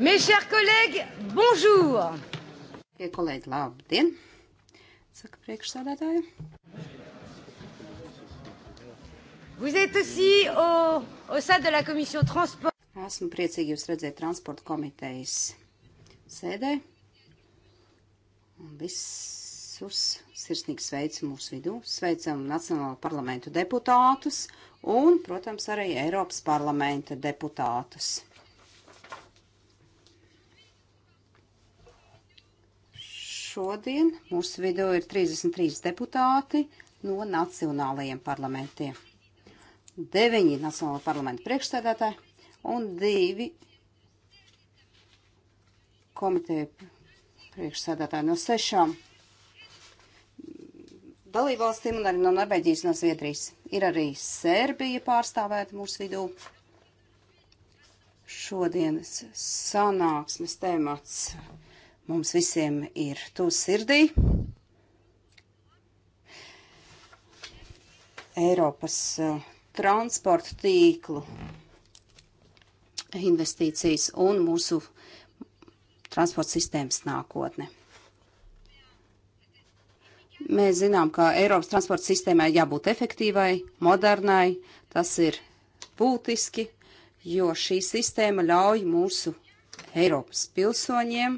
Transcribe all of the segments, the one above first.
Mes chers collègues, bonjour! Ja kolēģi, labdien! Saka priekšsādātāja. Vous êtes aussi au, au sein de la commission transport. Esmu priecīgi jūs redzēt transporta komitejas sēdē. Un visus sirsnīgi sveicu mūsu vidū. Sveicam Nacionālo parlamentu deputātus un, protams, arī Eiropas parlamenta deputātus. Šodien mūsu vidū ir 33 deputāti no nacionālajiem parlamentiem. Deviņi nacionāla parlamenta priekšstādātāji un divi komiteja priekšstādātāji no sešām dalībvalstīm un arī no Norvēģijas, no Zviedrijas. Ir arī Sērbija pārstāvēta mūsu vidū. Šodienas sanāksmes temats mums visiem ir tūs sirdī. Eiropas uh, transporta tīklu investīcijas un mūsu transporta sistēmas nākotne. Mēs zinām, ka Eiropas transporta sistēmai jābūt efektīvai, modernai, tas ir būtiski, jo šī sistēma ļauj mūsu Eiropas pilsoņiem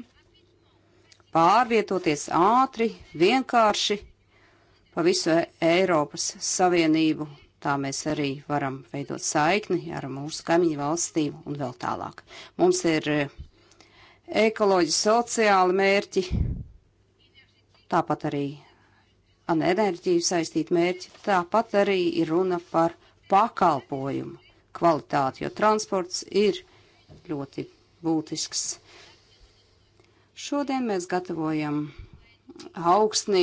pārvietoties ātri, vienkārši pa visu e- Eiropas Savienību. Tā mēs arī varam veidot saikni ar mūsu kaimiņu valstīm un vēl tālāk. Mums ir e, ekoloģiski sociāli mērķi, tāpat arī ar enerģiju saistīti mērķi, tāpat arī ir runa par pakalpojumu kvalitāti, jo transports ir ļoti būtisks Šodien mēs gatavojam augsnī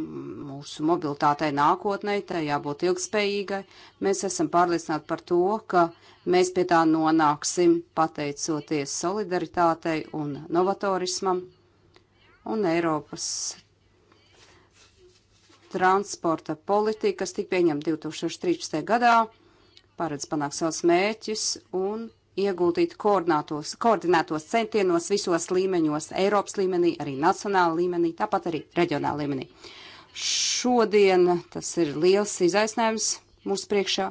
mūsu mobilitātei nākotnē, tai jābūt ilgspējīgai. Mēs esam pārliecināti par to, ka mēs pie tā nonāksim pateicoties solidaritātei un novatorismam un Eiropas transporta politika, kas tika pieņemta 2013. gadā, paredz panākt savus mērķus un ieguldīt koordinētos centienos visos līmeņos, Eiropas līmenī, arī nacionāla līmenī, tāpat arī reģionāla līmenī. Šodien tas ir liels izaicinājums mūsu priekšā.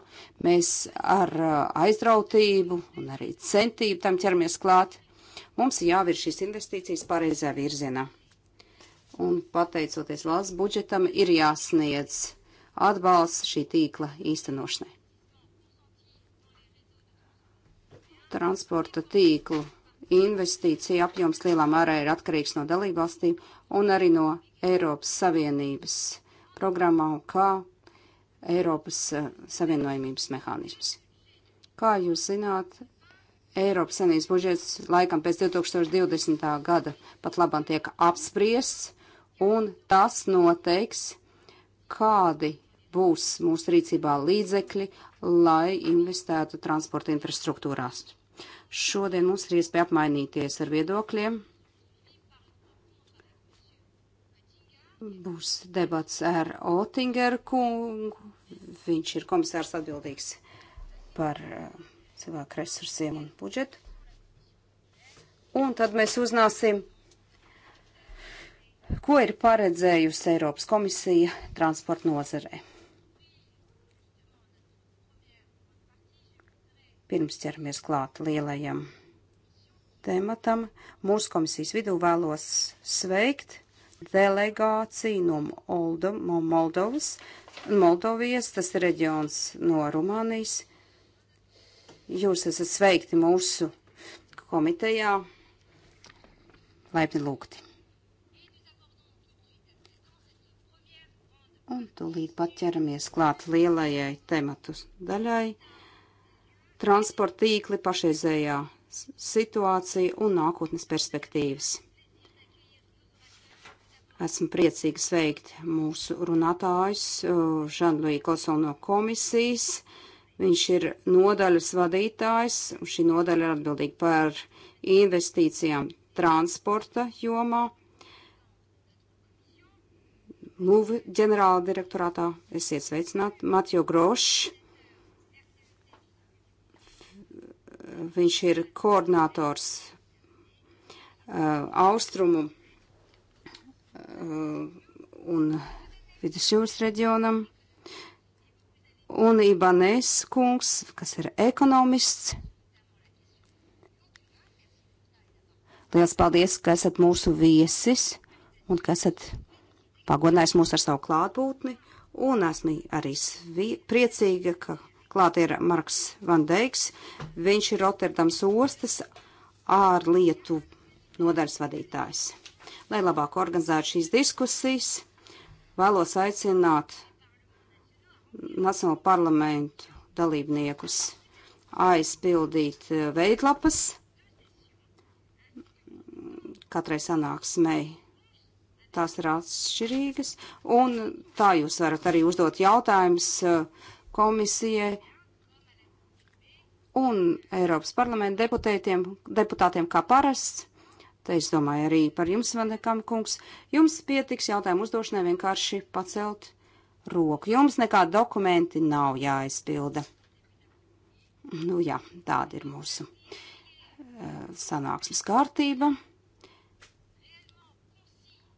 Mēs ar uh, aizrautību un arī centību tam ķeramies klāt. Mums jāvir šīs investīcijas pareizajā virzienā. Un pateicoties valsts budžetam, ir jāsniedz atbalsts šī tīkla īstenošanai. transporta tīklu investīcija apjoms lielā mērā ir atkarīgs no dalībvalstīm un arī no Eiropas Savienības programmām, kā Eiropas eh, Savienojumības mehānisms. Kā jūs zināt, Eiropas Savienības budžets laikam pēc 2020. gada pat labam tiek apspriests, un tas noteiks, kādi būs mūsu rīcībā līdzekļi, lai investētu transporta infrastruktūrās. Šodien mums ir iespēja apmainīties ar viedokļiem. Būs debats ar Otingeru kungu. Viņš ir komisārs atbildīgs par eh, cilvēku resursiem un budžetu. Un tad mēs uznāsim, ko ir paredzējusi Eiropas komisija transporta nozarei. Pirms ķeramies klāt lielajam tematam, mūsu komisijas vidū vēlos sveikt delegāciju no Moldo, Moldovas, Moldovijas, tas ir reģions no Rumānijas. Jūs esat sveikti mūsu komitejā. Laipni lūgti. Un tūlīt pat ķeramies klāt lielajai tematus daļai transporta tīkli, pašreizējā situācija un nākotnes perspektīvas. Esmu priecīgi sveikt mūsu runātājus, Žanluī Kosonu no komisijas. Viņš ir nodaļas vadītājs, un šī nodaļa ir atbildīga par investīcijām transporta jomā. MUV nu, ģenerāla direktorātā esiet sveicināti Matjo Grošs Viņš ir koordinators uh, austrumu uh, un vidusjūras reģionam. Un Ibanēs kungs, kas ir ekonomists. Liels paldies, ka esat mūsu viesis un ka esat pagodinājis mūs ar savu klātbūtni. Un esmu arī priecīga, ka Klāt ir Marks Van Deiks, viņš ir Rotterdams ostas ārlietu nodaļas vadītājs. Lai labāk organizētu šīs diskusijas, vēlos aicināt Nacionālo parlamentu dalībniekus aizpildīt eh, veidlapas katrai sanāksmei. Tās ir atšķirīgas, un tā jūs varat arī uzdot jautājumus uh, komisijai un Eiropas parlamenta deputētiem, deputātiem kā parasts. Te es domāju arī par jums, Vandekam kungs. Jums pietiks jautājumu uzdošanai vienkārši pacelt roku. Jums nekādi dokumenti nav jāizpilda. Nu jā, tāda ir mūsu eh, sanāksmes kārtība.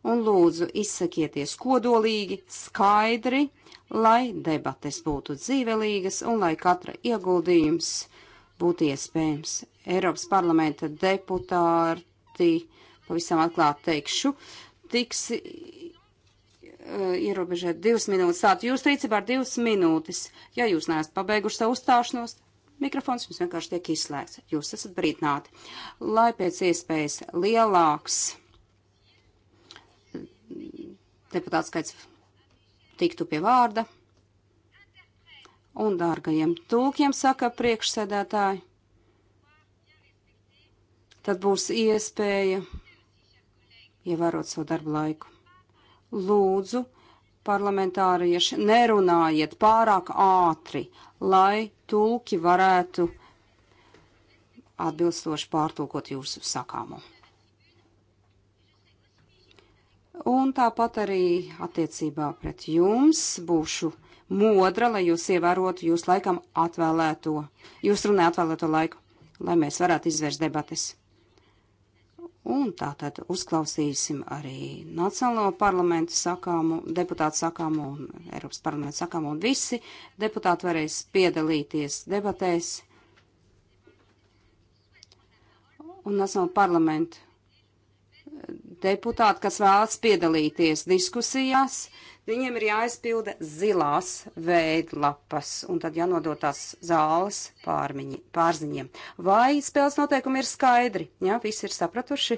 Un lūdzu, izsakieties kodolīgi, skaidri lai debates būtu dzīvelīgas un lai katra ieguldījums būtu iespējams. Eiropas parlamenta deputāti, pavisam atklāti teikšu, tiks e, ierobežēt divas minūtes. Tātad jūs rīcībā ar divas minūtes. Ja jūs neesat pabeiguši savu uzstāšanos, mikrofons jums vienkārši tiek izslēgts. Jūs esat brīdināti. Lai pēc iespējas lielāks deputāts skaits tiktu pie vārda. Un dārgajiem tūkiem saka priekšsēdētāji, tad būs iespēja ievērot savu darbu laiku. Lūdzu, parlamentārieši, nerunājiet pārāk ātri, lai tulki varētu atbilstoši pārtulkot jūsu sakāmo. Un tāpat arī attiecībā pret jums būšu modra, lai jūs ievērotu jūs laikam atvēlēto, jūs runē atvēlēto laiku, lai mēs varētu izvērst debates. Un tātad uzklausīsim arī Nacionālo parlamentu sakāmu, deputātu sakāmu un Eiropas parlamentu sakāmu, un visi deputāti varēs piedalīties debatēs. Un Nacionālo parlamentu deputāti, kas vēlas piedalīties diskusijās, viņiem ir jāizpilda zilās veidlapas un tad jānodot tās zāles pārmiņi, pārziņiem. Vai spēles noteikumi ir skaidri? Jā, visi ir sapratuši?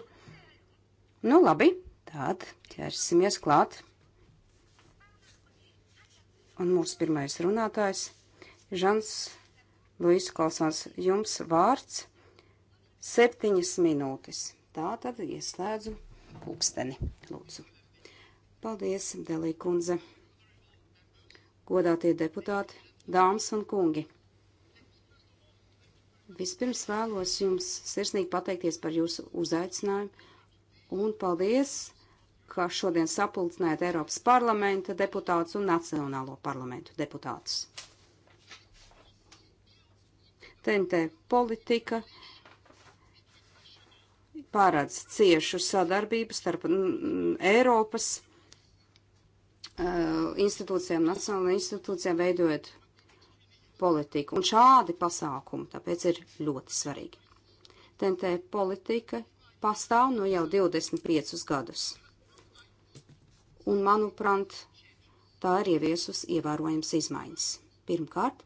Nu, labi, tad ķersimies klāt. Un mūsu pirmais runātājs Žans Luis Kolsons, jums vārds septiņas minūtes. Tā tad ieslēdzu pulksteni. Lūdzu. Paldies, Delī kundze. Godātie deputāti, dāmas un kungi. Vispirms vēlos jums sirsnīgi pateikties par jūsu uzaicinājumu un paldies, ka šodien sapulcinājāt Eiropas parlamenta deputātus un Nacionālo parlamentu deputātus. TNT politika paredz ciešu sadarbību starp mm, mm, Eiropas uh, institūcijām, nacionālajām institūcijām, veidojot politiku. Un šādi pasākumi tāpēc ir ļoti svarīgi. TNT politika pastāv nu no jau 25 gadus. Un, manuprāt, tā ir ieviesus ievērojams izmaiņas. Pirmkārt,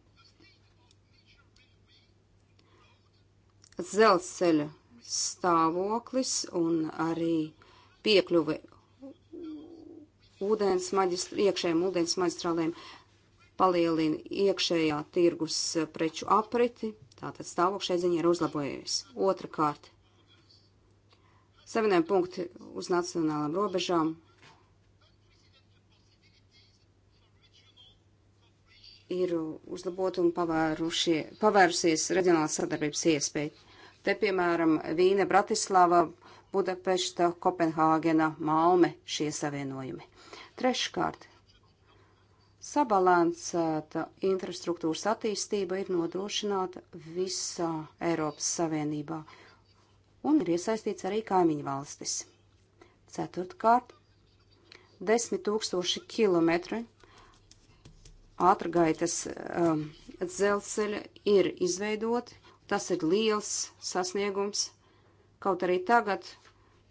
dzelzceļa stāvoklis un arī piekļuve ūdens maģistr, iekšējiem ūdens maģistrāliem palielina iekšējā tirgus eh, preču apriti, tātad stāvoklis šai ziņā ir uzlabojies. Otrakārt, savienojumi punkti uz nacionālām robežām ir uzlaboti un pavērusies reģionālās sadarbības iespējas. Te, piemēram, Vīna, Bratislava, Budapešta, Kopenhāgena, Malme šie savienojumi. Treškārt, sabalansēta infrastruktūras attīstība ir nodrošināta visā Eiropas Savienībā un ir iesaistīts arī kaimiņu valstis. Ceturtkārt, desmit tūkstoši kilometri ātrgaitas um, dzelzceļa ir izveidoti Tas ir liels sasniegums, kaut arī tagad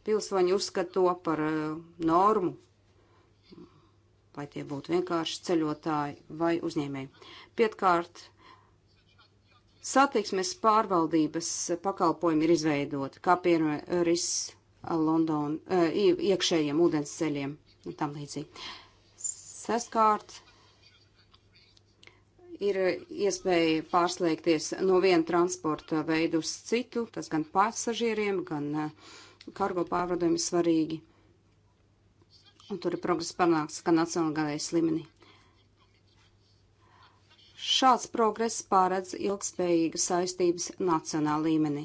pilsoņi uzskata to par uh, normu, lai tie būtu vienkārši ceļotāji vai uzņēmēji. Pietkārt, satiksmes pārvaldības pakalpojumi ir izveidoti, kā piemēram RIS London, uh, iekšējiem ūdens ceļiem un tam līdzīgi. Sestkārt, ir iespēja pārslēgties no viena transporta veidu uz citu, tas gan pasažieriem, gan eh, kargo pārvadājumi svarīgi. Un tur ir progress panāks gan nacionālajā līmenī. Šāds progress pārēdz ilgspējīgas saistības nacionālā līmenī.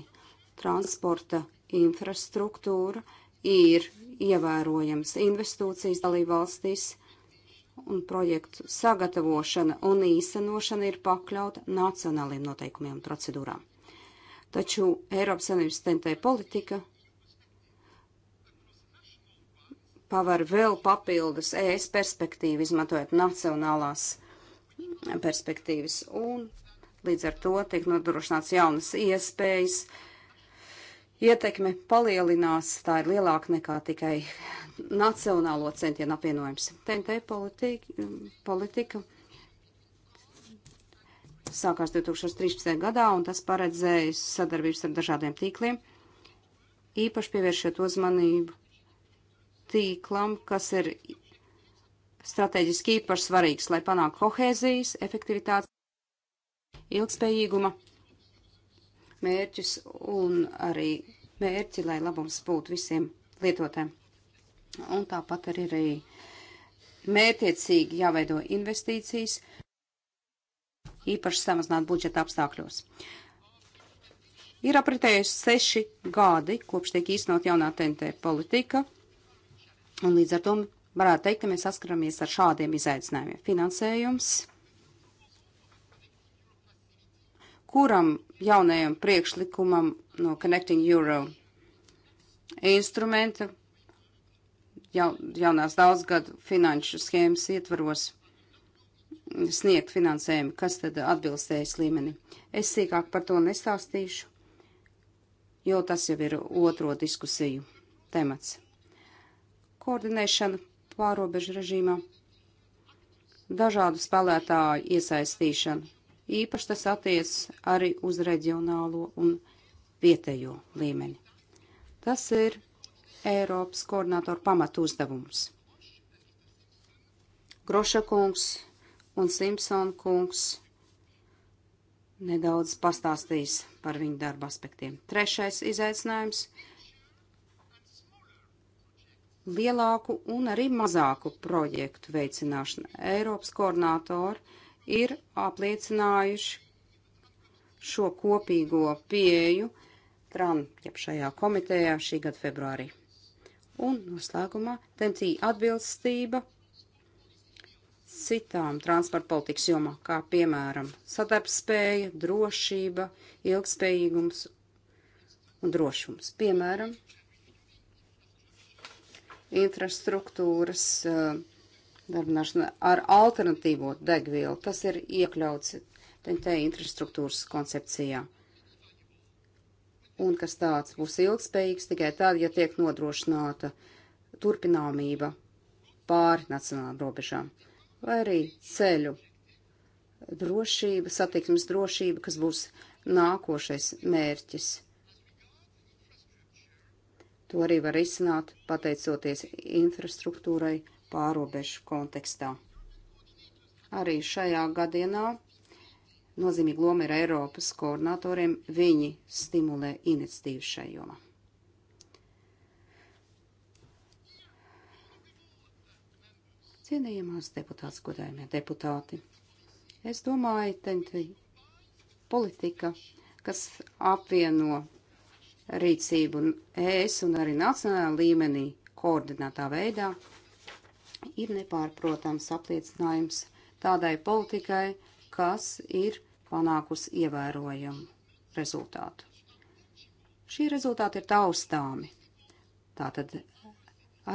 Transporta infrastruktūra ir ievērojams investūcijas dalībvalstīs valstīs un projektu sagatavošana un īstenošana ir pakļauta nacionāliem noteikumiem un procedūrām. Taču Eiropas Savienības tentē politika paver vēl papildus ES perspektīvu, izmantojot nacionālās perspektīvas, un līdz ar to tiek nodrošināts jaunas iespējas uh, ietekme palielinās, tā ir lielāka nekā tikai nacionālo centienu apvienojums. TNT politika, politika sākās 2013. gadā, un tas paredzēja sadarbības ar dažādiem tīkliem, īpaši pievēršot uzmanību tīklam, kas ir strateģiski īpaši svarīgs, lai panāktu kohēzijas, efektivitātes, ilgspējīguma mērķus un arī mērķi, lai labums būtu visiem lietotēm. Un tāpat arī, arī mērķiecīgi jāveido investīcijas, īpaši samazināt budžeta apstākļos. Ir apritējuši seši gadi, kopš tiek īstenot jaunā TNT politika, un līdz ar to varētu teikt, ka mēs saskaramies ar šādiem izaicinājumiem. Finansējums kuram jaunajam priekšlikumam no Connecting Euro instrumenta jau, jaunās daudzgadu finanšu schēmas ietvaros sniegt finansējumu, kas tad atbilstējas līmeni. Es sīkāk par to nestāstīšu, jo tas jau ir otro diskusiju temats. Koordinēšana pārobežu režīmā, dažādu spēlētāju iesaistīšana, Īpaši tas attiec arī uz reģionālo un vietējo līmeni. Tas ir Eiropas koordinātoru pamatu uzdevums. Groša kungs un Simpson kungs nedaudz pastāstīs par viņu darba aspektiem. Trešais izaicinājums - lielāku un arī mazāku projektu veicināšana. Eiropas koordinātori ir apliecinājuši šo kopīgo pieeju TRAN, jeb šajā komitejā šī gada februārī. Un noslēgumā tentī atbilstība citām transporta politikas jomā, kā piemēram sadarbspēja, drošība, ilgspējīgums un drošums. Piemēram, infrastruktūras uh, darbināšana ar alternatīvo degvielu. Tas ir iekļauts TNT infrastruktūras koncepcijā. Un kas tāds būs ilgspējīgs tikai tad, ja tiek nodrošināta turpināmība pāri nacionālām robežām. Vai arī ceļu drošība, satiksmes drošība, kas būs nākošais mērķis. To arī var izsināt pateicoties infrastruktūrai pārobežu kontekstā. Arī šajā gadienā nozīmīgi loma ir Eiropas koordinatoriem, viņi stimulē iniciatīvu šajā jomā. Cienījamās deputāts, godājumie deputāti, es domāju, te politika, kas apvieno rīcību ES un arī nacionālā līmenī koordinētā veidā, ir nepārprotams apliecinājums tādai politikai, kas ir panākusi ievērojumu rezultātu. Šie rezultāti ir taustāmi, tātad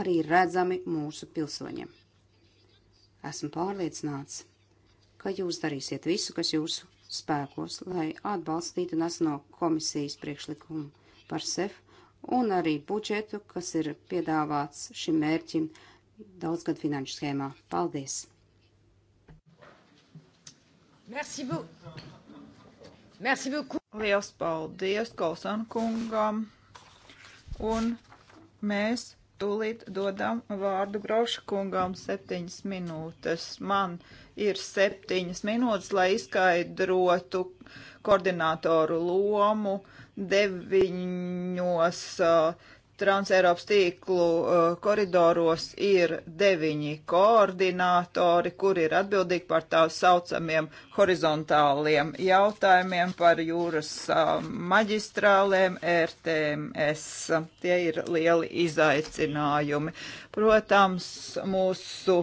arī redzami mūsu pilsoņiem. Esmu pārliecināts, ka jūs darīsiet visu, kas jūsu spēkos, lai atbalstītu neseno komisijas priekšlikumu par SEF un arī budžetu, kas ir piedāvāts šim mērķim daudzgad finanšu schēmā. Paldies! Merci beaucoup. Merci beaucoup. Liels paldies Kolsan kungam. Un mēs tūlīt dodam vārdu Groša kungam septiņas minūtes. Man ir septiņas minūtes, lai izskaidrotu koordinātoru lomu deviņos. Uh, Transeiropas tīklu eh, koridoros ir deviņi koordinātori, kuri ir atbildīgi par tā saucamiem horizontāliem jautājumiem par jūras eh, maģistrālēm RTMS. Tie ir lieli izaicinājumi. Protams, mūsu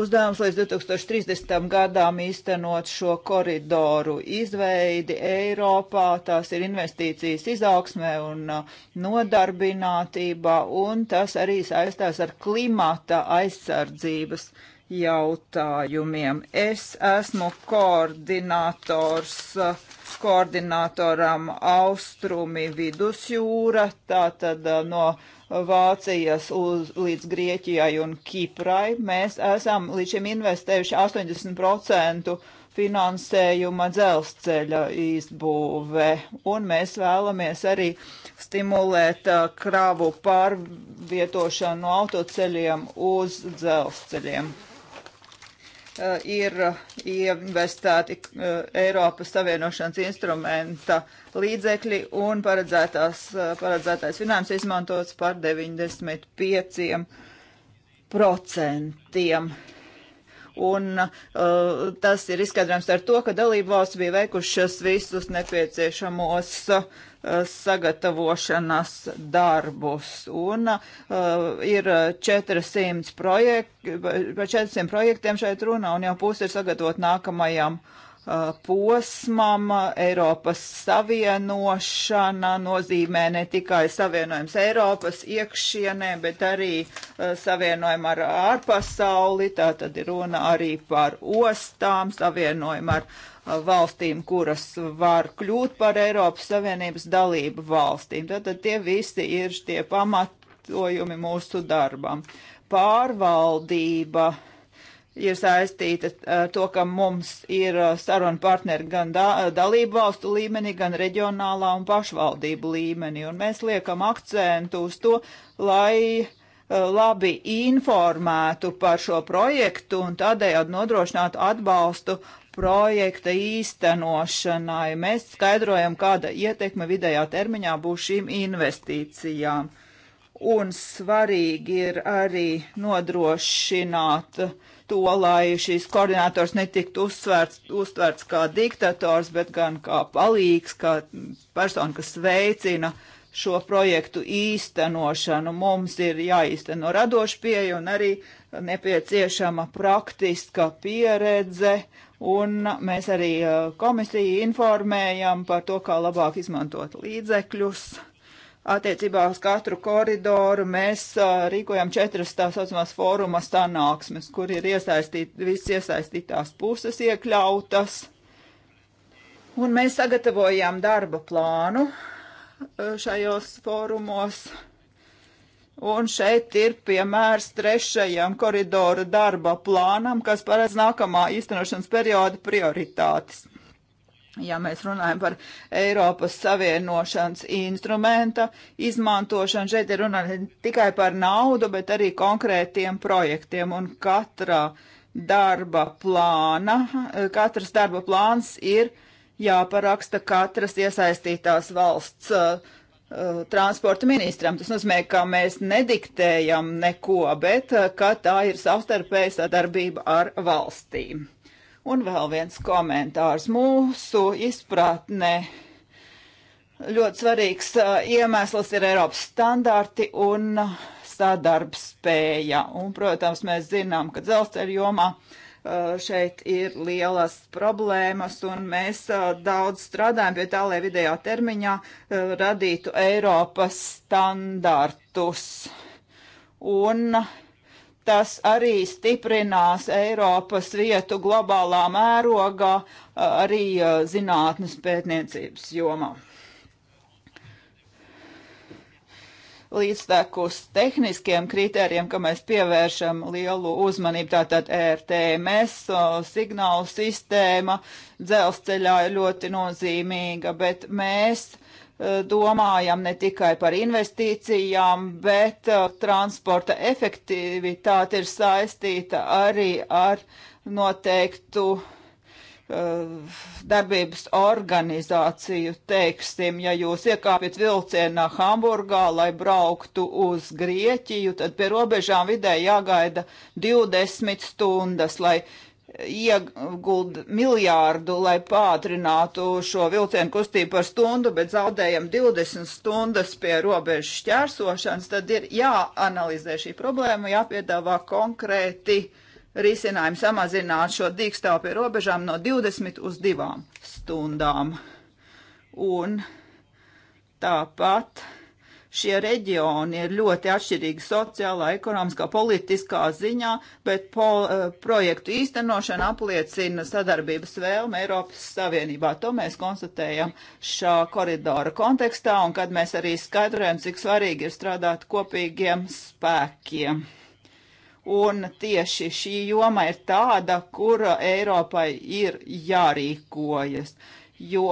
uzdevums līdz 2030. gadām īstenot šo koridoru izveidi Eiropā. Tās ir investīcijas izaugsmē un uh, nodarbinātībā, un tas arī saistās ar klimata aizsardzības jautājumiem. Es esmu koordinators uh, koordinatoram Austrumi vidusjūra, tātad uh, no uh, Vācijas uz, līdz Grieķijai un Kiprai. Mēs esam līdz šim investējuši 80% finansējuma dzelzceļa izbūve, un mēs vēlamies arī stimulēt uh, kravu pārvietošanu no autoceļiem uz dzelzceļiem. Eh, ir eh, investēti eh, Eiropas Savienošanas instrumenta līdzekļi un paredzētais finanses izmantots par 95 procentiem. Un uh, tas ir izskaidrojams ar to, ka dalību valsts bija veikušas visus nepieciešamos uh, sagatavošanas darbus. Un uh, ir 400 projekti, par 400 projektiem šeit runā, un jau pusi ir sagatavot nākamajam uh, Uh, posmam Eiropas savienošana nozīmē ne tikai savienojums Eiropas iekšienē, bet arī uh, savienojumu ar ārpasauli, tā tad ir runa arī par ostām, savienojumu ar uh, valstīm, kuras var kļūt par Eiropas Savienības dalību valstīm. Tātad tie visi ir tie pamatojumi mūsu darbam. Pārvaldība uh, ir saistīta ar to, ka mums ir saruna partneri gan da, dalību valstu līmenī, gan reģionālā un pašvaldību līmenī. Un mēs liekam akcentu uz to, lai labi informētu par šo projektu un tādējādi nodrošinātu atbalstu projekta īstenošanai. Mēs skaidrojam, kāda ietekme vidējā termiņā būs šīm investīcijām. Un svarīgi ir arī nodrošināt uh, to, lai šīs koordinators netiktu uzsvērts, uztverts kā diktators, bet gan kā palīgs, kā persona, kas veicina šo projektu īstenošanu. Mums ir jāīsteno radoša pieeja un arī nepieciešama praktiska pieredze. Un mēs arī eh, komisiju informējam par to, kā labāk izmantot līdzekļus. Uh, attiecībā uz katru koridoru mēs uh, rīkojam četras tā saucamās fóruma sanāksmes, kur ir iesaistīt, viss iesaistītās puses iekļautas. Un mēs sagatavojām darba plānu šajos fórumos. Un šeit ir piemērs trešajam koridoru darba plānam, kas paredz nākamā īstenošanas perioda prioritātes ja mēs runājam par Eiropas savienošanas instrumenta izmantošanu, šeit ir runa ne tikai par naudu, bet arī konkrētiem projektiem un katrā darba plāna, katrs darba plāns ir jāparaksta katras iesaistītās valsts uh, uh transporta ministram. Tas nozīmē, ka mēs nediktējam neko, bet uh, ka tā ir savstarpēja sadarbība ar valstīm. Un vēl viens komentārs. Mūsu izpratne ļoti svarīgs uh, iemesls ir Eiropas standarti un uh, sadarbspēja. Un, protams, mēs zinām, ka dzelzceļa jomā uh, šeit ir lielas problēmas, un mēs daudz strādājam pie tā, lai vidējā termiņā radītu Eiropas standartus. Un uh, Tas arī stiprinās Eiropas vietu globālā mērogā, arī zinātnes pētniecības jomā. Līdztekus tehniskiem kritērijiem, ka mēs pievēršam lielu uzmanību, tātad RTMS, signālu sistēma dzelzceļā ir ļoti nozīmīga, bet mēs Eh, domājam ne tikai par investīcijām, bet eh, transporta efektivitāte ir saistīta arī ar noteiktu eh, darbības organizāciju, teiksim, ja jūs iekāpjat vilcienā Hamburgā, lai brauktu uz Grieķiju, tad pie robežām vidē jāgaida 20 stundas, lai uh, ieguld miljārdu, lai pātrinātu šo vilcienu kustību par stundu, bet zaudējam 20 stundas pie robežas šķērsošanas, tad ir jāanalizē šī problēma, jāpiedāvā konkrēti risinājumi samazināt šo dīkstāvu pie robežām no 20 uz 2 stundām. Un tāpat Šie reģioni ir ļoti atšķirīgi sociālā, ekonomiskā, politiskā ziņā, bet po, eh, projektu īstenošana apliecina sadarbības vēlmu Eiropas Savienībā. To mēs konstatējam šā koridora kontekstā un kad mēs arī skaidrojam, cik svarīgi ir strādāt kopīgiem spēkiem. Un tieši šī joma ir tāda, kura Eiropai ir jārīkojas, jo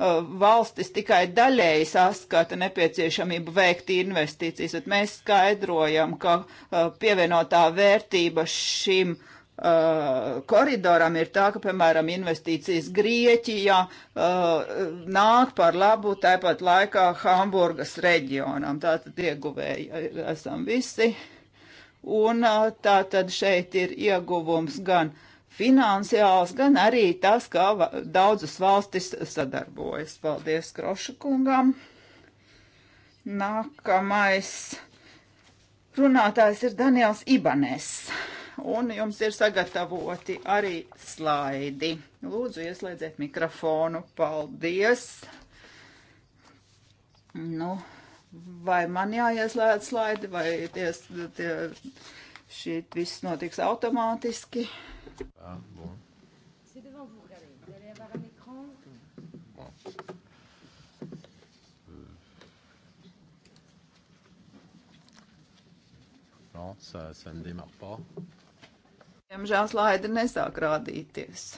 Uh, valstis tikai daļēji saskata nepieciešamību veikt investīcijas, bet mēs skaidrojam, ka uh, pievienotā vērtība šim uh, koridoram ir tā, ka, piemēram, investīcijas Grieķijā nāk par labu tāpat laikā Hamburgas reģionam. Tātad ieguvēji esam visi. Un tātad šeit ir ieguvums gan uh, finansiāls, gan arī tas, kā va daudzas valstis sadarbojas. Paldies Kroša kungam. Nākamais runātājs ir Daniels Ibanes. Un jums ir sagatavoti arī slaidi. Lūdzu, ieslēdziet mikrofonu. Paldies! Nu, vai man jāieslēdz slaidi, vai tie, tie, šī viss notiks automātiski? Ah, bon. C'est devant vous, regardez. Vous allez avoir un écran. Bon. Euh... Non, ça, ça ne démarre pas. Diemžēl slaidi nesāk rādīties.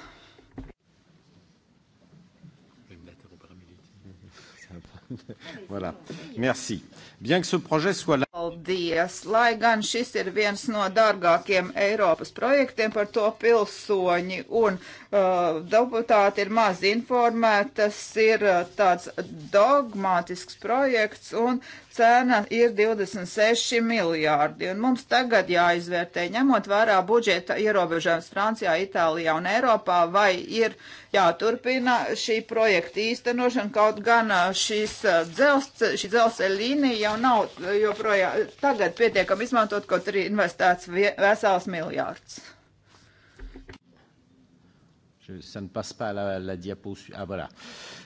voilà. Merci. Bien que ce projet soit là. Paldies! Lai gan šis ir viens no dārgākiem Eiropas projektiem, par to pilsoņi un uh, deputāti ir maz informēti, tas ir uh, tāds dogmātisks projekts un cena ir 26 miljārdi, un mums tagad jāizvērtē, ņemot vērā budžeta ierobežojums Francijā, Itālijā un Eiropā, vai ir jāturpina šī projekta īstenošana, kaut gan šis dzelst, šī dzelzceļa līnija jau nav joprojām tagad pietiekam izmantot, kaut arī investēts vesels miljārds. Je, ça ne passe pas la, la diapo. Ah, voilà. Euh,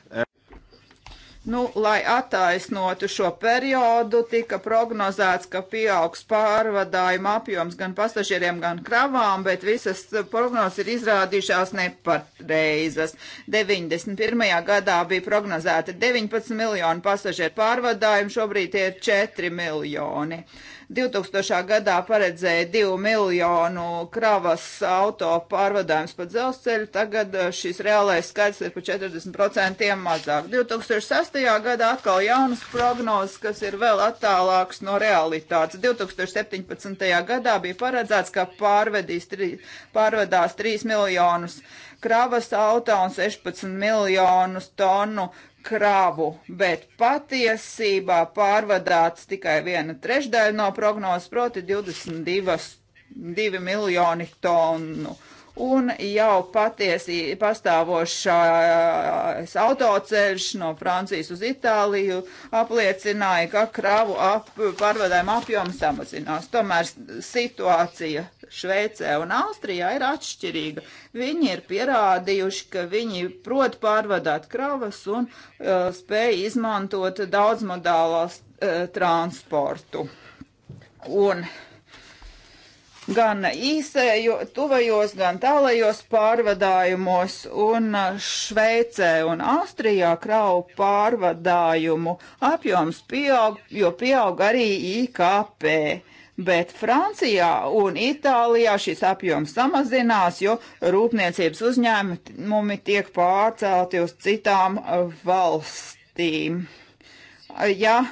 Nu, lai attaisnotu šo periodu, tika prognozēts, ka pieaugs pārvadājuma apjoms gan pasažieriem, gan kravām, bet visas prognozes ir izrādījušās nepareizas. 91. gadā bija prognozēta 19 miljonu pasažieru pārvadājumu, šobrīd tie ir 4 miljoni. Uh, 2000. gadā paredzēja 2 miljonu kravas auto pārvadājums pa dzelzceļu, tagad eh, šis reālais skaits ir pa 40% mazāk. 2006. gadā atkal jaunas prognozes, kas ir vēl attālāks no realitātes. 2017. gadā bija paredzēts, ka pārvedīs, tri, pārvedās 3 miljonus kravas auto un 16 miljonus tonu kravu, bet patiesībā pārvadāts tikai viena trešdaļa no prognozes, proti 22 2 miljoni tonu. Un jau patiesi pastāvošais autoceļš no Francijas uz Itāliju apliecināja, ka kravu ap, pārvadājuma apjoms samazinās. Tomēr situācija Šveicē un Austrijā ir atšķirīga. Viņi ir pierādījuši, ka viņi prot pārvadāt kravas un uh, spēj izmantot daudzmodālās uh, transportu. Un gan īsējo, tuvajos, gan tālajos pārvadājumos, un uh, Šveicē un Austrijā kravu pārvadājumu apjoms pieaug, jo pieaug arī IKP bet Francijā un Itālijā šis apjoms samazinās, jo rūpniecības uzņēmumi tiek pārcelti uz citām valstīm. Ja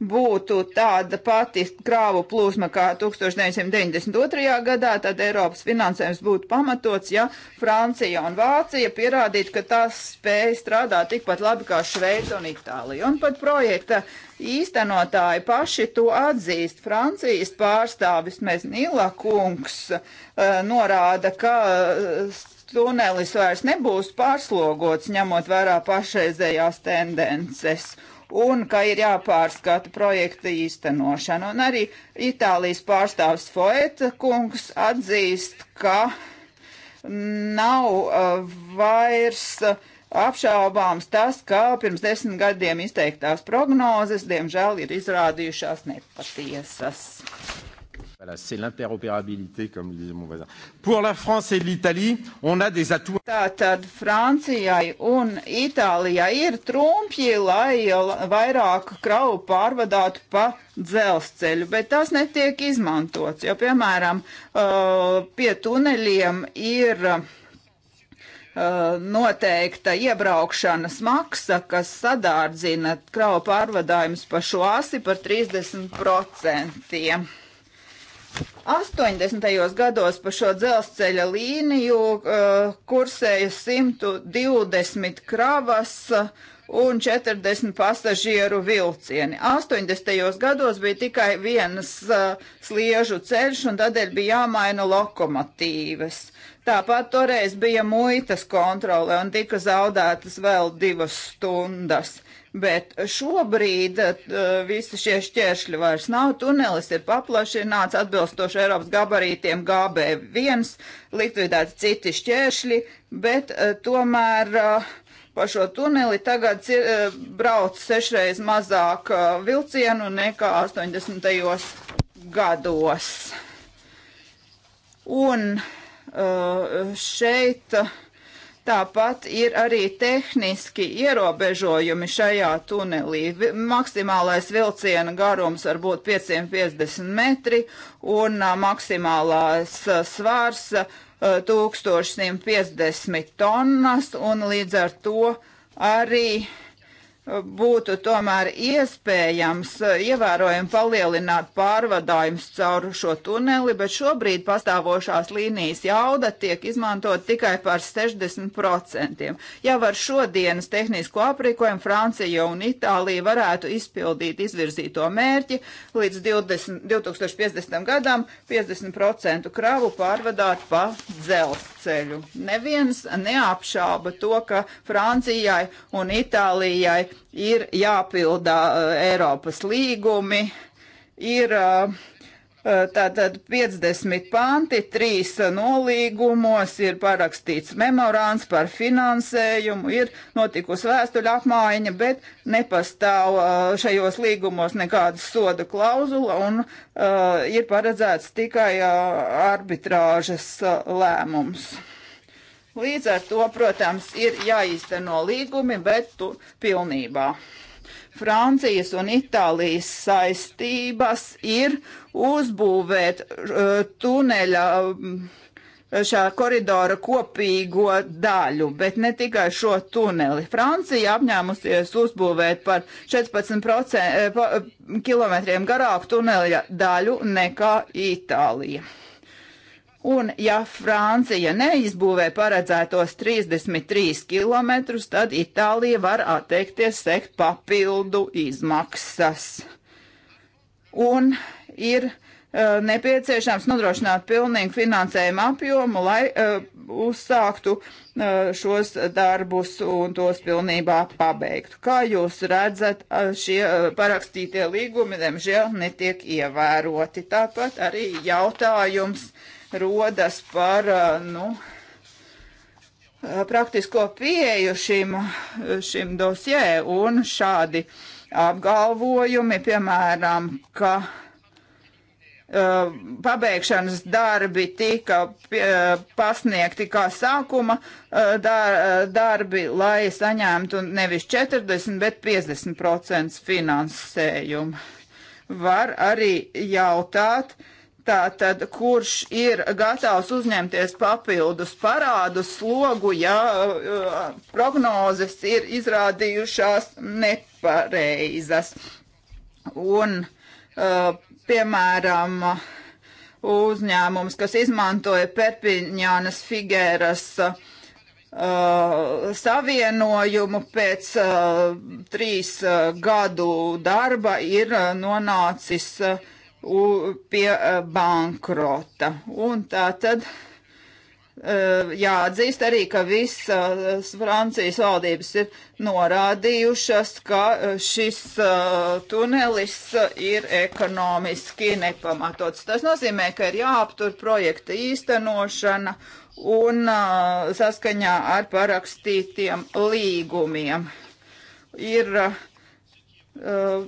būtu tāda pati krāvu plūsma kā 1992. gadā, tad Eiropas finansējums būtu pamatots, ja Francija un Vācija pierādītu, ka tās spēj strādāt tikpat labi kā Šveica un Itālija. Un pat projekta īstenotāji paši to atzīst. Francijas pārstāvis Meznila kungs uh, norāda, ka uh, tunelis vairs nebūs pārslogots, ņemot vērā pašreizējās tendences un ka ir jāpārskata projekta īstenošana. Un arī Itālijas pārstāvs Foeta kungs atzīst, ka nav uh, vairs uh, apšaubāms tas, ka pirms desmit gadiem izteiktās prognozes, diemžēl, ir izrādījušās nepatiesas. Voilà, c'est l'interopérabilité, comme disait mon voisin. Pour la France et l'Italie, on a des atouts. Tātad Francijai un Itālijai ir trumpji, lai vairāk kravu pārvadātu pa dzelzceļu, bet tas netiek izmantots, jo, piemēram, pie tuneļiem ir noteikta iebraukšanas maksa, kas sadārdzina kravu pārvadājumus pa šo asi par 30%. 80. gados pa šo dzelzceļa līniju uh, kursēja 120 kravas un 40 pasažieru vilcieni. 80. gados bija tikai viens uh, sliežu ceļš un tādēļ bija jāmaina lokomotīvas. Tāpat toreiz bija muitas kontrole un tika zaudētas vēl divas stundas. Bet šobrīd eh, visi šie šķēršļi vairs nav. Tunelis ir paplašināts atbilstoši Eiropas gabarītiem GB1, likvidēti citi šķēršļi, bet eh, tomēr eh, pa šo tuneli tagad cir, brauc sešreiz mazāk vilcienu nekā 80. gados. Un šeit. Uh, Tāpat ir arī tehniski ierobežojumi šajā tunelī. Maksimālais vilciena garums var būt 550 metri un maksimālās svārs 1150 tonnas un līdz ar to arī uh, būtu tomēr iespējams eh, ievērojami palielināt pārvadājumus caur šo tuneli, bet šobrīd pastāvošās līnijas jauda tiek izmantot tikai par 60%. Ja ar šodienas tehnisko aprīkojumu Francija un Itālija varētu izpildīt izvirzīto mērķi līdz 20, 2050. gadam 50% kravu pārvadāt pa dzelzi dzelzceļu. Neviens neapšāba to, ka Francijai un Itālijai ir jāpilda eh, Eiropas līgumi, ir uh, Tātad 50 panti, 3 nolīgumos ir parakstīts memorāns par finansējumu, ir notikusi vēstuļa apmaiņa, bet nepastāv uh, šajos līgumos nekāda soda klauzula un uh, ir paredzēts tikai uh, arbitrāžas lēmums. Līdz ar to, protams, ir jāīsteno līgumi, bet tu pilnībā. Francijas un Itālijas saistības ir uzbūvēt uh, tuneļa um, šā koridora kopīgo daļu, bet ne tikai šo tuneli. Francija apņēmusies uzbūvēt par 14 eh, kilometriem garāku tuneļa daļu nekā Itālija. Un ja Francija neizbūvē paredzētos 33 km, tad Itālija var atteikties sekt papildu izmaksas. Un ir uh, nepieciešams nodrošināt pilnīgu finansējumu apjomu, lai uh, uzsāktu uh, šos darbus un tos pilnībā pabeigtu. Kā jūs redzat, šie parakstītie līgumi, diemžēl, netiek ievēroti. Tāpat arī jautājums. Uh, rodas par, uh, nu, praktisko pieeju šim, šim dosjē un šādi apgalvojumi, piemēram, ka uh, pabeigšanas darbi tika uh, pasniegti kā sākuma uh, dar, uh, darbi, lai saņemtu nevis 40, bet 50% finansējumu. Var arī jautāt, uh, Tātad, kurš ir gatavs uzņemties papildus parādu slogu, ja uh, prognozes ir izrādījušās nepareizas. Un, uh, piemēram, uzņēmums, kas izmantoja Perpiņānas Figēras Uh, savienojumu pēc uh, trīs uh, gadu darba ir uh, nonācis uh, pie e, bankrota. Un tā tad e, jāatzīst arī, ka visas Francijas valdības ir norādījušas, ka e, šis tunelis ir ekonomiski nepamatots. Tas nozīmē, ka ir jāaptur projekta īstenošana un saskaņā ar parakstītiem līgumiem. Ir uh, Eh,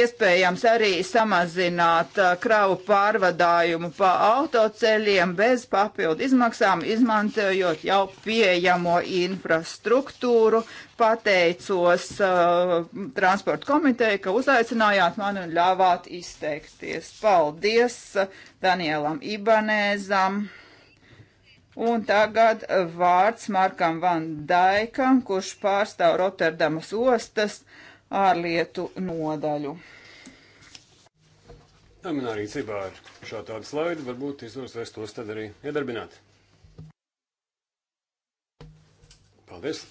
iespējams arī samazināt eh, kravu pārvadājumu pa autoceļiem bez papildu izmaksām, izmantojot jau pieejamo infrastruktūru. Pateicos uh, transporta komiteju, ka uzaicinājāt mani un ļāvāt izteikties. Paldies Danielam Ibanēzam. Un tagad vārds Markam Van Daikam, kurš pārstāv Rotterdamas ostas uh, ārlietu nodaļu. Tā man arī cībā ar šā tādu slaidu, varbūt izvaros vairs tos tad arī iedarbināt. Paldies!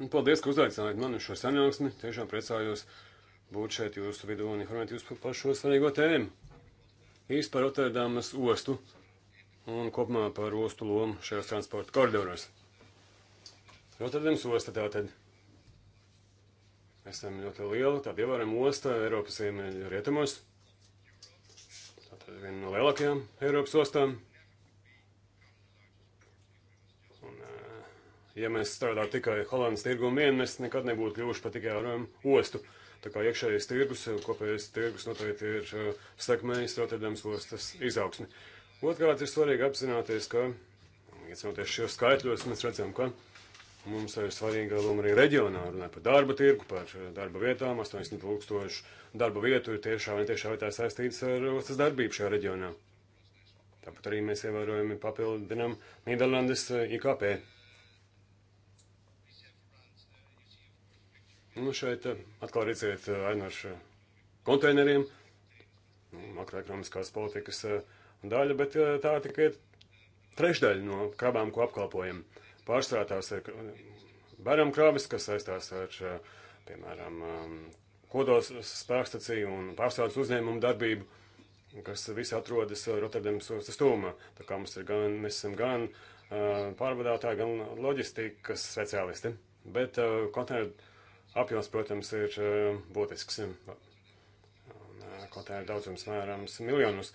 Un paldies, ka uzaicinājāt mani šo sanāksmi. Tiešām priecājos būt šeit jūsu vidū un informēt jūs par, par šo svarīgo tēmu. Īsti par Rotterdamas ostu un kopumā par ostu lomu šajos transporta koridoros. Rotterdams osta tātad. Esam ļoti liela, tāda ievērojama osta Eiropas rietumos. Tātad viena no lielākajām Eiropas ostām. Un, eh, ja mēs strādātu tikai Holandas tirgu un vien, mēs nekad nebūtu kļuvuši par tikai ārējumu ostu. Tā kā iekšējais tirgus, eh, kopējais tirgus noteikti ir eh, sekmējis Rotterdams ostas izaugsmi. Otrkārt ir svarīgi apzināties, ka, iecinoties šajos skaitļos, mēs redzam, ka Mums ir svarīga loma arī reģionā, runājot par darba tirgu, par eh, darba vietām. 80 tūkstoši darba vietu ir tiešā vai tiešā vietā saistīts ar ostas darbību šajā reģionā. Tāpat arī mēs ievērojami papildinam Nīderlandes eh, IKP. Nu, šeit eh, atkal redzēt ainu ar konteineriem, nu, makroekonomiskās politikas daļa, bet tā tikai trešdaļa no krabām, ko apkalpojam pārstrādātās ir beramkrāvis, kas saistās ar, piemēram, um, kodos spēkstaciju un pārstrādes uzņēmumu darbību, kas visi atrodas Rotterdams stūmā. Tā kā mums ir gan, mēs esam gan uh, pārvadātāji, gan loģistikas speciālisti. Bet uh, konteineru apjoms, protams, ir būtisks. Uh, konteineru daudzums mērams miljonus.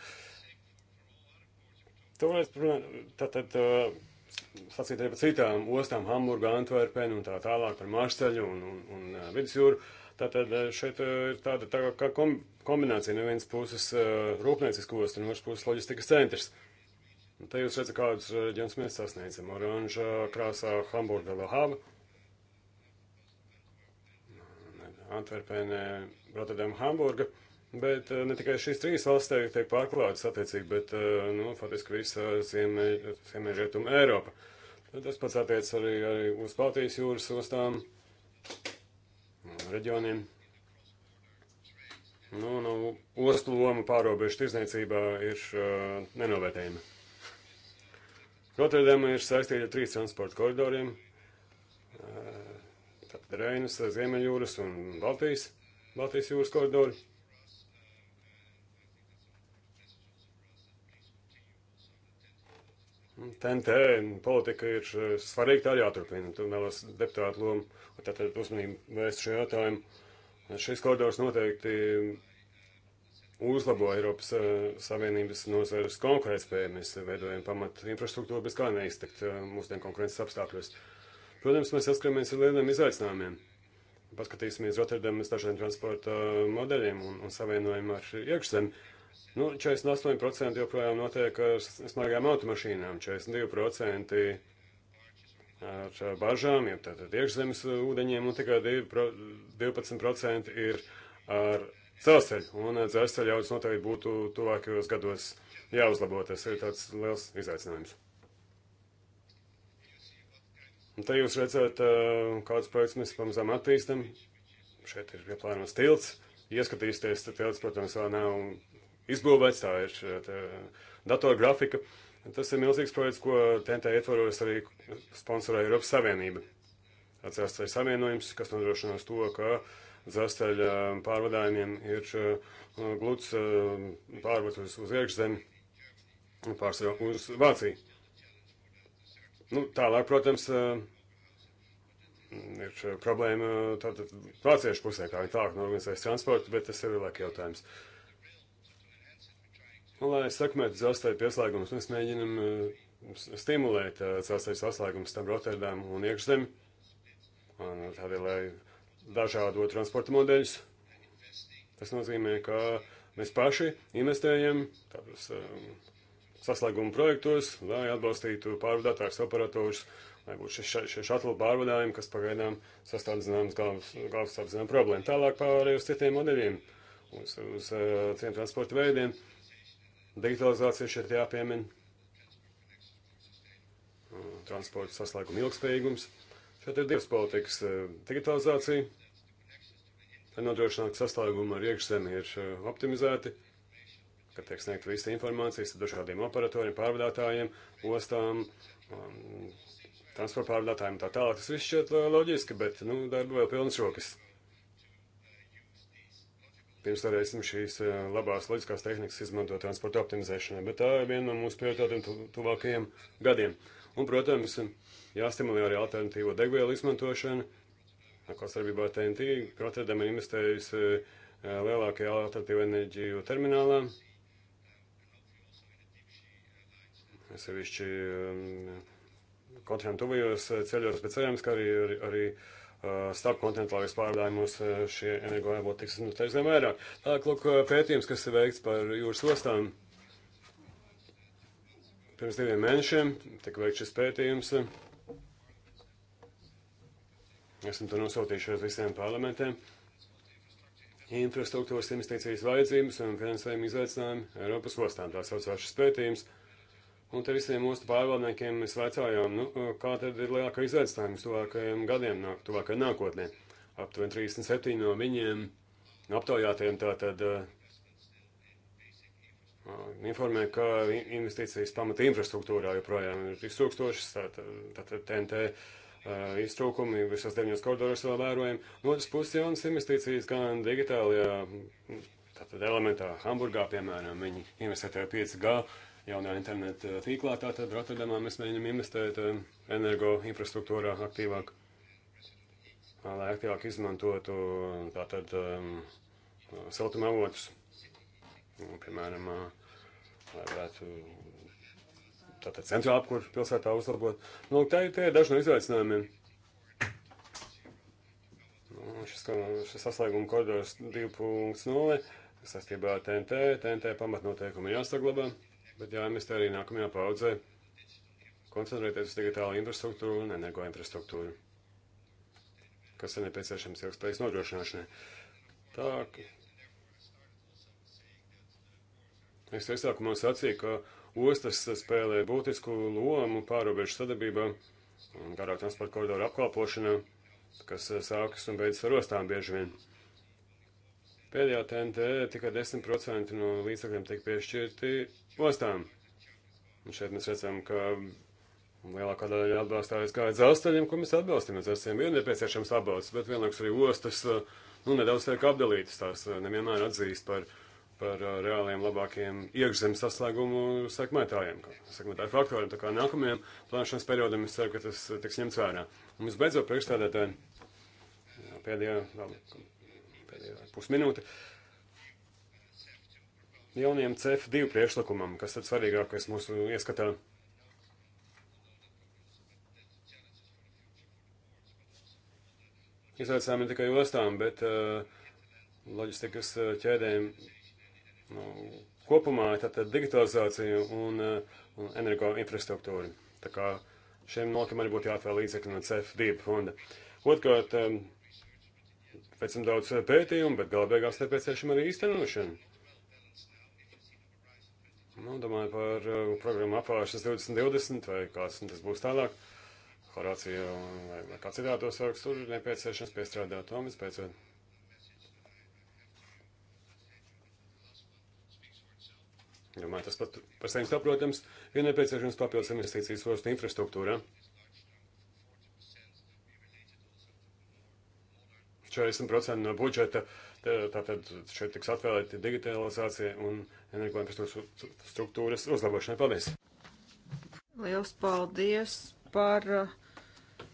Tātad, sacīt arī par citām ostām, Hamburgu, Antverpenu un tā tālāk par Marseļu un, un, un uh, Vidusjūru. Tātad uh, šeit uh, ir tāda tā kā kombinācija no vienas puses rūpniecisko ostu un no otras puses loģistikas centrs. Un te jūs redzat, kādus reģionus mēs sasniedzam. Oranžā krāsā Hamburga vēl haba. Antverpenē, Rotterdam, Hamburga. Bet eh, ne tikai šīs trīs valsts tiek, tiek pārklātas attiecīgi, bet, eh, nu, faktiski visa Ziemeļrietuma Eiropa. Tas pats attiec arī, arī uz Baltijas jūras ostām, reģioniem. Nu, nu, ostu loma pārobežu tirzniecībā ir uh, nenovērtējama. Rotterdama ir saistīta ar trīs transporta koridoriem. Uh, Reinas, Ziemeļjūras un Baltijas, Baltijas jūras koridori. TNT politika ir eh, svarīga, tā ir jāturpina. Tur vēlos deputātu lomu, tātad uzmanību vērst šo jautājumu. Šis koridors noteikti uzlabo Eiropas eh, Savienības nozares konkurētspēju. Mēs veidojam pamat infrastruktūru, bez kā neiztikt eh, mūsdienu konkurences apstākļos. Protams, mēs saskaramies ar lieliem izaicinājumiem. Paskatīsimies Rotterdamas dažādiem transporta modeļiem un, un savienojumu ar iekšzemi Nu, 48% joprojām notiek ar smagām automašīnām, 42% ar bažām, jau tātad iekšzemes uh, ūdeņiem, un tikai 12% ir ar dzelzceļu. Un uh, dzelzceļa jaudas noteikti būtu tuvākajos gados jāuzlabo. Tas ir tāds liels izaicinājums. Un te jūs redzat, uh, kādus projekts mēs pamazām attīstam. Šeit ir plānos tilts. Ieskatīsties, tad tilts, protams, vēl nav izbūvēts, tā ir tā, datorgrafika. Tas ir milzīgs projekts, ko TNT ietvaros arī sponsorē Eiropas Savienība. Atcerēstai savienojums, kas nodrošinās to, ka dzelzceļa pārvadājumiem ir uh, glūts uh, pārvadājums uz, uz iekšzemi, pārsvarā uz Vāciju. Nu, tālāk, protams, uh, ir problēma tātad vāciešu pusē, kā viņi tālāk norganizēs transportu, bet tas ir lielāka jautājums. Uh, Nu, lai sekmētu dzelzceļa pieslēgumus, mēs mēģinam uh, stimulēt uh, dzelzceļa saslēgumus starp Rotterdamu un iekšzemi, un tādēļ, lai dažādo transporta modeļus. Tas nozīmē, ka mēs paši investējam tādos uh, saslēgumu projektos, lai atbalstītu pārvadātājus, operatorus, lai būtu šie, šie, šie šatlu pārvadājumi, kas pagaidām sastāv zināmas galvas, galvas apzinām problēmu. Tālāk pārējiem uz citiem modeļiem, uz, uz, uz citiem transporta veidiem. Uh, Digitalizācija šeit jāpiemina. Transporta saslēguma ilgspējīgums. Šeit ir divas politikas. Eh, digitalizācija, lai nodrošinātu saslēgumu ar iekšzemi, ir eh, optimizēti, ka tiek sniegta visa informācija dažādiem operatoriem, pārvadātājiem, ostām, um, transporta pārvadātājiem tā tālāk. Tas viss šķiet eh, loģiski, bet nu, darba vēl pilnas rokas. Pirms varēsim šīs eh, labās loģiskās tehnikas izmantot transporta optimizēšanai, bet tā ir viena no mūsu prioritātiem tu, tuvākajiem gadiem. Un, protams, jāstimulē arī alternatīvo degvielu izmantošana, ko starpībā TNT Rotterdam ir investējusi eh, lielākajā alternatīvo enerģiju terminālā. Sevišķi eh, kontinentu tuvajos ceļos, bet cerams, ka arī, arī, arī Eh, starpkontinentālajos pārvadājumos eh, šie energoavoti tiks nu, izmantot zem vairāk. Tālāk, lūk, eh, pētījums, kas ir veikts par jūras ostām. Pirms diviem mēnešiem tika veikts šis pētījums. Esam to nosautījuši uz visiem parlamentiem. Infrastruktūras investīcijas vajadzības un finansējuma izaicinājumi Eiropas ostām. Tā saucās šis pētījums. Un te visiem mūsu pārvaldniekiem mēs vaicājām, nu, kā tad ir lielākā izaicinājuma tuvākajiem gadiem, tuvākajā nākotnē. Aptuveni 37 no viņiem aptaujātiem tātad uh, informē, ka investīcijas pamata infrastruktūrā joprojām ir iztrūkstošas, tātad, tātad TNT uh, iztrūkumi visos deviņos koridoros vēl vērojam. No otras puses jaunas investīcijas gan digitālajā, tātad elementā, Hamburgā, piemēram, viņi investē tajā 5G jaunā interneta tīklā, tātad Rotterdamā mēs mēģinām investēt eh, energo infrastruktūrā aktīvāk, eh, lai aktīvāk izmantotu eh, tātad siltuma avotus, piemēram, lai varētu tātad centrāla apkur pilsētā uzlabot. Nu, tā, tā ir daži no izaicinājumiem. Nu, šis, šis saslēguma koridors 2.0 saistībā ar TNT, TNT pamatnoteikumi jāsaglabā. Bet jāinvestē arī nākamajā paudzē, koncentrēties uz digitālu infrastruktūru un energoinfrastruktūru, kas ir nepieciešams ilgspējas nodrošināšanai. Tā, es iesākumā sacīju, ka ostas spēlē būtisku lomu pārobežu sadarbībā un garā transporta koridoru apkalpošanā, kas sākas un beidzas ar ostām bieži vien. Pēdējā TNT tikai 10% no līdzekļiem tiek piešķirti ostām. Un šeit mēs redzam, ka lielākā daļa atbalstājas kā dzelzceļiem, ko mēs atbalstam. Mēs esam ir nepieciešams atbalsts, bet vienlaikus arī ostas eh, nu, nedaudz tiek apdalītas. Tās eh, nevienmēr atzīst par, par eh, reāliem labākiem iekšzemes saslēgumu sekmētājiem, sekmētāju faktoriem. Tā kā nākamajam plānošanas periodam es ceru, ka tas tiks ņemts vērā. Un visbeidzot, priekšstādētāji, pēdējā, vēl, pēdējā pusminūte. Uh, jaunajam CF2 priekšlikumam, kas ir svarīgākais mūsu ieskatā. Izaicinājumi tikai ostām, bet uh, loģistikas eh, ķēdēm nu, kopumā ir tātad digitalizācija un, uh, un energo infrastruktūra. Tā kā šiem nolkiem arī būtu jāatvēl līdzekļi no CF2 fonda. Otkārt, um, veicam daudz pētījumu, bet galā beigās nepieciešama arī īstenošana. Nu, domāju par uh, programmu apvāršas 2020 vai kāds tas būs tālāk. Horācija vai, vai kā citā to sargs tur ir nepieciešams piestrādāt to mēs pēc. Uh, domāju, tas pat par sevi saprotams, ir nepieciešams papildus investīcijas valsts infrastruktūrā. Ja? 40% no budžeta, tātad šeit tiks atvēlēti digitalizācija un energoinfrastruktūras uzlabošanai. Paldies! Liels paldies par uh,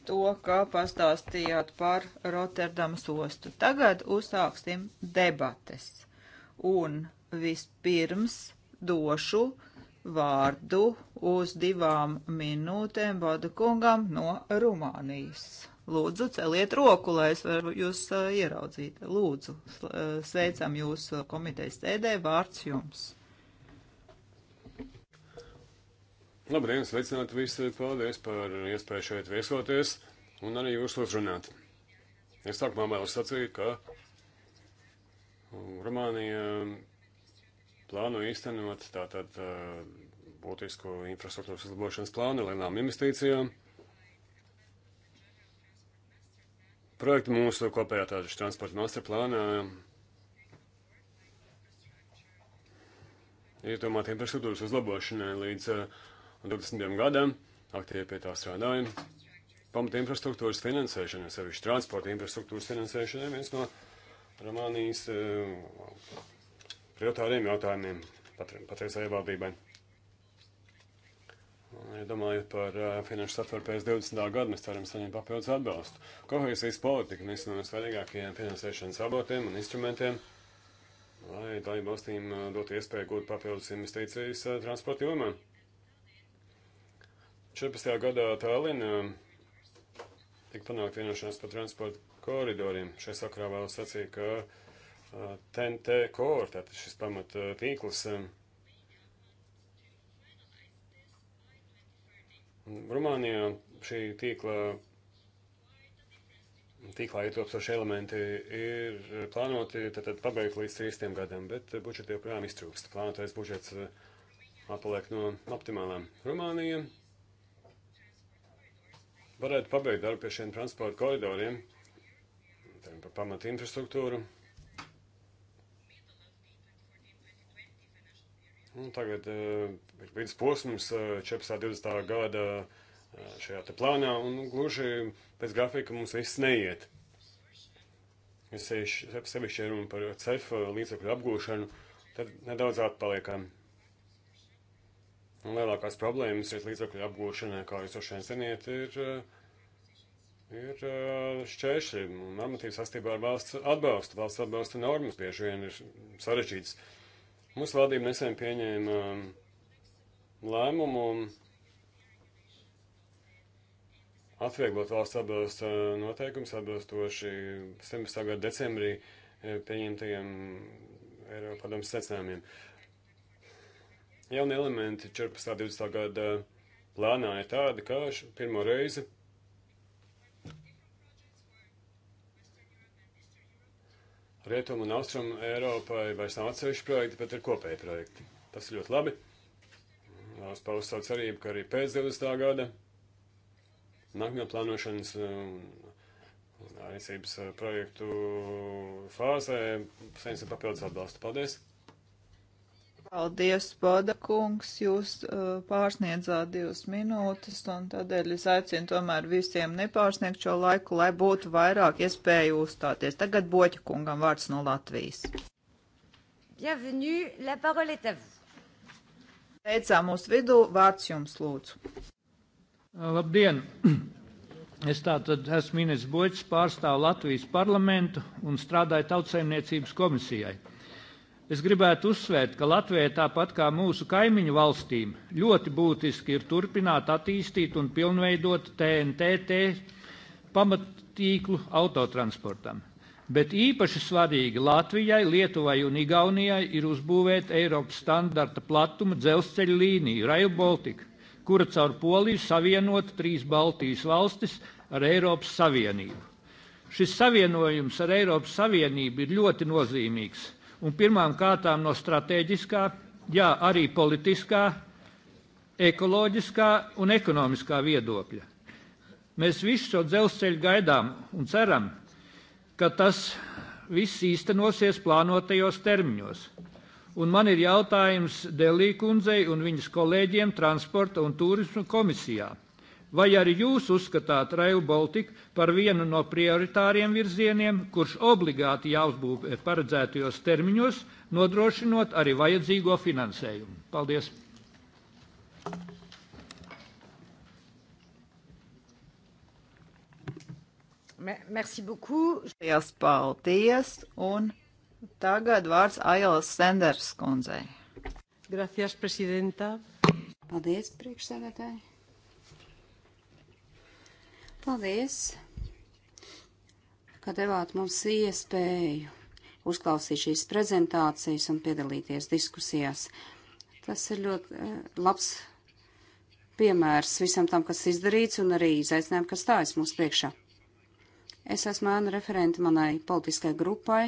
to, kā pastāstījāt par Rotterdamas ostu. Tagad uzsāksim debates. Un vispirms došu vārdu uz divām minūtēm Bada kungam no Rumānijas. Lūdzu, celiet roku, lai es varu jūs uh, ieraudzīt. Lūdzu, uh, sveicam jūs uh, komitejas sēdē, vārds jums. Labdien, sveicināt visi, paldies par iespēju šeit viesoties un arī jūs uzrunāt. Es sākumā vēlos sacīt, ka um, Rumānija um, plāno īstenot tātad būtisku infrastruktūras uzlabošanas plānu lielām investīcijām. projekti mūsu kopējā tāžu transporta masterplānā ir domāti infrastruktūras uzlabošanai līdz uh, 20. gadam, aktīvi pie tā strādājam. Pamata infrastruktūras finansēšana, sevišķi transporta infrastruktūras finansēšana, ir viens no Romānijas uh, prioritāriem jautājumiem patreizējai valdībai. Ja domājot par uh, finanšu satvaru pēc 20. gada, mēs ceram saņemt papildus atbalstu. Kohēzijas politika ir viens no svarīgākajiem finansēšanas avotiem un instrumentiem, lai dalību valstīm uh, dotu iespēju gūt papildus investīcijas uh, transporta jomā. 14. gadā Tallina tika panākt vienošanās par transporta koridoriem. Šai sakrā vēl sacīja, ka TNT core, tātad šis pamat tīkls, uh, Rumānijā šī tīkla, tīklā ietilpstoši elementi ir plānoti tātad pabeigt līdz 30 gadam, bet budžeti joprojām iztrūkst. Plānotais budžets eh, atpaliek no optimālām. Rumānija varētu pabeigt darbu pie šiem transporta koridoriem, par pamatu infrastruktūru. Nu, tagad ir vidusposms 14. 20. gada eh, šajā te plānā, un nu, gluži pēc grafika mums viss neiet. Es sevišķi runu par cefa eh, līdzekļu apgūšanu, tad nedaudz atpaliekam. Un lielākās problēmas ir līdzekļu apgūšanai, kā jūs droši vien ziniet, ir, eh, ir šķēršļi un normatīvas sastībā ar valsts atbalstu. Valsts atbalsta normas bieži vien ir sarežģītas. Mūsu valdība nesen pieņēma um, lēmumu um, atvieglot valsts atbalsta uh, noteikums atbilstoši 17. gada decembrī uh, pieņemtajiem um, Eiropa padomus secinājumiem. Jauni elementi 14. un 20. gada plānā ir tādi, ka pirmo reizi Rietumu un Austrumu Eiropai vairs nav atsevišķi projekti, bet ir kopēji projekti. Tas ir ļoti labi. Vēlos paust savu cerību, ka arī pēc 20. gada nākamajā plānošanas um, un arīcības uh, projektu fāzē saņemsim papildus atbalstu. Paldies! Paldies, Boda kungs, jūs uh, pārsniedzāt divas minūtes, un tādēļ es aicinu tomēr visiem nepārsniegt šo laiku, lai būtu vairāk iespēju uzstāties. Tagad Boķa kungam vārds no Latvijas. Bienvenue, la parole est à vous. Teicā mūsu vidū, vārds jums lūdzu. Uh, labdien! Es tātad esmu Ines Boķis, pārstāvu Latvijas parlamentu un strādāju tautsaimniecības komisijai. Es gribētu uzsvērt, ka Latvijai tāpat kā mūsu kaimiņu valstīm ļoti būtiski ir turpināt attīstīt un pilnveidot TNTT pamattīklu autotransportam. Bet īpaši svarīgi Latvijai, Lietuvai un Igaunijai ir uzbūvēt Eiropas standarta platuma dzelzceļa līniju Rail Baltica, kura caur Poliju savienot trīs Baltijas valstis ar Eiropas Savienību. Šis savienojums ar Eiropas Savienību ir ļoti nozīmīgs – un pirmām kārtām no strateģiskā, jā, arī politiskā, ekoloģiskā un ekonomiskā viedokļa. Mēs visu šo dzelzceļu gaidām un ceram, ka tas viss īstenosies plānotajos termiņos. Un man ir jautājums Delī kundzei un viņas kolēģiem transporta un turismu komisijā. Vai arī jūs uzskatāt Rail Baltica par vienu no prioritāriem virzieniem, kurš obligāti jāuzbūvē paredzētajos termiņos, nodrošinot arī vajadzīgo finansējumu? Paldies! Merci beaucoup. Liels paldies. Un tagad vārds Ailas Senders kundzei. Gracias, presidenta. Paldies, priekšsēdētāji. Paldies, ka devāt mums iespēju uzklausīt šīs prezentācijas un piedalīties diskusijās. Tas ir ļoti eh, labs piemērs visam tam, kas izdarīts un arī izaicinājumam, kas stājas mums priekšā. Es esmu ēna referenti manai politiskai grupai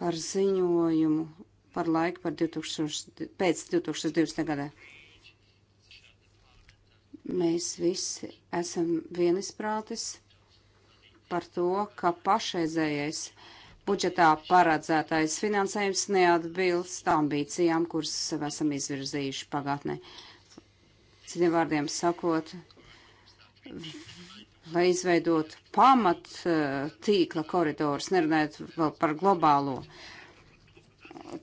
par ziņojumu par laiku par 2000, pēc 2020. gadā Mēs visi esam vienisprātis par to, ka pašreizējais budžetā paredzētais finansējums neatbilst ambīcijām, kuras esam izvirzījuši pagātnē. Citiem vārdiem sakot, lai izveidot pamat eh, tīkla koridorus, nerunājot vēl par globālo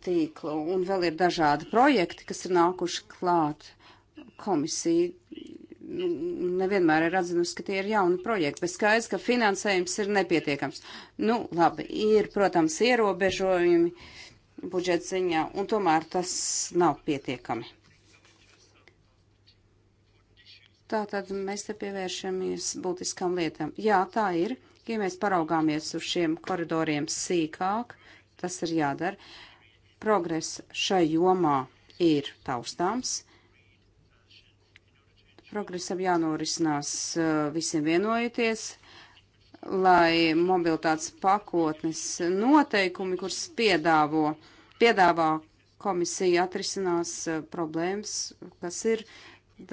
tīklu. Un vēl ir dažādi projekti, kas ir nākuši klāt. Komisija Nu, nevienmēr ir atzinusi, ka tie ir jauni projekti, bet skaidrs, ka finansējums ir nepietiekams. Nu, labi, ir, protams, ierobežojumi budžeta ziņā, un tomēr tas nav pietiekami. Tātad mēs te pievēršamies būtiskām lietām. Jā, tā ir. Ja mēs paraugāmies uz šiem koridoriem sīkāk, tas ir jādara. Progress šai jomā ir taustāms Progresam jānorisinās eh, visiem vienojoties, lai mobilitātes pakotnes noteikumi, kuras piedāvo, piedāvā komisija atrisinās eh, problēmas, kas ir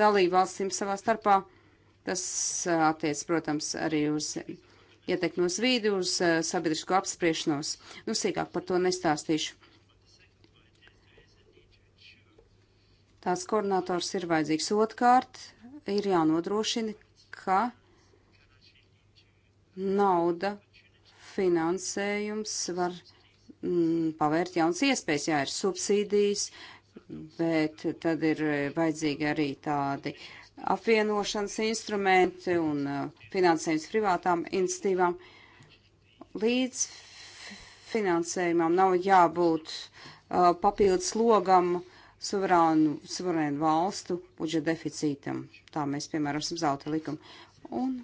dalību valstīm savā starpā. Tas eh, attiec, protams, arī uz ietekmi uz vīdi, uz sabiedrisko apspriešanos. Nu, sīkāk par to nestāstīšu. Tās koordinators ir vajadzīgs otkārt, ir jānodrošina, ka nauda, finansējums var mm, pavērt jauns iespējas, jā, ir subsīdijas, bet tad ir vajadzīgi arī tādi apvienošanas instrumenti un uh, finansējums privātām institīvām. Līdz finansējumam nav jābūt uh, papildus logam suverānu, suverēnu valstu budžeta deficītam. Tā mēs, piemēram, esam zelta likumu. Un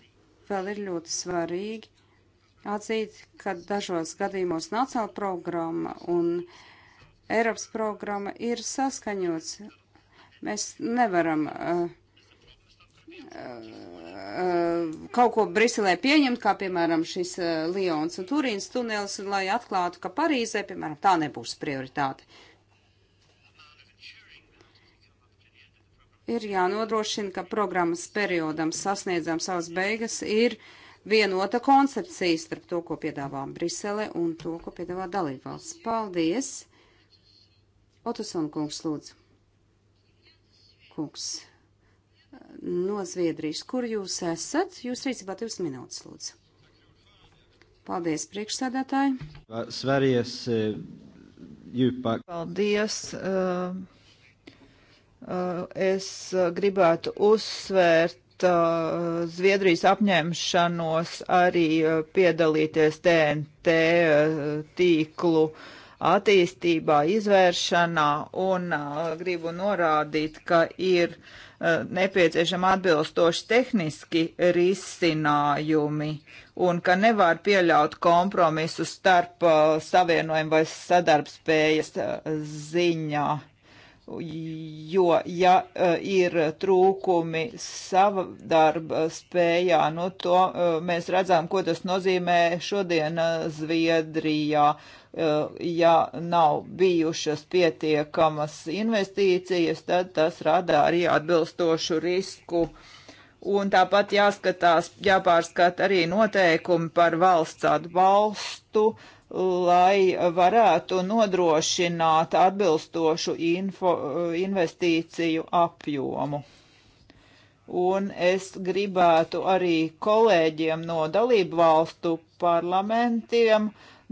vēl ir ļoti svarīgi atzīt, ka dažos gadījumos nacionāla programma un Eiropas programma ir saskaņots. Mēs nevaram uh, uh kaut ko Briselē pieņemt, kā piemēram šis uh, Lions un Turīns tunels, lai atklātu, ka Parīzē, piemēram, tā nebūs prioritāte. ir jānodrošina, ka programmas periodam sasniedzam savas beigas ir vienota koncepcija starp to, ko piedāvā Brisele un to, ko piedāvā dalībvalsts. Paldies! Otusona kungs lūdzu. Kungs no Zviedrijas. Kur jūs esat? Jūs rīcībā divas minūtes lūdzu. Paldies, priekšsēdētāji. Sverijas eh, jūpāk. Paldies. Uh Eh, es eh, gribētu uzsvērt eh, Zviedrijas apņemšanos arī piedalīties TNT tīklu attīstībā, izvēršanā un gribu norādīt, ka ir nepieciešama atbilstoši tehniski risinājumi un ka nevar pieļaut kompromisu starp savienojumu vai sadarbspējas ziņā jo, ja eh, ir trūkumi sava darba spējā, nu to eh, mēs redzam, ko tas nozīmē šodien eh, Zviedrijā, ja nav bijušas pietiekamas investīcijas, tad tas rada arī atbilstošu risku. Un tāpat jāskatās, jāpārskata arī noteikumi par valsts atbalstu, uh, lai varētu nodrošināt atbilstošu info, investīciju apjomu. Un es gribētu arī kolēģiem no dalību valstu parlamentiem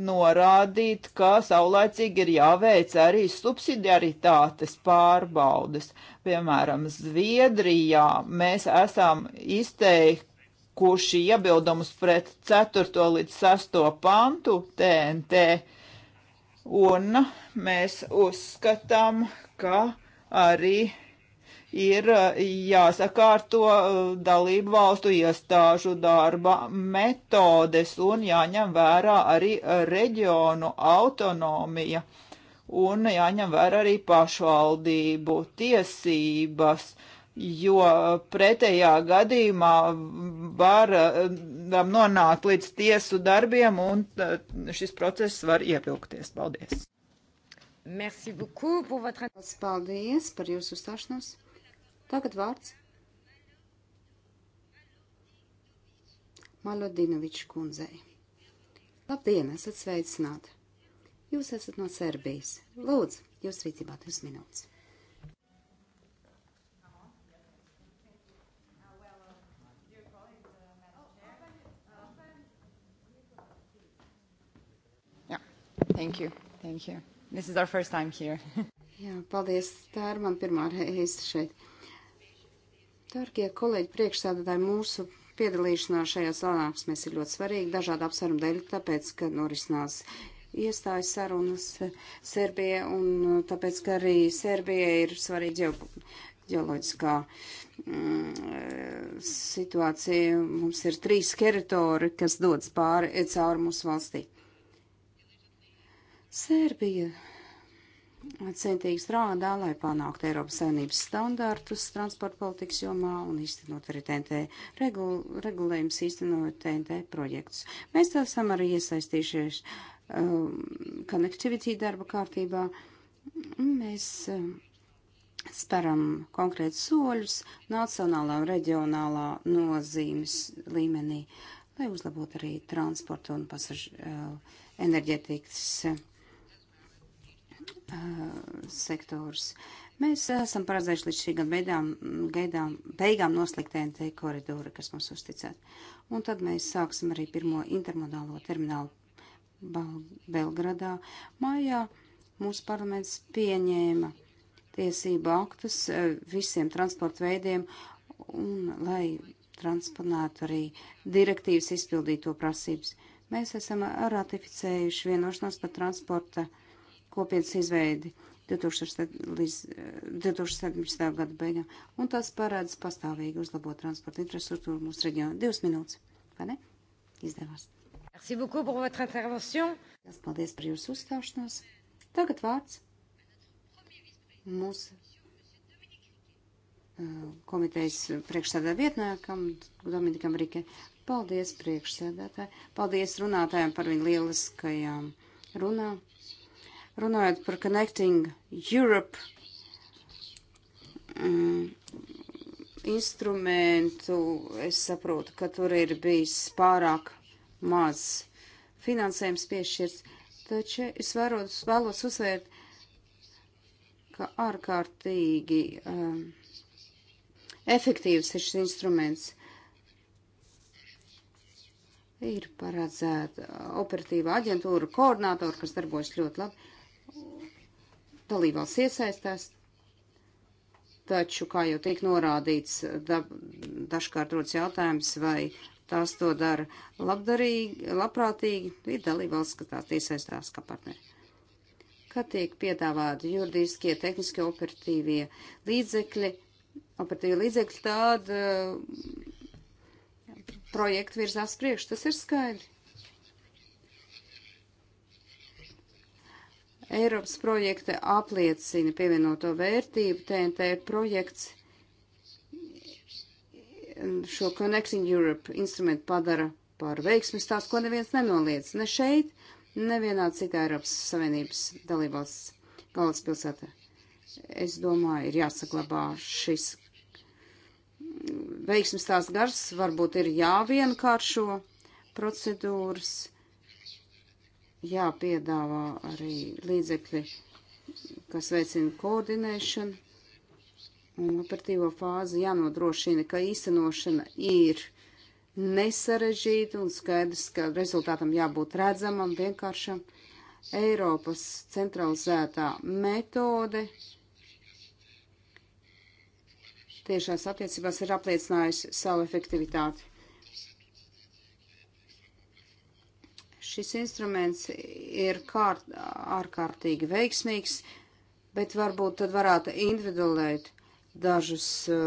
norādīt, ka saulēcīgi ir jāveic arī subsidiaritātes pārbaudes. Piemēram, Zviedrijā mēs esam izteikti izteikuši iebildumus pret 4. līdz 6. pantu TNT, un mēs uzskatām, ka arī ir uh, jāsakārto uh, dalību valstu iestāžu darba metodes un jāņem vērā arī reģionu autonomija un jāņem vērā arī pašvaldību tiesības. Uh, jo uh, pretējā gadījumā uh, var nonākt līdz tiesu darbiem un uh, šis process var ievilkties. Paldies! Merci beaucoup pour votre attention. Paldies par jūsu uzstāšanos. Tagad vārds. Malodinovičs kundzei. Labdien, esat sveicināti. Jūs esat no Serbijas. Lūdzu, jūs rīcībā divas minūtes. Thank you. Thank you. This is our first time here. Jā, paldies. Tā ir man pirmā reize šeit. Dargie kolēģi, priekšsēdētāji, mūsu piedalīšanās šajā sanāksmēs ir ļoti svarīga dažādu apsvērumu dēļ, tāpēc, ka norisinās iestājas sarunas eh, Serbija un eh, tāpēc, ka arī Serbija ir svarīga ģeo, ģeoloģiskā mm, eh, situācija. Mums ir trīs teritori, kas dodas pāri cauri mūsu valstī. Sērbija centīgi strādā, lai panāktu Eiropas saimnības standartus transporta politikas jomā un īstenot arī TNT regul, regulējums, īstenot TNT projektus. Mēs tā esam arī iesaistījušies um, connectivity darba kārtībā. Mēs um, speram konkrētus soļus nacionālā un reģionālā nozīmes līmenī, lai uzlabotu arī transportu un pasažu uh, enerģētikas. Uh, Uh, sektors. Mēs esam paredzējuši līdz šī gada beidām, gaidām, beigām noslēgt TNT koridoru, kas mums uzticēt. Un tad mēs sāksim arī pirmo intermodālo terminālu Bal Belgradā. Mājā mūsu parlaments pieņēma tiesību aktus uh, visiem transporta veidiem, un lai transponētu arī direktīvas izpildīto prasības. Mēs esam ratificējuši vienošanos par transporta veidiem kopienas izveidi 2017. Eh, gada beigām, un tas parāds pastāvīgi uzlabot transporta infrastruktūru mūsu reģionā. Divas minūtes, vai ne? Izdevās. Merci beaucoup pour votre intervention. Paldies par jūsu uzstāšanos. Tagad vārds mūsu eh, komitejas priekšsēdā vietnākam Dominikam Rike. Paldies priekšsēdētāji. Paldies runātājiem par viņu lieliskajām runām. Runājot par Connecting Europe mm, instrumentu, es saprotu, ka tur ir bijis pārāk maz finansējums piešķirts, taču es vēros, vēlos uzsvērt, ka ārkārtīgi um, efektīvs ir šis instruments. Ir paredzēta operatīva aģentūra, koordinātori, kas darbojas ļoti labi dalībvalsts iesaistās, taču, kā jau tiek norādīts, da, dažkārt rodas jautājums, vai tās to dara labdarīgi, labprātīgi, ir dalībvalsts, ka tās iesaistās kā partneri. Kad tiek piedāvāti juridiskie, tehniskie, operatīvie līdzekļi, operatīvie līdzekļi tāda eh, projekta virzās priekš, tas ir skaidri. Eiropas projekta apliecina pievienoto vērtību. TNT projekts šo Connecting Europe instrumentu padara par veiksmi stāstu, ko neviens nenoliedz. Ne šeit, nevienā citā Eiropas Savienības dalībvalsts galvaspilsētā. Es domāju, ir jāsaglabā šis veiksmes tās gars varbūt ir jāvienkāršo procedūras, jāpiedāvā arī līdzekļi, kas veicina koordinēšanu. Un operatīvo fāzi jānodrošina, ka īstenošana ir nesarežģīta un skaidrs, ka rezultātam jābūt redzamam, vienkāršam. Eiropas centralizētā metode tiešās attiecībās ir apliecinājusi savu efektivitāti. Šis instruments ir kārt, ārkārtīgi veiksmīgs, bet varbūt tad varētu individualizēt dažus, eh,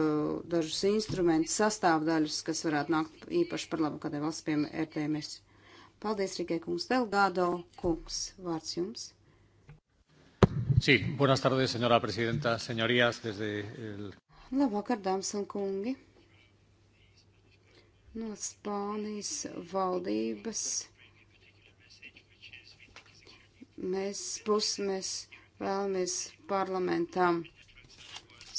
dažus instrumentus, sastāvdaļus, kas varētu nākt īpaši par labu kādai valsts, piemēram, RTMS. Paldies, Rīgai kungs, Delgado kungs, vārds jums. Sí, buenas tardes, señora presidenta, señorías, desde el... Labvakar, dāmas un kungi. No Spānijas valdības Mēs plus mēs vēlamies parlamentam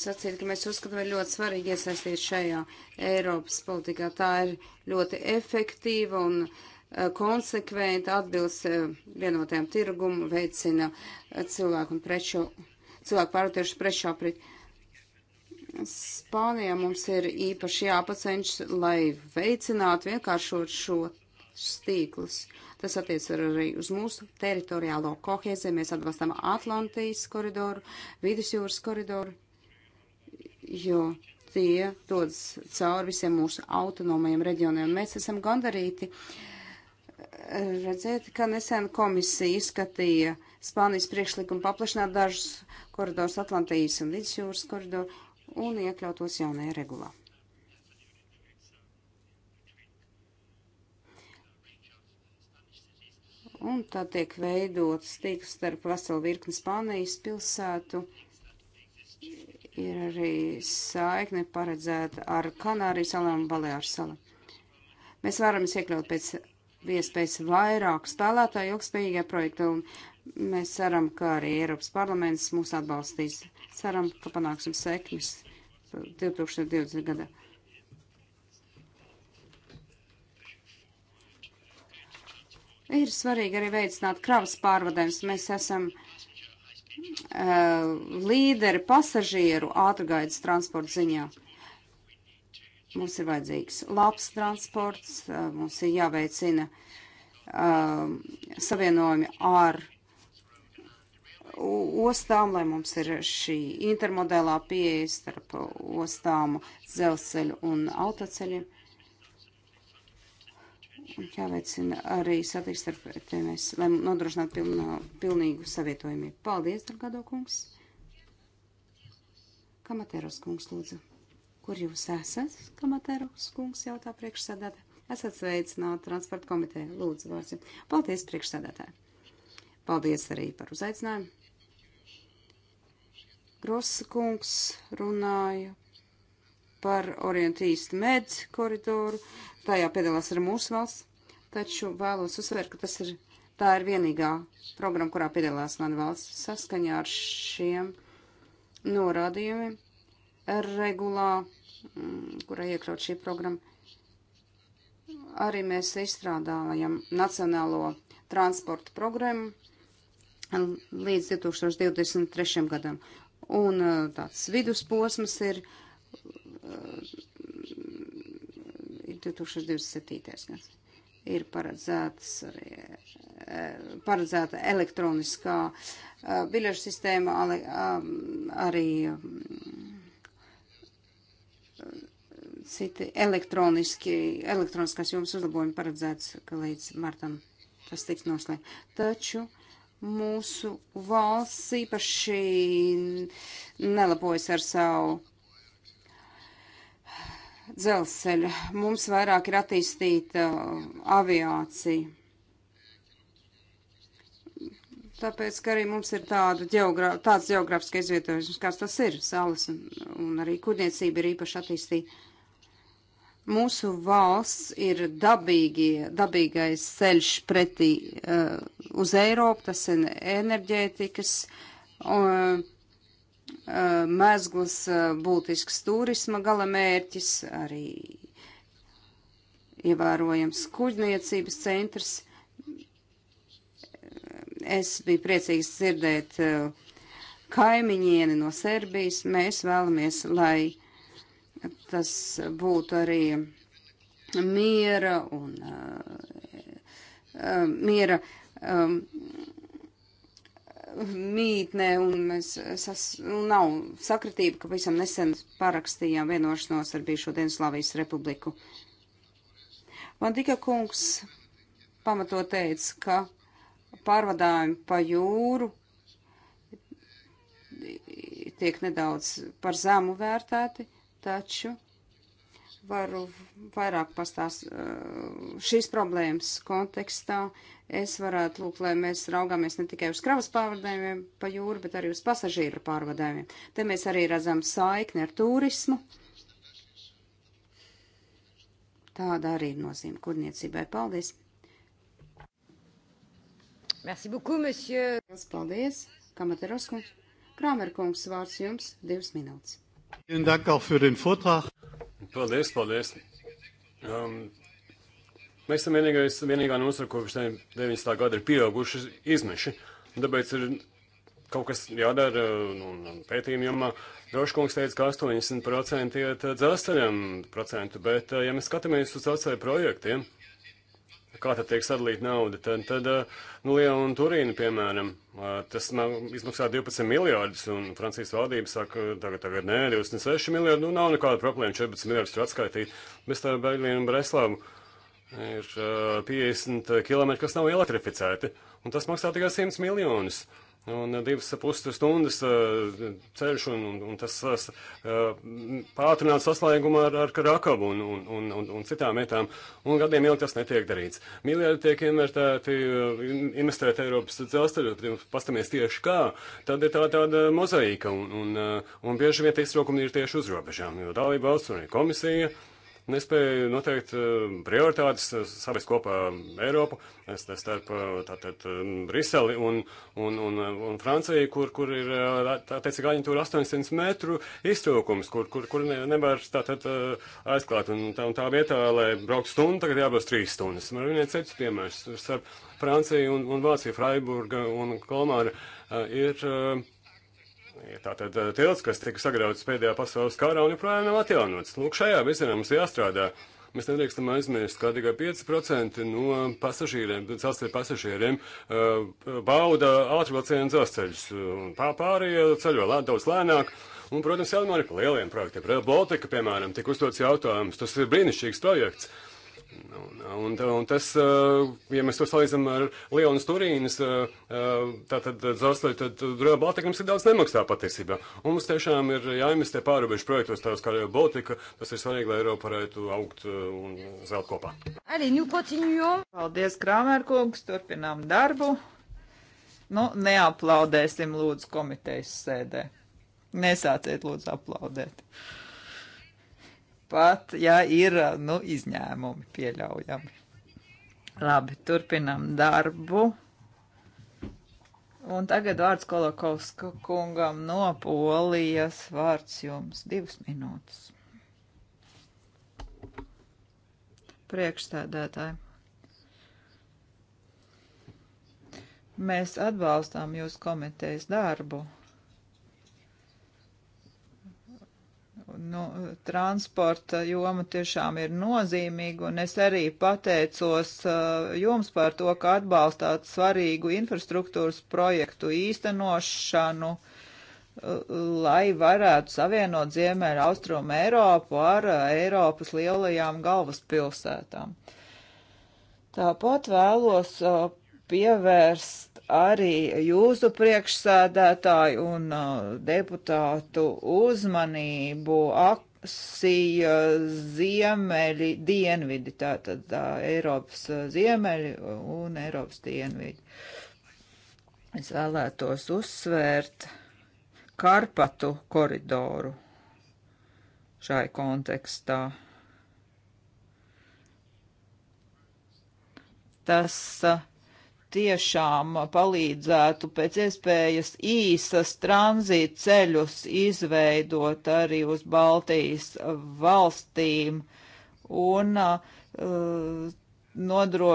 sacīt, ka mēs uzskatām, ir ļoti svarīgi iesaistīt šajā Eiropas politikā. Tā ir ļoti efektīva un eh, konsekventi atbilst eh, vienotajam tirgumu, veicina eh, cilvēku un preču, cilvēku pārvietošu preču aprit. Spānijā mums ir īpaši jāpacenšas, lai veicinātu vienkāršot šo stīklus. Uh, Tas attiec arī uz mūsu teritoriālo kohēziju. Mēs atbalstam Atlantijas koridoru, Vidusjūras koridoru, jo tie dodas cauri visiem mūsu autonomajiem reģioniem. Mēs esam gandarīti eh, redzēt, ka nesen komisija izskatīja Spānijas priekšlikumu paplašināt dažus koridors Atlantijas un Vidusjūras koridoru un iekļautos jaunajā regulā. Un tad tiek veidots tīkls starp veselu virkni Spānijas pilsētu. Ir arī saikne paredzēta ar Kanārijas salām un Balēāru salām. Mēs varam iekļaut pēc iespējas vairāk spēlētāju ilgspējīgā projekta, un mēs ceram, ka arī Eiropas parlaments mūs atbalstīs. Ceram, ka panāksim sekmes 2020. gadā. Ir svarīgi arī veicināt kravas pārvadājums. Mēs esam uh, līderi pasažieru ātrgaitas transporta ziņā. Mums ir vajadzīgs labs transports, uh, mums ir jāveicina uh, savienojumi ar ostām, lai mums ir šī intermodēlā pieeja starp ostām, dzelzceļu un autoceļiem jāveicina arī satīrs starp TNS, lai nodrošinātu pilnā, pilnīgu savietojumību. Paldies, Dargado kungs! Kamateros kungs, lūdzu. Kur jūs esat, Kamateros kungs, jautā priekšsādātā? Esat sveicināti transporta komitē, lūdzu, vārds. Paldies, priekšsādātā. Paldies arī par uzaicinājumu. Grosa kungs runāja par Orientīst med koridoru, tajā piedalās arī mūsu valsts, taču vēlos uzsvērt, ka tas ir, tā ir vienīgā programma, kurā piedalās mana valsts saskaņā ar šiem norādījumiem regulā, mm, kurā iekļaut šī programma. Arī mēs izstrādājam nacionālo transporta programmu līdz 2023. gadam. Un eh, tāds vidusposms ir ir 2027. gads. Ir paredzēts arī, eh, paredzēta elektroniskā eh, biļešu sistēma, eh, arī citi elektroniski, elektroniskās jums uzlabojumi paredzēts, ka līdz martam tas tiks noslēgts. Taču mūsu valsts īpaši nelabojas ar savu dzelzceļa. Mums vairāk ir attīstīta uh, aviācija. Tāpēc, ka arī mums ir tāda ģeogrā, tāds geogrāfiskais izvietojums, kāds tas ir, salas un, un arī kurniecība ir īpaši attīstīta. Mūsu valsts ir dabīgi, dabīgais ceļš pretī uh, uz Eiropu, tas ir enerģētikas. Uh, Eh, mezglas eh, būtisks turisma galamērķis, arī ievērojams kuģniecības centrs. Es biju priecīgs dzirdēt eh, kaimiņieni no Serbijas. Mēs vēlamies, lai tas būtu arī miera un uh, miera um, mītnē, un mēs sas, un nu, nav sakritība, ka visam nesen parakstījām vienošanos ar bijušo Dienaslāvijas republiku. Vandika kungs pamato teica, ka pārvadājumi pa jūru tiek nedaudz par zemu vērtēti, taču varu vairāk pastāst eh, šīs problēmas kontekstā. Uh, es varētu lūgt, lai mēs raugāmies ne tikai uz kravas pārvadājumiem pa jūru, bet arī uz pasažīru pārvadājumiem. Te mēs arī redzam saikni ar turismu. Tāda arī ir nozīme kurniecībai. Paldies! Merci beaucoup, monsieur! Paldies, Kamaterosku! Krāmerkungs, vārds jums divas minūtes. Paldies, paldies! Um, Mēs esam vienīgais, vienīgā nosaka, kopš 90. gada ir pieauguši izmeši, un tāpēc ir kaut kas jādara, nu, un pētījumi jomā Droškungs teica, ka 80% iet eh, dzelzceļam procentu, bet eh, ja mēs skatāmies uz dzelzceļa projektiem, kā tad tiek sadalīta nauda, tad, tad eh, nu, Liela un Turīna, piemēram, tas izmaksā 12 miljārdus, un Francijas valdība saka, tagad, tagad nē, 26 miljārdi, nu nav nekāda problēma, 14 miljārdus tur atskaitīt, bez tā Berlīna un Breslavu. Uh, ir 50 km, kas nav elektrificēti, un tas maksā tikai 100 miljonus. Un divas puses stundas ceļš, un, un, un tas pātrināts saslēguma ar, ar Krakavu un, un, un, un, un citām vietām, un gadiem ilgi tas netiek darīts. Miljardi tiek investēti, investēt Eiropas dzelzceļu, pastamies tieši kā, tad ir tā tāda mozaīka, un, un, un bieži vien tie iztraukumi ir tieši uz robežām, jo dalība valsts un komisija. Uh, nespēja noteikt eh, prioritātes, eh, savest kopā Eiropu, eh, starp tātad Briseli un, un, un, un Franciju, kur, kur ir, attiecīgi, aģentūra 800 metru iztrūkums, kur, kur, kur nevar tātad aizklāt. Un tā, un tā vietā, lai braukt stundu, tagad jābrauc trīs stundas. Man ir viens cits piemērs starp Franciju un, un Vāciju, Freiburga un Kolmāra ir. Uh, Tātad eh, tilts, kas tika sagrauts pēdējā pasaules kārā un joprojām nav atjaunots. Lūk, šajā virzienā mums jāstrādā. Mēs nedrīkstam aizmirst, ka tikai 5% no pasažīriem, dzelzceļa pasažīriem, eh, bauda ātrvilcienu dzelzceļus. Pārējie ceļo lēt, daudz lēnāk. Un, protams, jādomā arī par lieliem projektiem. Rail Baltica, piemēram, tika uzdots jautājums. Tas ir brīnišķīgs projekts. Nu, nu, un, un, un tas, ja mēs to salīdzinām ar Lionas Turīnas, tātad dzelzceļu, tad Rail Baltica mums ir daudz nemaksā patiesībā. Un mums tiešām ir jāinvestē pārobežu projektos, tādus kā Rail Baltica. Tas ir svarīgi, lai Eiropa varētu augt un zelt kopā. Arī ņūkotiņo. Paldies, Krāmērkungs, turpinām darbu. Nu, neaplaudēsim lūdzu komitejas sēdē. Nesāciet lūdzu aplaudēt pat, ja ir nu, izņēmumi pieļaujami. Labi, turpinam darbu. Un tagad vārds Kolokovska kungam no Polijas. Vārds jums divas minūtes. Priekšstādētāji. Mēs atbalstām jūsu komitejas darbu nu, transporta joma tiešām ir nozīmīga, un es arī pateicos uh, jums par to, ka atbalstāt svarīgu infrastruktūras projektu īstenošanu, uh, lai varētu savienot Ziemeļa Austrumu Eiropu ar uh, Eiropas lielajām galvaspilsētām. Tāpat vēlos uh, pievērst arī jūsu priekšsēdētāju un uh, deputātu uzmanību aksija uh, ziemeļi, dienvidi, tātad tā, uh, Eiropas uh, ziemeļi un Eiropas dienvidi. Es vēlētos uzsvērt Karpatu koridoru šai kontekstā. Tas uh, tiešām palīdzētu pēc iespējas īsas tranzīta ceļus izveidot arī uz Baltijas valstīm un uh, nodro,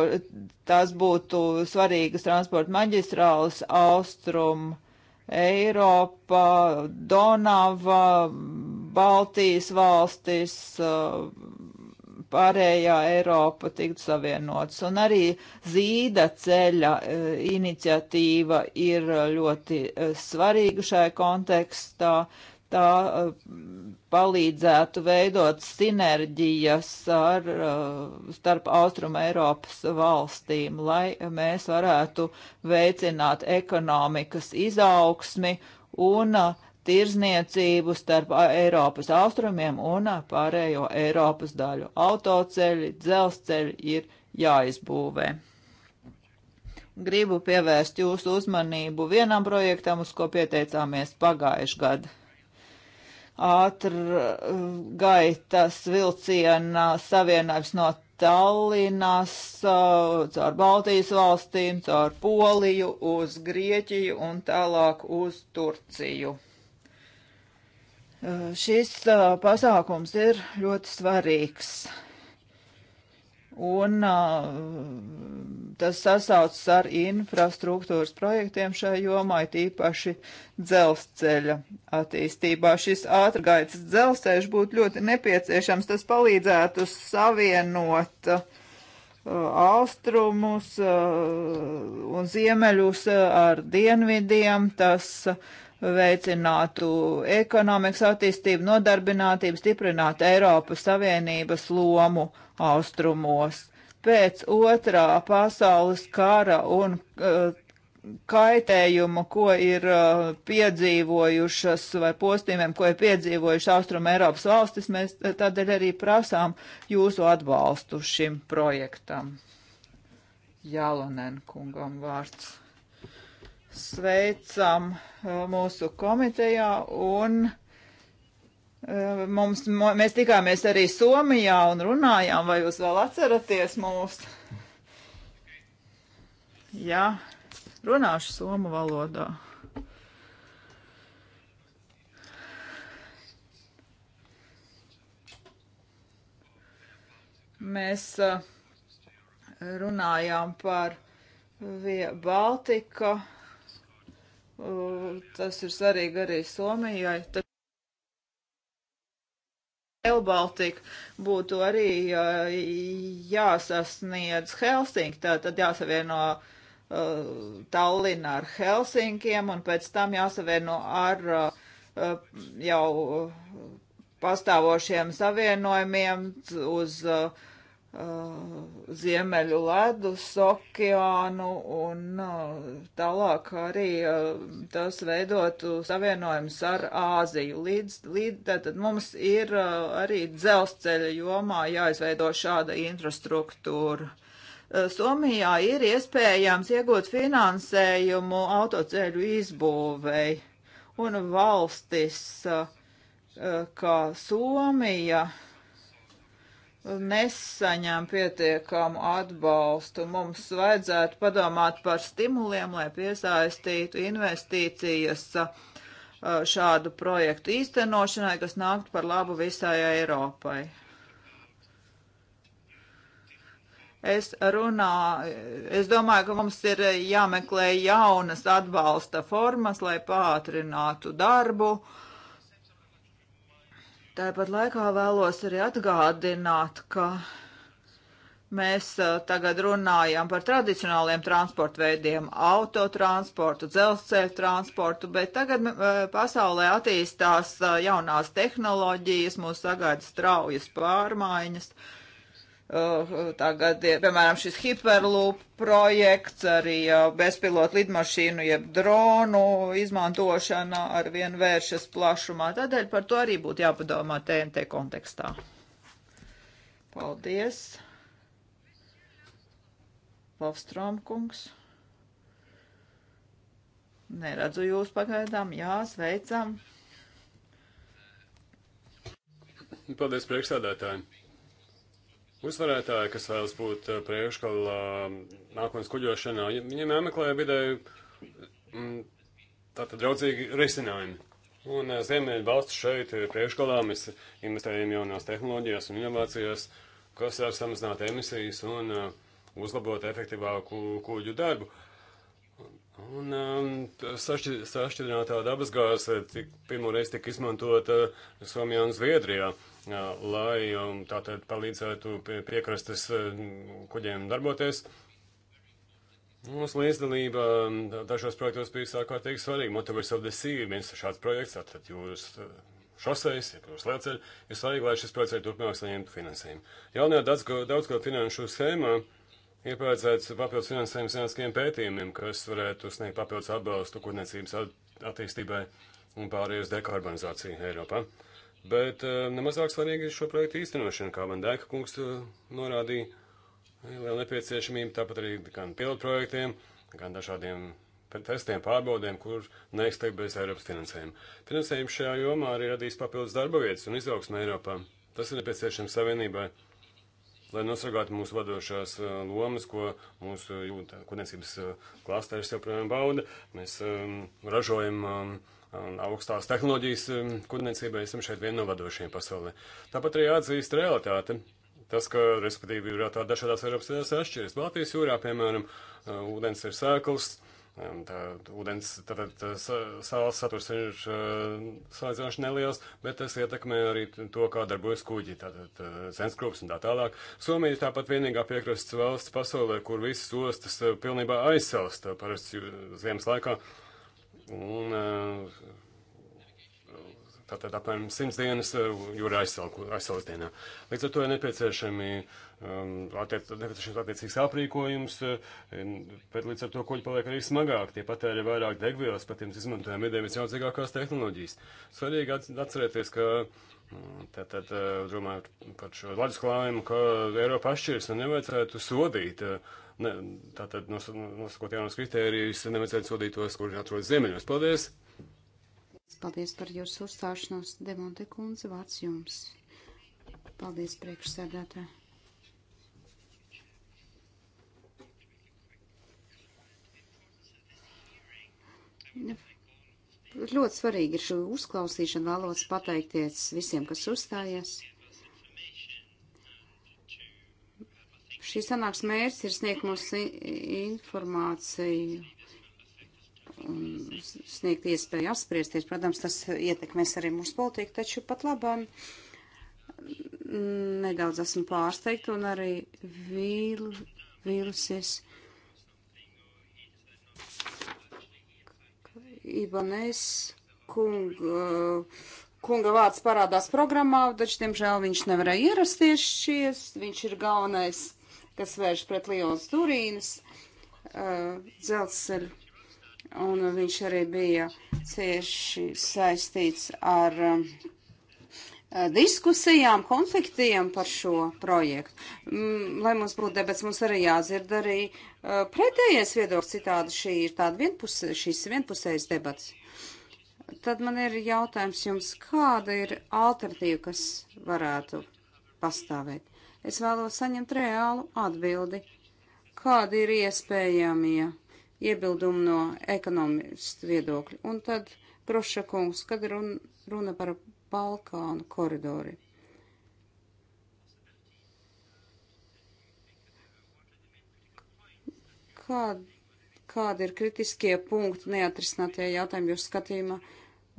tas būtu svarīgas transporta maģistrāls austrum Eiropa, Donava, Baltijas valstis, uh, pārējā Eiropa tiktu savienots. Un arī zīda ceļa e, iniciatīva ir ļoti e, svarīga šajā kontekstā. Tā e, palīdzētu veidot sinerģijas ar, starp Austrum Eiropas valstīm, lai mēs varētu veicināt ekonomikas izaugsmi un uh, tirzniecību starp Eiropas austrumiem un pārējo Eiropas daļu. Autoceļi, dzelzceļi ir jāizbūvē. Gribu pievērst jūsu uzmanību vienam projektam, uz ko pieteicāmies pagājuši gadu. Ātrgaitas vilciena savienojums no Tallinas, caur Baltijas valstīm, caur Poliju, uz Grieķiju un tālāk uz Turciju Eh, šis eh, pasākums ir ļoti svarīgs. Un eh, tas sasaucas ar infrastruktūras projektiem šajā jomā, tīpaši dzelzceļa attīstībā. Šis ātrgaitas dzelzceļš būtu ļoti nepieciešams. Tas palīdzētu savienot uh, austrumus un ziemeļus ar dienvidiem. Tas veicinātu ekonomikas attīstību, nodarbinātību, stiprinātu Eiropas Savienības lomu austrumos. Pēc otrā pasaules kara un uh, kaitējumu, ko ir uh, piedzīvojušas vai postījumiem, ko ir piedzīvojušas Austrum Eiropas valstis, mēs eh, tādēļ arī prasām jūsu atbalstu šim projektam. Jālonen kungam vārds sveicam uh, mūsu komitejā un uh, mums, mēs tikāmies arī Somijā un runājām, vai jūs vēl atceraties mūs? Jā, runāšu somu valodā. Mēs uh, runājām par Baltika Tas ir svarīgi arī Somijai. Elbaltika būtu arī jāsasniedz Helsinki, tātad jāsavieno uh, Tallina ar Helsinkiem un pēc tam jāsavieno ar uh, jau uh, pastāvošiem savienojumiem uz uh, Uh, Ziemeļu ledus okeānu un uh, tālāk arī uh, tas veidotu savienojums ar Āziju. Līdz, līdz tad mums ir arī dzelzceļa jomā jāizveido šāda infrastruktūra. Somijā ir iespējams iegūt finansējumu autoceļu izbūvei un valstis kā Somija nesaņem pietiekamu atbalstu. Mums vajadzētu padomāt par stimuliem, lai piesaistītu investīcijas uh, šādu projektu īstenošanai, kas nāktu par labu visai Eiropai. Es runā, es domāju, ka mums ir jāmeklē jaunas atbalsta formas, lai pātrinātu darbu, uh, Tāpat laikā vēlos arī atgādināt, ka mēs tagad runājam par tradicionāliem transporta veidiem - autotransportu, dzelzceļu transportu, bet tagad pasaulē attīstās jaunās tehnoloģijas, mūs sagaida straujas pārmaiņas. Uh, Eh, tagad, piemēram, šis hiperloop projekts, arī eh, bezpilotu lidmašīnu, jeb dronu izmantošana ar vien vēršas plašumā. Tādēļ par to arī būtu jāpadomā TNT kontekstā. Paldies. Lavstrom kungs. Neredzu jūs pagaidām. Jā, sveicam. Paldies priekšsādātājiem uzvarētāji, kas vēlas būt eh, priekškalā eh, nākotnes kuģošanā, viņiem jāmeklē vidē mm, tātad draudzīgi risinājumi. Un eh, ziemeļu valsts šeit priekškalā mēs investējam jaunās tehnoloģijās un inovācijās, kas var samazināt emisijas un uzlabot efektīvāku kuģu darbu. Un um, sašķidrinātā dabasgāze pirmo reizi tika izmantota Somijā un Zviedrijā lai um, tātad palīdzētu pie piekrastes eh, kuģiem darboties. Mūsu līdzdalība um, dažos projektos bija sākārtīgi svarīga. Motorways of the Sea ir viens šāds projekts, tātad jūs eh, šoseis, ja jūs lieceļ, ir svarīgi, lai šis projekts arī turpmāk saņemtu finansējumu. Jaunajā daudzgad finanšu schēmā ir paredzēts papildus finansējums zinātniskiem pētījumiem, kas varētu sniegt papildus atbalstu kurniecības attīstībai un pārējai uz dekarbonizāciju Eiropā. Uh, Bet eh, nemazāk svarīgi ir šo projektu īstenošana, kā Van Dēka kungs eh, norādīja. Liela nepieciešamība tāpat arī gan pilotprojektiem, gan dažādiem testiem, pārbaudēm, kur neiztiek bez Eiropas finansējuma. Finansējums šajā jomā arī radīs papildus darba vietas un izaugsmē Eiropā. Tas ir nepieciešams savienībai, lai nosargātu mūsu vadošās eh, lomas, ko mūsu jūtā, kurniecības klāstērs joprojām bauda. Mēs um, ražojam um, un augstās tehnoloģijas um, kurniecībai esam šeit vieni no vadošiem pasaulē. Tāpat arī atzīst realitāte. Tas, ka, respektīvi, jūrā tā dažādās Eiropas vietās atšķiras. Baltijas jūrā, piemēram, uh, ūdens ir sēkls, um, tā ūdens, tātad tā, tā, uh, sāls saturs ir uh, salīdzinoši neliels, bet tas ietekmē arī to, kā darbojas kuģi, tātad senskrūps un tā tālāk. Somija ir tāpat vienīgā piekrastes valsts pasaulē, kur visas ostas pilnībā aizsalsta parasti ziemas laikā. Uh, Un eh, tātad apmēram 100 dienas eh, jūra aizsalas dienā. Līdz ar to ir nepieciešami um, attiec, nepieciešams attiecīgs aprīkojums, eh, bet līdz ar to kuģi paliek arī smagāk, tie patēri vairāk degvielas, pat tiem izmantojam idejām visjaudzīgākās tehnoloģijas. Svarīgi atcerēties, ka Tātad, eh, domājot par šo loģisku lēmumu, ka Eiropa atšķiras un nevajadzētu sodīt, eh, ne, tātad nosakot jaunas kritērijas, nevajadzētu sodīt tos, kuri atrodas ziemeļos. Paldies! Paldies par jūsu uzstāšanos, Demonte kundze, vārds jums. Paldies, priekšsēdētāji. Never. Ļoti svarīgi ir šī uzklausīšana, vēlos pateikties visiem, kas uzstājies. Šī sanāks mērķis ir sniegt mums informāciju un sniegt iespēju apspriesties. Protams, tas ietekmēs arī mūsu politiku, taču pat labam nedaudz esmu pārsteigta un arī vīl, vīlusies. Vīl Ibanēs kunga, eh, kunga vārds parādās programmā, taču, diemžēl, viņš nevarēja ierasties šies. Viņš ir galvenais, kas vērš pret Lions Turīnas eh, dzelzceļu. Un viņš arī bija cieši saistīts ar uh, Eh, diskusijām, konfliktiem par šo projektu. Mm, lai mums būtu debats, mums arī jāzird arī eh, pretējais viedoklis, citādi šī ir tāda vienpusē, šīs vienpusējas debats. Tad man ir jautājums jums, kāda ir alternatīva, kas varētu pastāvēt? Es vēlos saņemt reālu atbildi. Kādi ir iespējamie iebildumi no ekonomistu viedokļa? Un tad, Prošakungs, kad runa, runa par Balkānu koridori. Kā, kādi ir kritiskie punkti neatrisinātie jautājumi jūsu skatījumā?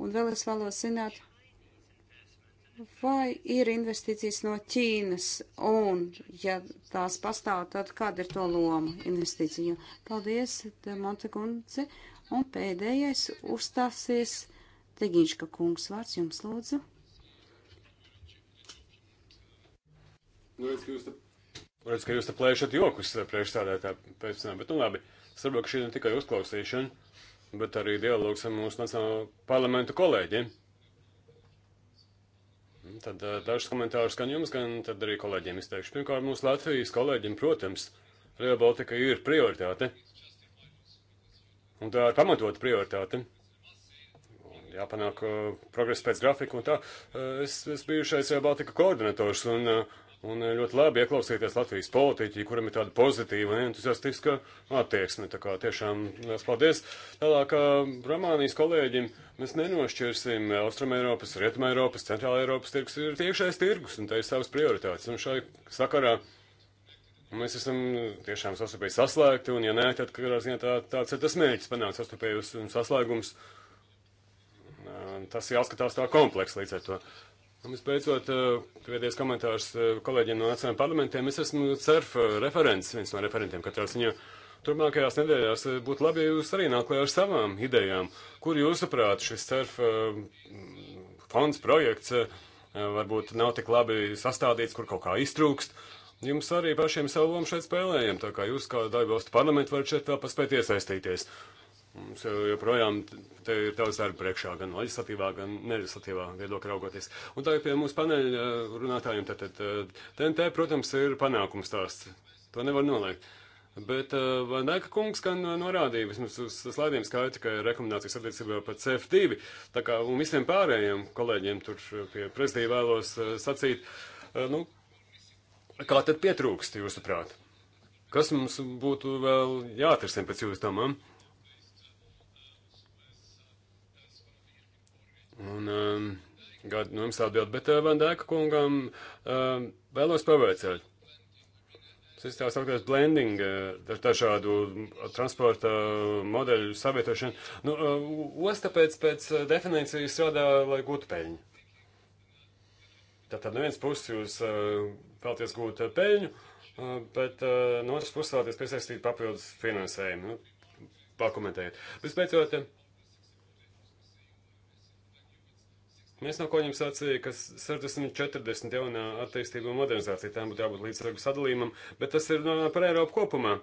Un vēl es vēlos zināt, vai ir investīcijas no Ķīnas, un, ja tās pastāv, tad kāda ir to loma investīciju? Paldies, Montekundze, un pēdējais uzstāsies Tegiņška kungs, vārds jums lūdzu. Liekas, ka jūs te, liekas, ka jūs te plēšat jokus eh, priekšstādētā pēc tam, bet nu labi, saprotu, ka šī ne tikai uzklausīšana, bet arī dialogs ar mūsu nacionālo parlamentu kolēģiem. Nu, tad eh, dažus komentārus gan jums, gan tad arī kolēģiem izteikšu. Pirmkārt, mūsu Latvijas kolēģiem, protams, Real Baltica ir prioritāte. Un tā ir pamatot prioritāte jāpanāk uh, progress pēc grafika un tā. Uh, es, es bijušais uh, Baltika koordinators un, un ļoti labi ieklausīties Latvijas politiķi, kuram ir tāda pozitīva un entuziastiska attieksme. Tā kā tiešām liels paldies. Tālāk Romānijas kolēģim mēs nenošķirsim Austrum Eiropas, Rietuma Eiropas, Centrāla Eiropas tirgus. Ir tiešais tirgus un tā ir savas prioritātes. Un šai sakarā. Mēs esam tiešām sastopēji saslēgti, un, ja nē, tad, kādā ziņā tā, tāds ir tas mērķis panākt sastopējus un saslēgums. Uh, Tas jāskatās tā kompleks līdz ar to. Un visbeidzot, eh, pēdējais komentārs eh, kolēģiem no nacionālajiem parlamentiem. Es esmu CERF eh, referents, viens no referentiem katrā ziņā. Turpmākajās nedēļās būtu labi, ja jūs arī nāk ar savām idejām, kur jūsuprāt šis CERF fonds projekts varbūt nav tik labi sastādīts, kur kaut kā iztrūkst. Jums arī pašiem savu lomu šeit spēlējam, tā kā jūs kā daļbalstu parlamentu varat šeit vēl paspēt iesaistīties. Mums joprojām te ir daudz darba priekšā, gan legislatīvā, gan nelegislatīvā viedokļa raugoties. Un tagad pie mūsu paneļa eh, runātājiem. Tātad TNT, eh, protams, ir panākums stāsts. To nevar noliegt. Bet uh, eh, Vandēka kungs gan norādīja, vismaz uz slaidiem skaita, ka rekomendācijas attiecībā par CF2, tā kā un visiem pārējiem kolēģiem tur pie prezidija vēlos uh, sacīt, uh, nu, kā tad pietrūkst, jūsuprāt? Kas mums būtu vēl jāatrisina pēc jūsu domām? Uh, Un um, gadu nu, no jums atbild, bet uh, Van Dēka kungam uh, vēlos pavēcēt. Tas tā sauktās blending, uh, dažādu transporta modeļu savietošana. Nu, uh, osta pēc, pēc uh, definīcijas strādā, lai gūtu peļņu. Tātad no vienas puses jūs uh, vēlaties gūt uh, peļņu, uh, bet uh, no otras puses vēlaties piesaistīt papildus finansējumu. Nu, pakomentējiet. Vispēcot, uh, Mēs no koņiem sacīja, ka 60-40 jaunā attīstība un modernizācija tām būtu jābūt līdzsvaru sadalījumam, bet tas ir no, par Eiropu kopumā.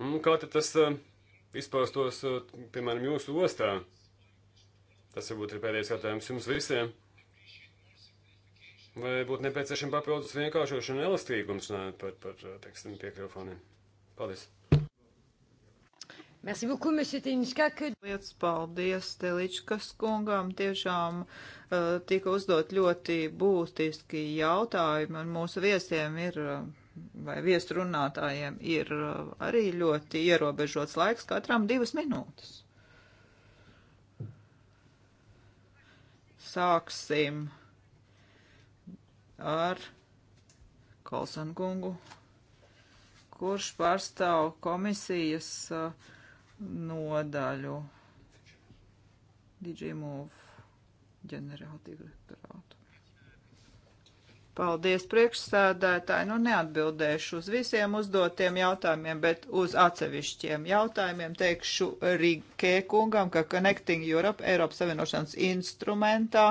Un kā tad tas uh, izpaustos, uh, piemēram, jūsu ostā? Tas varbūt ir pēdējais jautājums jums visiem. Vai būtu nepieciešama papildus vienkāršošana elastīgums, runājot par, par teiksim, piekļuvu foniem? Paldies! Merci beaucoup, monsieur Teliņškā. Ka... Lietas paldies Teliņškas kungam. Tiešām uh, tika uzdot ļoti būtiski jautājumi, un mūsu viesiem ir. Uh, vai viesrunātājiem ir eh, arī ļoti ierobežots laiks, katram divas minūtes. Sāksim ar Kolsankungu, kurš pārstāv komisijas uh, nodaļu DigiMove ģenerāldirektorātu. Paldies priekšsēdētāji. Nu, neatbildēšu uz visiem uzdotiem jautājumiem, bet uz atsevišķiem jautājumiem teikšu Rīgē kungam, ka Connecting Europe Eiropas Savienošanas instrumentā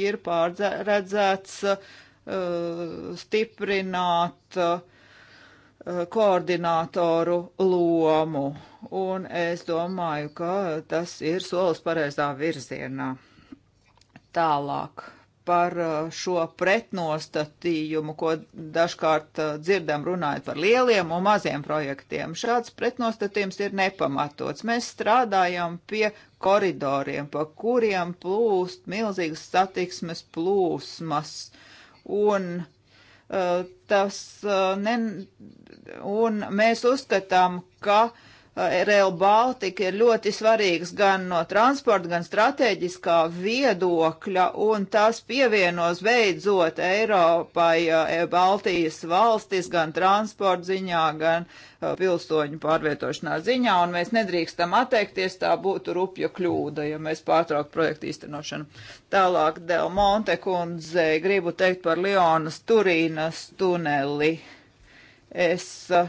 ir pārredzēts uh, stiprināt uh, Eh, koordinātoru lomu. Un es domāju, ka tas ir solis pareizā virzienā. Tālāk par eh, šo pretnostatījumu, ko dažkārt eh, dzirdam runājot par lieliem un maziem projektiem. Šāds pretnostatījums ir nepamatots. Mēs strādājam pie koridoriem, pa kuriem plūst milzīgas satiksmes plūsmas. Un uh, Eh, tas eh, ne, un mēs uzskatām, ka uh, Eh, Rail Baltica ir ļoti svarīgs gan no transporta, gan strateģiskā viedokļa, un tas pievienos beidzot Eiropai eh, Baltijas valstis gan transporta ziņā, gan eh, pilsoņu pārvietošanā ziņā, un mēs nedrīkstam atteikties, tā būtu rupja kļūda, ja mēs pārtrauktu projektu īstenošanu. Tālāk Del Monte kundze gribu teikt par Lionas Turīnas tuneli. Es uh,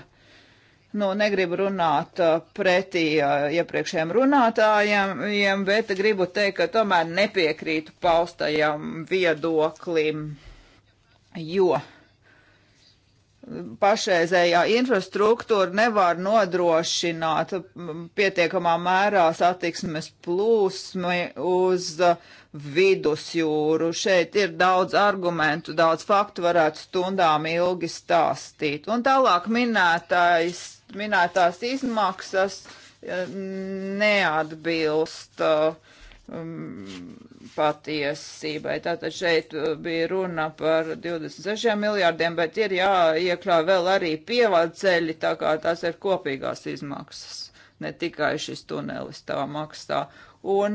Nu, negribu runāt uh, pretī uh, iepriekšējiem runātājiem, bet gribu teikt, ka tomēr nepiekrītu paustajam viedoklim, jo pašreizējā infrastruktūra nevar nodrošināt pietiekamā mērā satiksmes plūsmi uz uh, vidusjūru. Šeit ir daudz argumentu, daudz faktu varētu stundām ilgi stāstīt. Un tālāk minētais minētās izmaksas neatbilst uh, um, patiesībai. Tātad šeit uh, bija runa par 26 miljārdiem, bet ir jāiekļauj vēl arī pievadceļi, tā kā tās ir kopīgās izmaksas. Ne tikai šis tunelis tā maksā. Un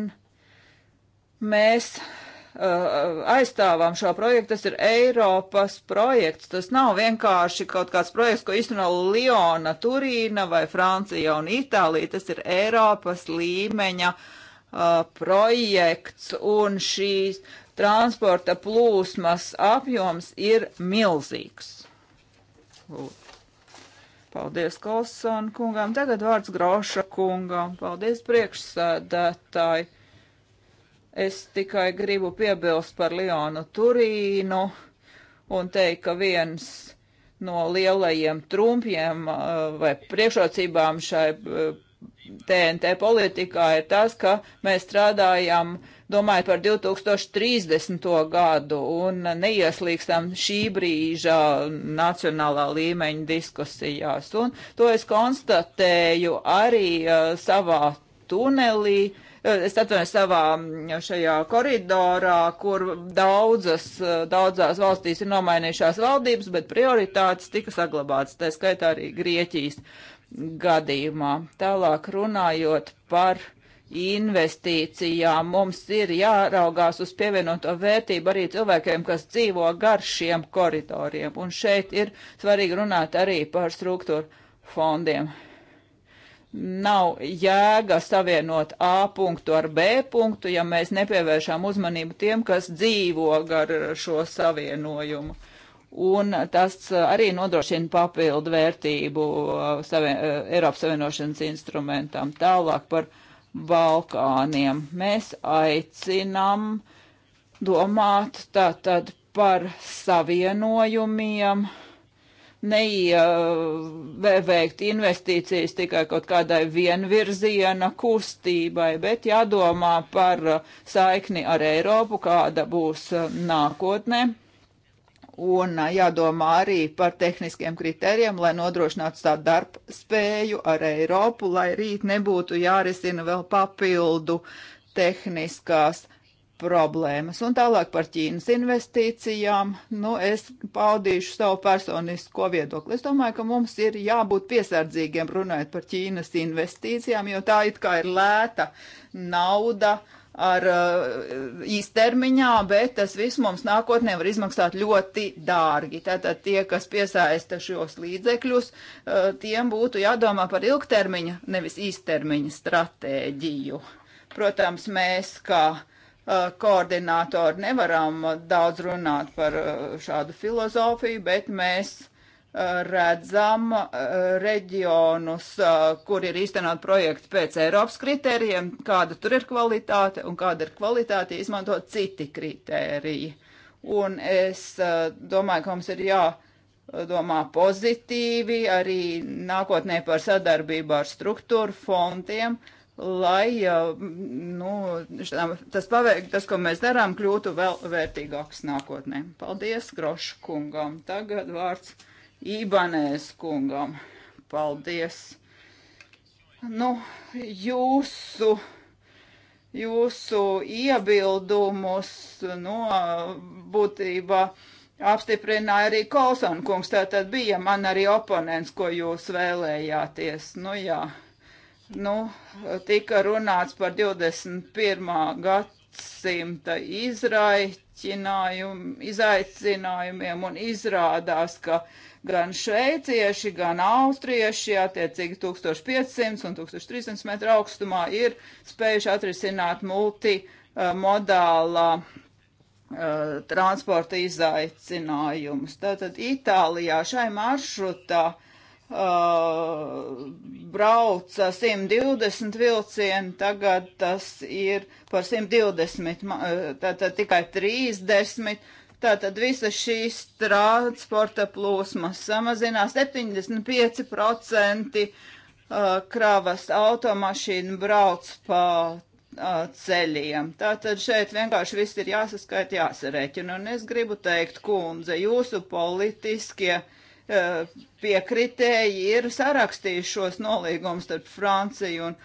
mēs Uh, aizstāvām šo projektu. Tas ir Eiropas projekts. Tas nav vienkārši kaut kāds projekts, ko izsno Liona, Turīna vai Francija un Itālija. Tas ir Eiropas līmeņa uh, projekts un šīs transporta plūsmas apjoms ir milzīgs. Lūd. Paldies Kolsona kungam. Tagad vārds Groša kungam. Paldies priekšsēdētāji Es tikai gribu piebilst par Lionu Turīnu un teikt, ka viens no lielajiem trumpiem uh, vai priekšrocībām šai TNT uh, politikā ir tas, ka mēs strādājam, domājot par 2030. gadu un neieslīgstam šī brīža nacionālā līmeņa diskusijās. Un to es konstatēju arī uh, savā tunelī. Uh, es atvainojos savā mm, šajā koridorā, kur daudzas, eh, daudzās valstīs ir nomainījušās valdības, bet prioritātes tika saglabātas, tā skaitā arī Grieķijas gadījumā. Tālāk runājot par investīcijām, mums ir jāraugās uz pievienoto vērtību arī cilvēkiem, kas dzīvo gar šiem koridoriem. Un šeit ir svarīgi runāt arī par struktūru fondiem nav jēga savienot A punktu ar B punktu, ja mēs nepievēršām uzmanību tiem, kas dzīvo ar šo savienojumu. Un tas uh, arī nodrošina papildu vērtību uh, savien, uh, Eiropas Savienošanas instrumentam. Tālāk par Balkāniem. Mēs aicinām domāt tātad par savienojumiem, uh, neieveikt investīcijas tikai kaut kādai vienvirziena kustībai, bet jādomā par saikni ar Eiropu, kāda būs nākotnē. Un jādomā arī par tehniskiem kritērijiem, lai nodrošinātu tādu darbu spēju ar Eiropu, lai rīt nebūtu jārisina vēl papildu tehniskās problēmas. Un tālāk par Ķīnas investīcijām. Nu, es paudīšu savu personisko viedokli. Es domāju, ka mums ir jābūt piesardzīgiem runājot par Ķīnas investīcijām, jo tā it kā ir lēta nauda ar uh, īstermiņā, bet tas viss mums nākotnē var izmaksāt ļoti dārgi. Tātad tie, kas piesaista šos līdzekļus, uh, tiem būtu jādomā par ilgtermiņa, nevis īstermiņa stratēģiju. Protams, mēs kā uh, Uh, koordinātori nevaram daudz runāt par uh, šādu filozofiju, bet mēs uh, redzam reģionus, kur ir īstenot projekti pēc Eiropas kritērijiem, kāda tur ir kvalitāte un kāda ir kvalitāte, ja izmanto citi kritēriji. Un es domāju, ka mums ir jā domā pozitīvi arī nākotnē par sadarbību ar struktūru fondiem, uh, lai nu, tas, paveik, tas, ko mēs darām, kļūtu vēl vērtīgāks nākotnē. Paldies Grošu kungam. Tagad vārds Ībanēs kungam. Paldies. Nu, jūsu jūsu iebildumus no nu, būtībā apstiprināja arī Kolsona kungs. Tātad bija man arī oponents, ko jūs vēlējāties. Nu jā, nu, tika runāts par 21. gadsimta izaicinājumiem un izrādās, ka gan šveicieši, gan austrieši, attiecīgi 1500 un 1300 metru augstumā, ir spējuši atrisināt multimodālā uh, transporta izaicinājumus. Tātad Itālijā šai maršrutā Uh, brauca 120 vilcieni, tagad tas ir par 120, uh, tātad tikai 30. Tātad visas šīs transporta plūsmas samazinās 75% uh, kravas automašīnu brauc pa uh, ceļiem. Tātad šeit vienkārši viss ir jāsaskaita, jāsarēķina. Un es gribu teikt, kundze, jūsu politiskie uh, Eh, piekritēji ir sarakstījušos nolīgumus starp Franciju un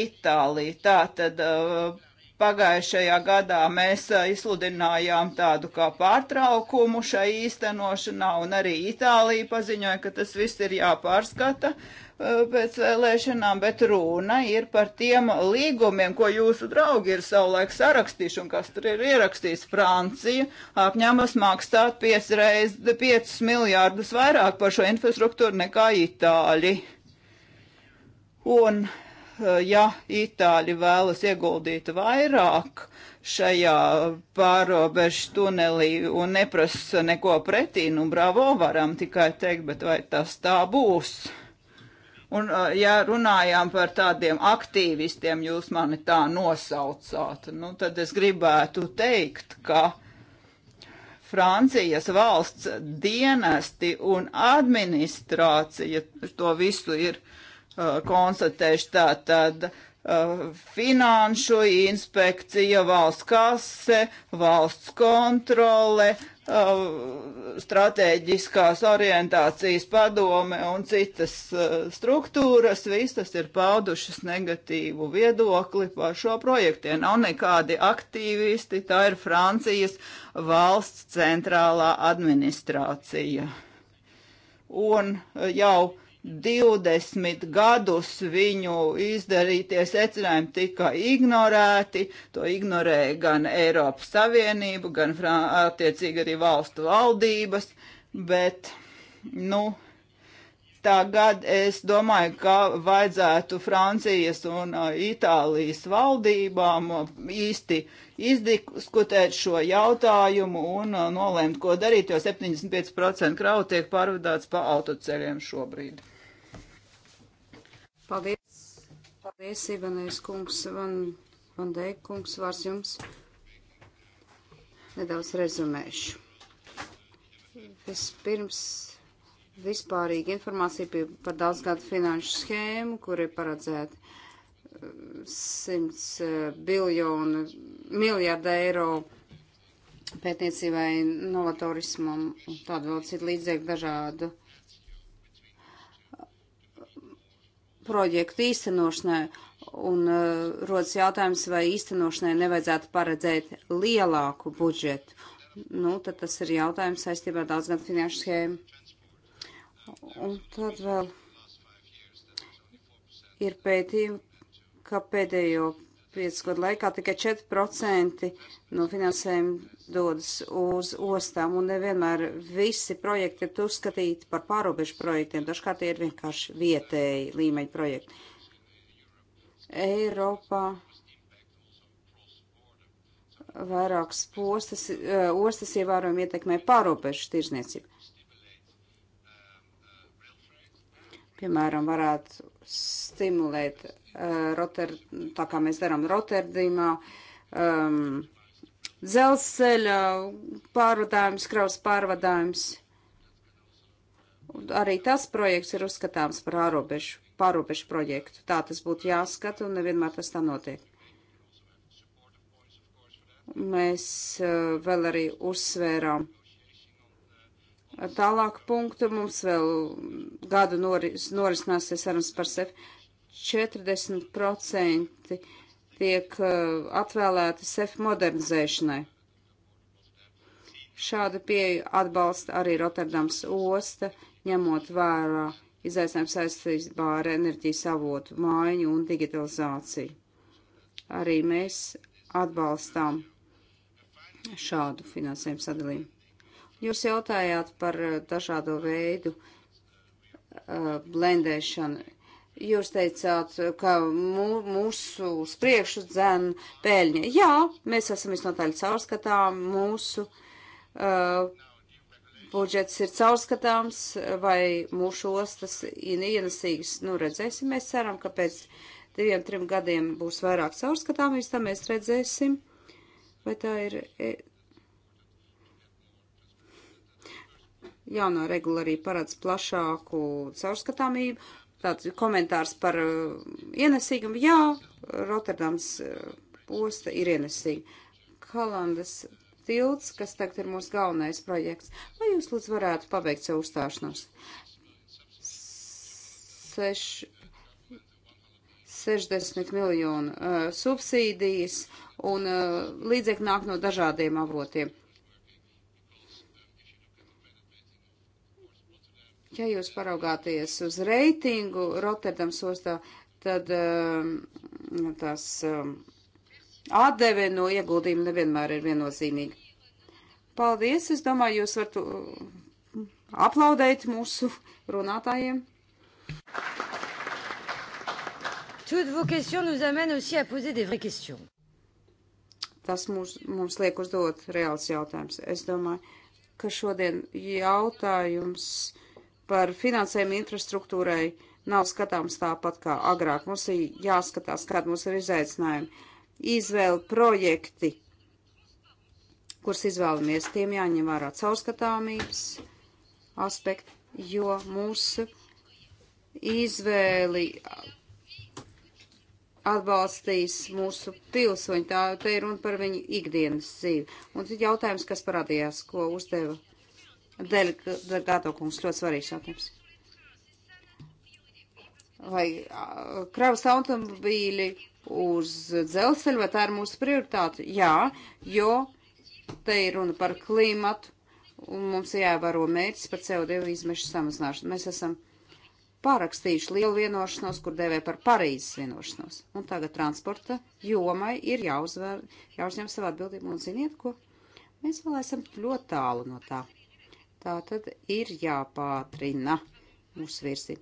Itāliju. Tātad eh, pagājušajā gadā mēs eh, izsludinājām tādu kā pārtraukumu šai īstenošanā, un arī Itālija paziņoja, ka tas viss ir jāpārskata, Eh, pēc vēlēšanām, bet runa ir par tiem līgumiem, ko jūsu draugi ir savulaik sarakstījuši un kas tur ir ierakstījis. Francija apņemas maksāt piesreiz 5 miljārdus vairāk par šo infrastruktūru nekā Itāļi. Un eh, ja Itāļi vēlas ieguldīt vairāk šajā pārobežu tunelī un neprasa neko pretī, nu bravo varam tikai teikt, bet vai tas tā būs? Un, ja runājām par tādiem aktīvistiem, jūs mani tā nosaucāt, nu, tad es gribētu teikt, ka Francijas valsts dienesti un administrācija to visu ir uh, konstatējuši tā tad. Uh, finanšu inspekcija, valsts kase, valsts kontrole, uh, Uh, stratēģiskās orientācijas padome un citas uh, struktūras, visas ir paudušas negatīvu viedokli par šo projektu. Tie nav nekādi aktīvisti, tā ir Francijas valsts centrālā administrācija. Un jau 20 gadus viņu izdarīties secinājumi tika ignorēti. To ignorēja gan Eiropas Savienība, gan attiecīgi arī valstu valdības, bet, nu, tagad es domāju, ka vajadzētu Francijas un Itālijas valdībām īsti izdiskutēt šo jautājumu un nolēmt, ko darīt, jo 75% kravu tiek pārvadāts pa autoceļiem šobrīd. Paldies, paldies Ivanēs kungs, Van, Van Dijk kungs, vārds jums. Nedaudz rezumēšu. Vispirms vispārīga informācija par daudzgadu finanšu schēmu, kur ir paredzēta 100 uh, uh, biljonu, miljardu eiro pētniecībai, novatorismam un tādu vēl citu līdzekļu dažādu projektu īstenošanai, un uh, rodas jautājums, vai īstenošanai nevajadzētu paredzēt lielāku budžetu. Nu, tad tas ir jautājums saistībā ar daudzgadu finanšu schēmu. Un tad vēl ir pētījumi, ka pēdējo 5 gadu laikā tikai 4% no finansējuma dodas uz ostām, un nevienmēr visi projekti ir uzskatīti par pārobežu projektiem, dažkārt tie ir vienkārši vietēji līmeņa projekti. Eiropā vairākas postas, eh, ostas ievērojami ietekmē pārobežu tirzniecību. Piemēram, varētu stimulēt Roter, tā kā mēs darām Rotterdamā, um, dzelzceļa pārvadājums, kraus pārvadājums. Arī tas projekts ir uzskatāms par ārobežu, pārobežu projektu. Tā tas būtu jāskata un nevienmēr tas tā notiek. Mēs uh, vēl arī uzsvērām tālāku punktu. Mums vēl gadu noris, norisināsies sarunas par sevi. 40% tiek uh, atvēlēti SEF modernizēšanai. Šādu pieeju atbalsta arī Rotterdams osta, ņemot vērā izaicinājums saistībā ar enerģijas avotu mājiņu un digitalizāciju. Arī mēs atbalstām šādu finansējumu sadalījumu. Jūs jautājāt par uh, dažādu veidu uh, blendēšanu. Jūs teicāt, ka mūsu spriekšu dzēna pēļņa. Jā, mēs esam visnotaļ caurskatām, mūsu uh, budžets ir caurskatāms, vai mūsu ostas ir ienesīgas. Nu, redzēsim, mēs ceram, ka pēc diviem, trim gadiem būs vairāk caurskatāmības, tā mēs redzēsim, vai tā ir e, jauno regula arī paredz plašāku caurskatāmību tāds komentārs par uh, ienesīgumu. Jā, Rotterdams uh, osta ir ienesīga. Kalandas tilts, kas tagad ir mūsu galvenais projekts. Vai jūs lūdzu varētu pabeigt savu uzstāšanos? Seš, 60 miljonu uh, subsīdijas un uh, līdzekļi nāk no dažādiem avotiem. Ja jūs paraugāties uz reitingu Rotterdams ostā, tad um, tās um, atdeve no ieguldījuma nevienmēr ir viennozīmīga. Paldies! Es domāju, jūs varat uh, aplaudēt mūsu runātājiem. Toutes vos questions nous amènent aussi à poser des vraies questions. Tas mums, mums liek uzdot reāls jautājums. Es domāju, ka šodien jautājums par finansējumu infrastruktūrai nav skatāms tāpat kā agrāk. Mums ir jāskatās, kāda mums ir izaicinājumi. Izvēle projekti, kurus izvēlamies, tiem jāņem vērā caurskatāmības aspekti, jo mūsu izvēli atbalstīs mūsu pilsoņi. Tā te ir runa par viņu ikdienas dzīvi. Un tad jautājums, kas parādījās, ko uzdeva Delgado kungs, ļoti svarīgs jautājums. Vai kravas automobīļi uz dzelzceļa, vai tā ir mūsu prioritāte? Jā, jo te ir runa par klimatu, un mums ir jāievēro mērķis par CO2 izmešu samazināšanu. Mēs esam pārakstījuši lielu vienošanos, kur devē par Parīzes vienošanos. Un tagad transporta jomai ir jāuzver, jāuzņem savu atbildību, un ziniet ko? Mēs vēl esam ļoti tālu no tā. Tā tad ir jāpātrina mūsu virzi.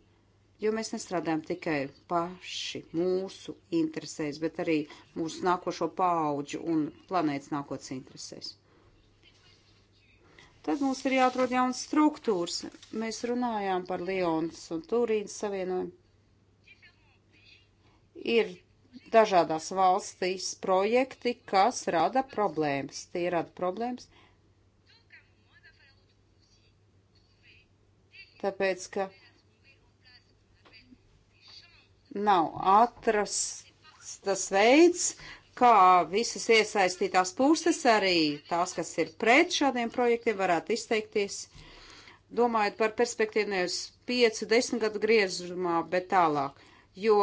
Jo mēs nestrādājam tikai paši mūsu interesēs, bet arī mūsu nākošo paauģu un planētas nākotnes interesēs. Tad mums ir jāatrod jaunas struktūras. Mēs runājām par Lionas un Turīnas savienojumu. Ir dažādās valstīs projekti, kas rada problēmas. Tie rada problēmas. tāpēc, ka nav atrasts tas veids, kā visas iesaistītās puses, arī tās, kas ir pret šādiem projektiem, varētu izteikties. Domājot par perspektīvu nevis 5-10 gadu griezumā, bet tālāk. Jo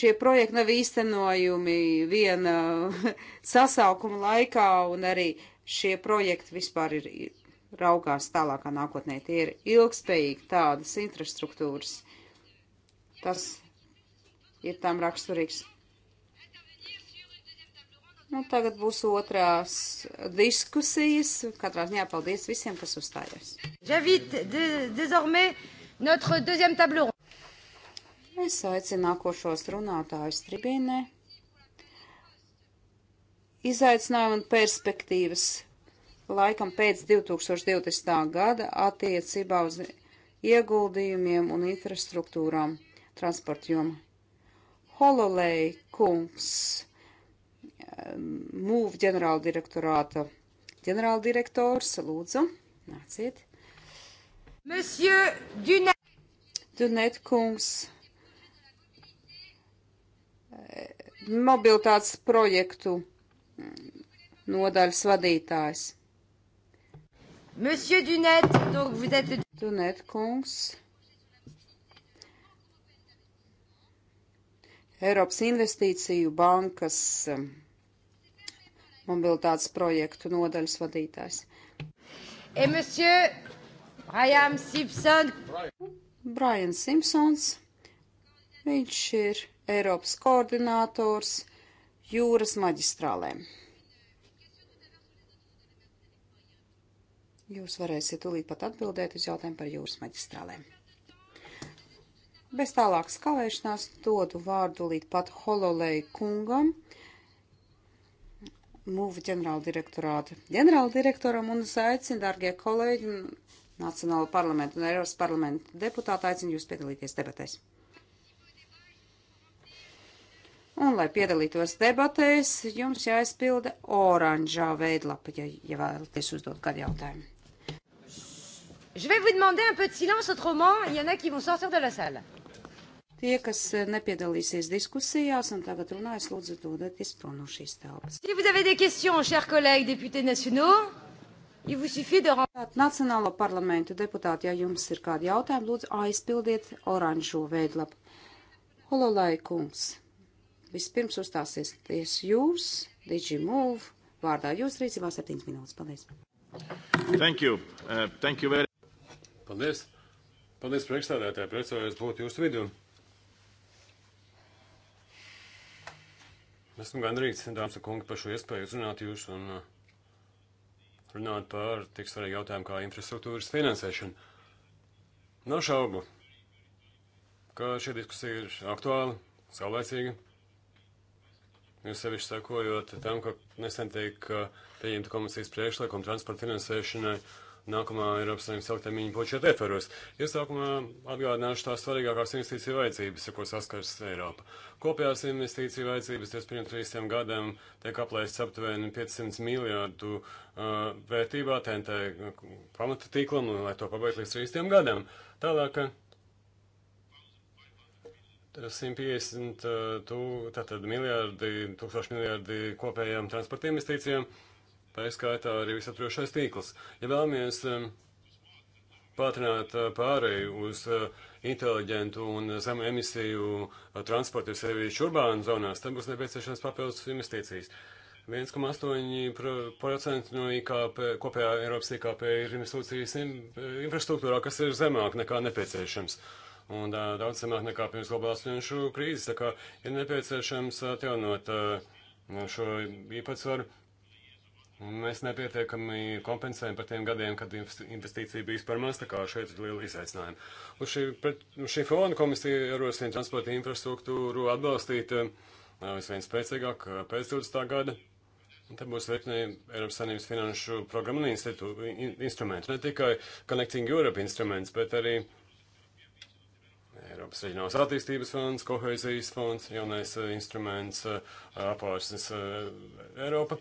šie projekti nav īstenojumi viena sasaukuma laikā, un arī šie projekti vispār ir raugās tālākā nākotnē. Tie ir ilgspējīgi tādas infrastruktūras. Tas ir tam raksturīgs. Nu, tagad būs otrās diskusijas. Katrā ziņā paldies visiem, kas uzstājās. Es aicinu nākošos runātājus tribīnē. Izaicinājumi un perspektīvas laikam pēc 2020. gada attiecībā uz ieguldījumiem un infrastruktūrām transporta jomā. Hololei kungs, um, MUV ģenerāldirektorāta ģenerāldirektors, lūdzu, nāciet. Monsieur Dunet. Dunet kungs, eh, mobilitātes projektu mm, nodaļas vadītājs. Monsieur Dunet, donc vous êtes... Dunet, kungs. Eiropas investīciju bankas um, mobilitātes projektu nodaļas vadītājs. Et monsieur Brian Simpson. Brian Simpsons. Viņš ir Eiropas koordinators jūras maģistrālēm. Jūs varēsiet tūlīt pat atbildēt uz jautājumu par jūras maģistrālēm. Bez tālākas kavēšanās dodu vārdu līdz pat Hololei kungam, mūvu ģenerāldirektorāta ģenerāldirektoram un es aicinu, dārgie kolēģi, Nacionālo parlamentu un Eiropas parlamentu deputāti, aicinu jūs piedalīties debatēs. Un, lai piedalītos debatēs, jums jāizpilda oranžā veidlapa, ja, ja vēlaties uzdot kādu jautājumu. Je vais vous demander un peu de silence, autrement, il y en a qui vont sortir de la salle. Tie, kas eh, nepiedalīsies diskusijās un tagad runājas, lūdzu, dodaties prom no šīs telpas. Si vous avez des questions, chers collègues députés nationaux, il vous suffit de... Nacionālo parlamentu deputāti, ja jums ir kādi jautājumi, lūdzu, aizpildiet oranžo veidlapu. Hololai kungs, vispirms uzstāsieties jūs, Digimove, vārdā jūs rīcībā septiņas minūtes. Paldies. Thank you. Uh, thank you very Paldies! Paldies, priekšstādētāji, priecājos būt jūsu vidū. Esmu gandrīz, dāmas un kungi, par šo iespēju uzrunāt jūs un uh, runāt par tik svarīgu jautājumu kā infrastruktūras finansēšana. Nav šaubu, ka šī diskusija ir aktuāla, saulēcīga. Jūs sevišķi sakojot tam, ka nesen tiek pieņemta komisijas priekšlikuma transporta finansēšanai. Uh, nākamā Eiropas Savienības ilgtermiņa budžeta ietveros. Iesākumā atgādināšu tās svarīgākās investīciju vajadzības, ar ko saskars Eiropa. Kopējās investīciju vajadzības 23 gadam tiek aplēsts aptuveni 500 miljārdu uh, vērtībā TNT uh, pamata tīklam, lai to pabeigtu līdz 30 gadam. Tālāk, 150 uh, uh, tū, tātad miljardi, tūkstoši miljardi kopējām transporta investīcijām. Uh, Tā ir skaitā arī visaptrošais tīkls. Ja vēlamies um, pātrināt uh, pārēju uz uh, inteliģentu un zemu emisiju uh, transportu, sevišķi urbānu zonās, tad būs nepieciešams papildus investīcijas. 1,8% no IKP, kopējā Eiropas IKP ir investīcijas infrastruktūrā, kas ir zemāk nekā nepieciešams. Un tā, daudz zemāk nekā pirms globālās finanšu krīzes, tā kā ir nepieciešams atjaunot šo īpatsvaru Mēs nepietiekami kompensējam par tiem gadiem, kad investīcija bija par maz, tā kā šeit ir liela izaicinājuma. Uz šī, pret, uz šī fona komisija ierosina transporta infrastruktūru atbalstīt visvien eh, spēcīgāk eh, pēc 20. gada. Te būs virkne Eiropas Savienības finanšu programmu un institū, in, instrumentu. Ne tikai Connecting Europe instruments, bet arī Eiropas Reģionālās attīstības fonds, kohēzijas fonds, jaunais eh, instruments, apvārsnes Eiropa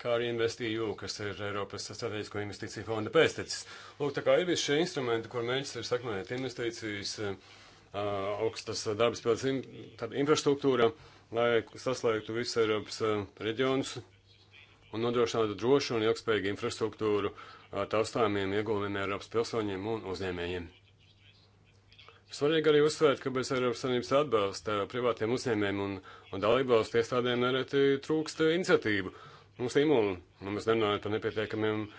kā arī InvestEU, kas ir Eiropas strateģisko investīciju fonda pēstecis. Lūk, tā kā ir visi šie instrumenti, kur mērķis ir sakmēt investīcijas, augstas darbas pilsētas infrastruktūra, lai saslēgtu visu Eiropas reģionus un nodrošinātu drošu un ilgspējīgu infrastruktūru taustāmiem ieguldījumiem Eiropas pilsoņiem un uzņēmējiem. Svarīgi arī uzsvērt, ka bez Eiropas Savienības atbalsta privātiem uzņēmējiem un, un dalībvalstu iestādēm nereti trūkst iniciatīvu. Uh, Nu, stimulu. Nu, Un mēs nerunājam par nepietiekamiem uh,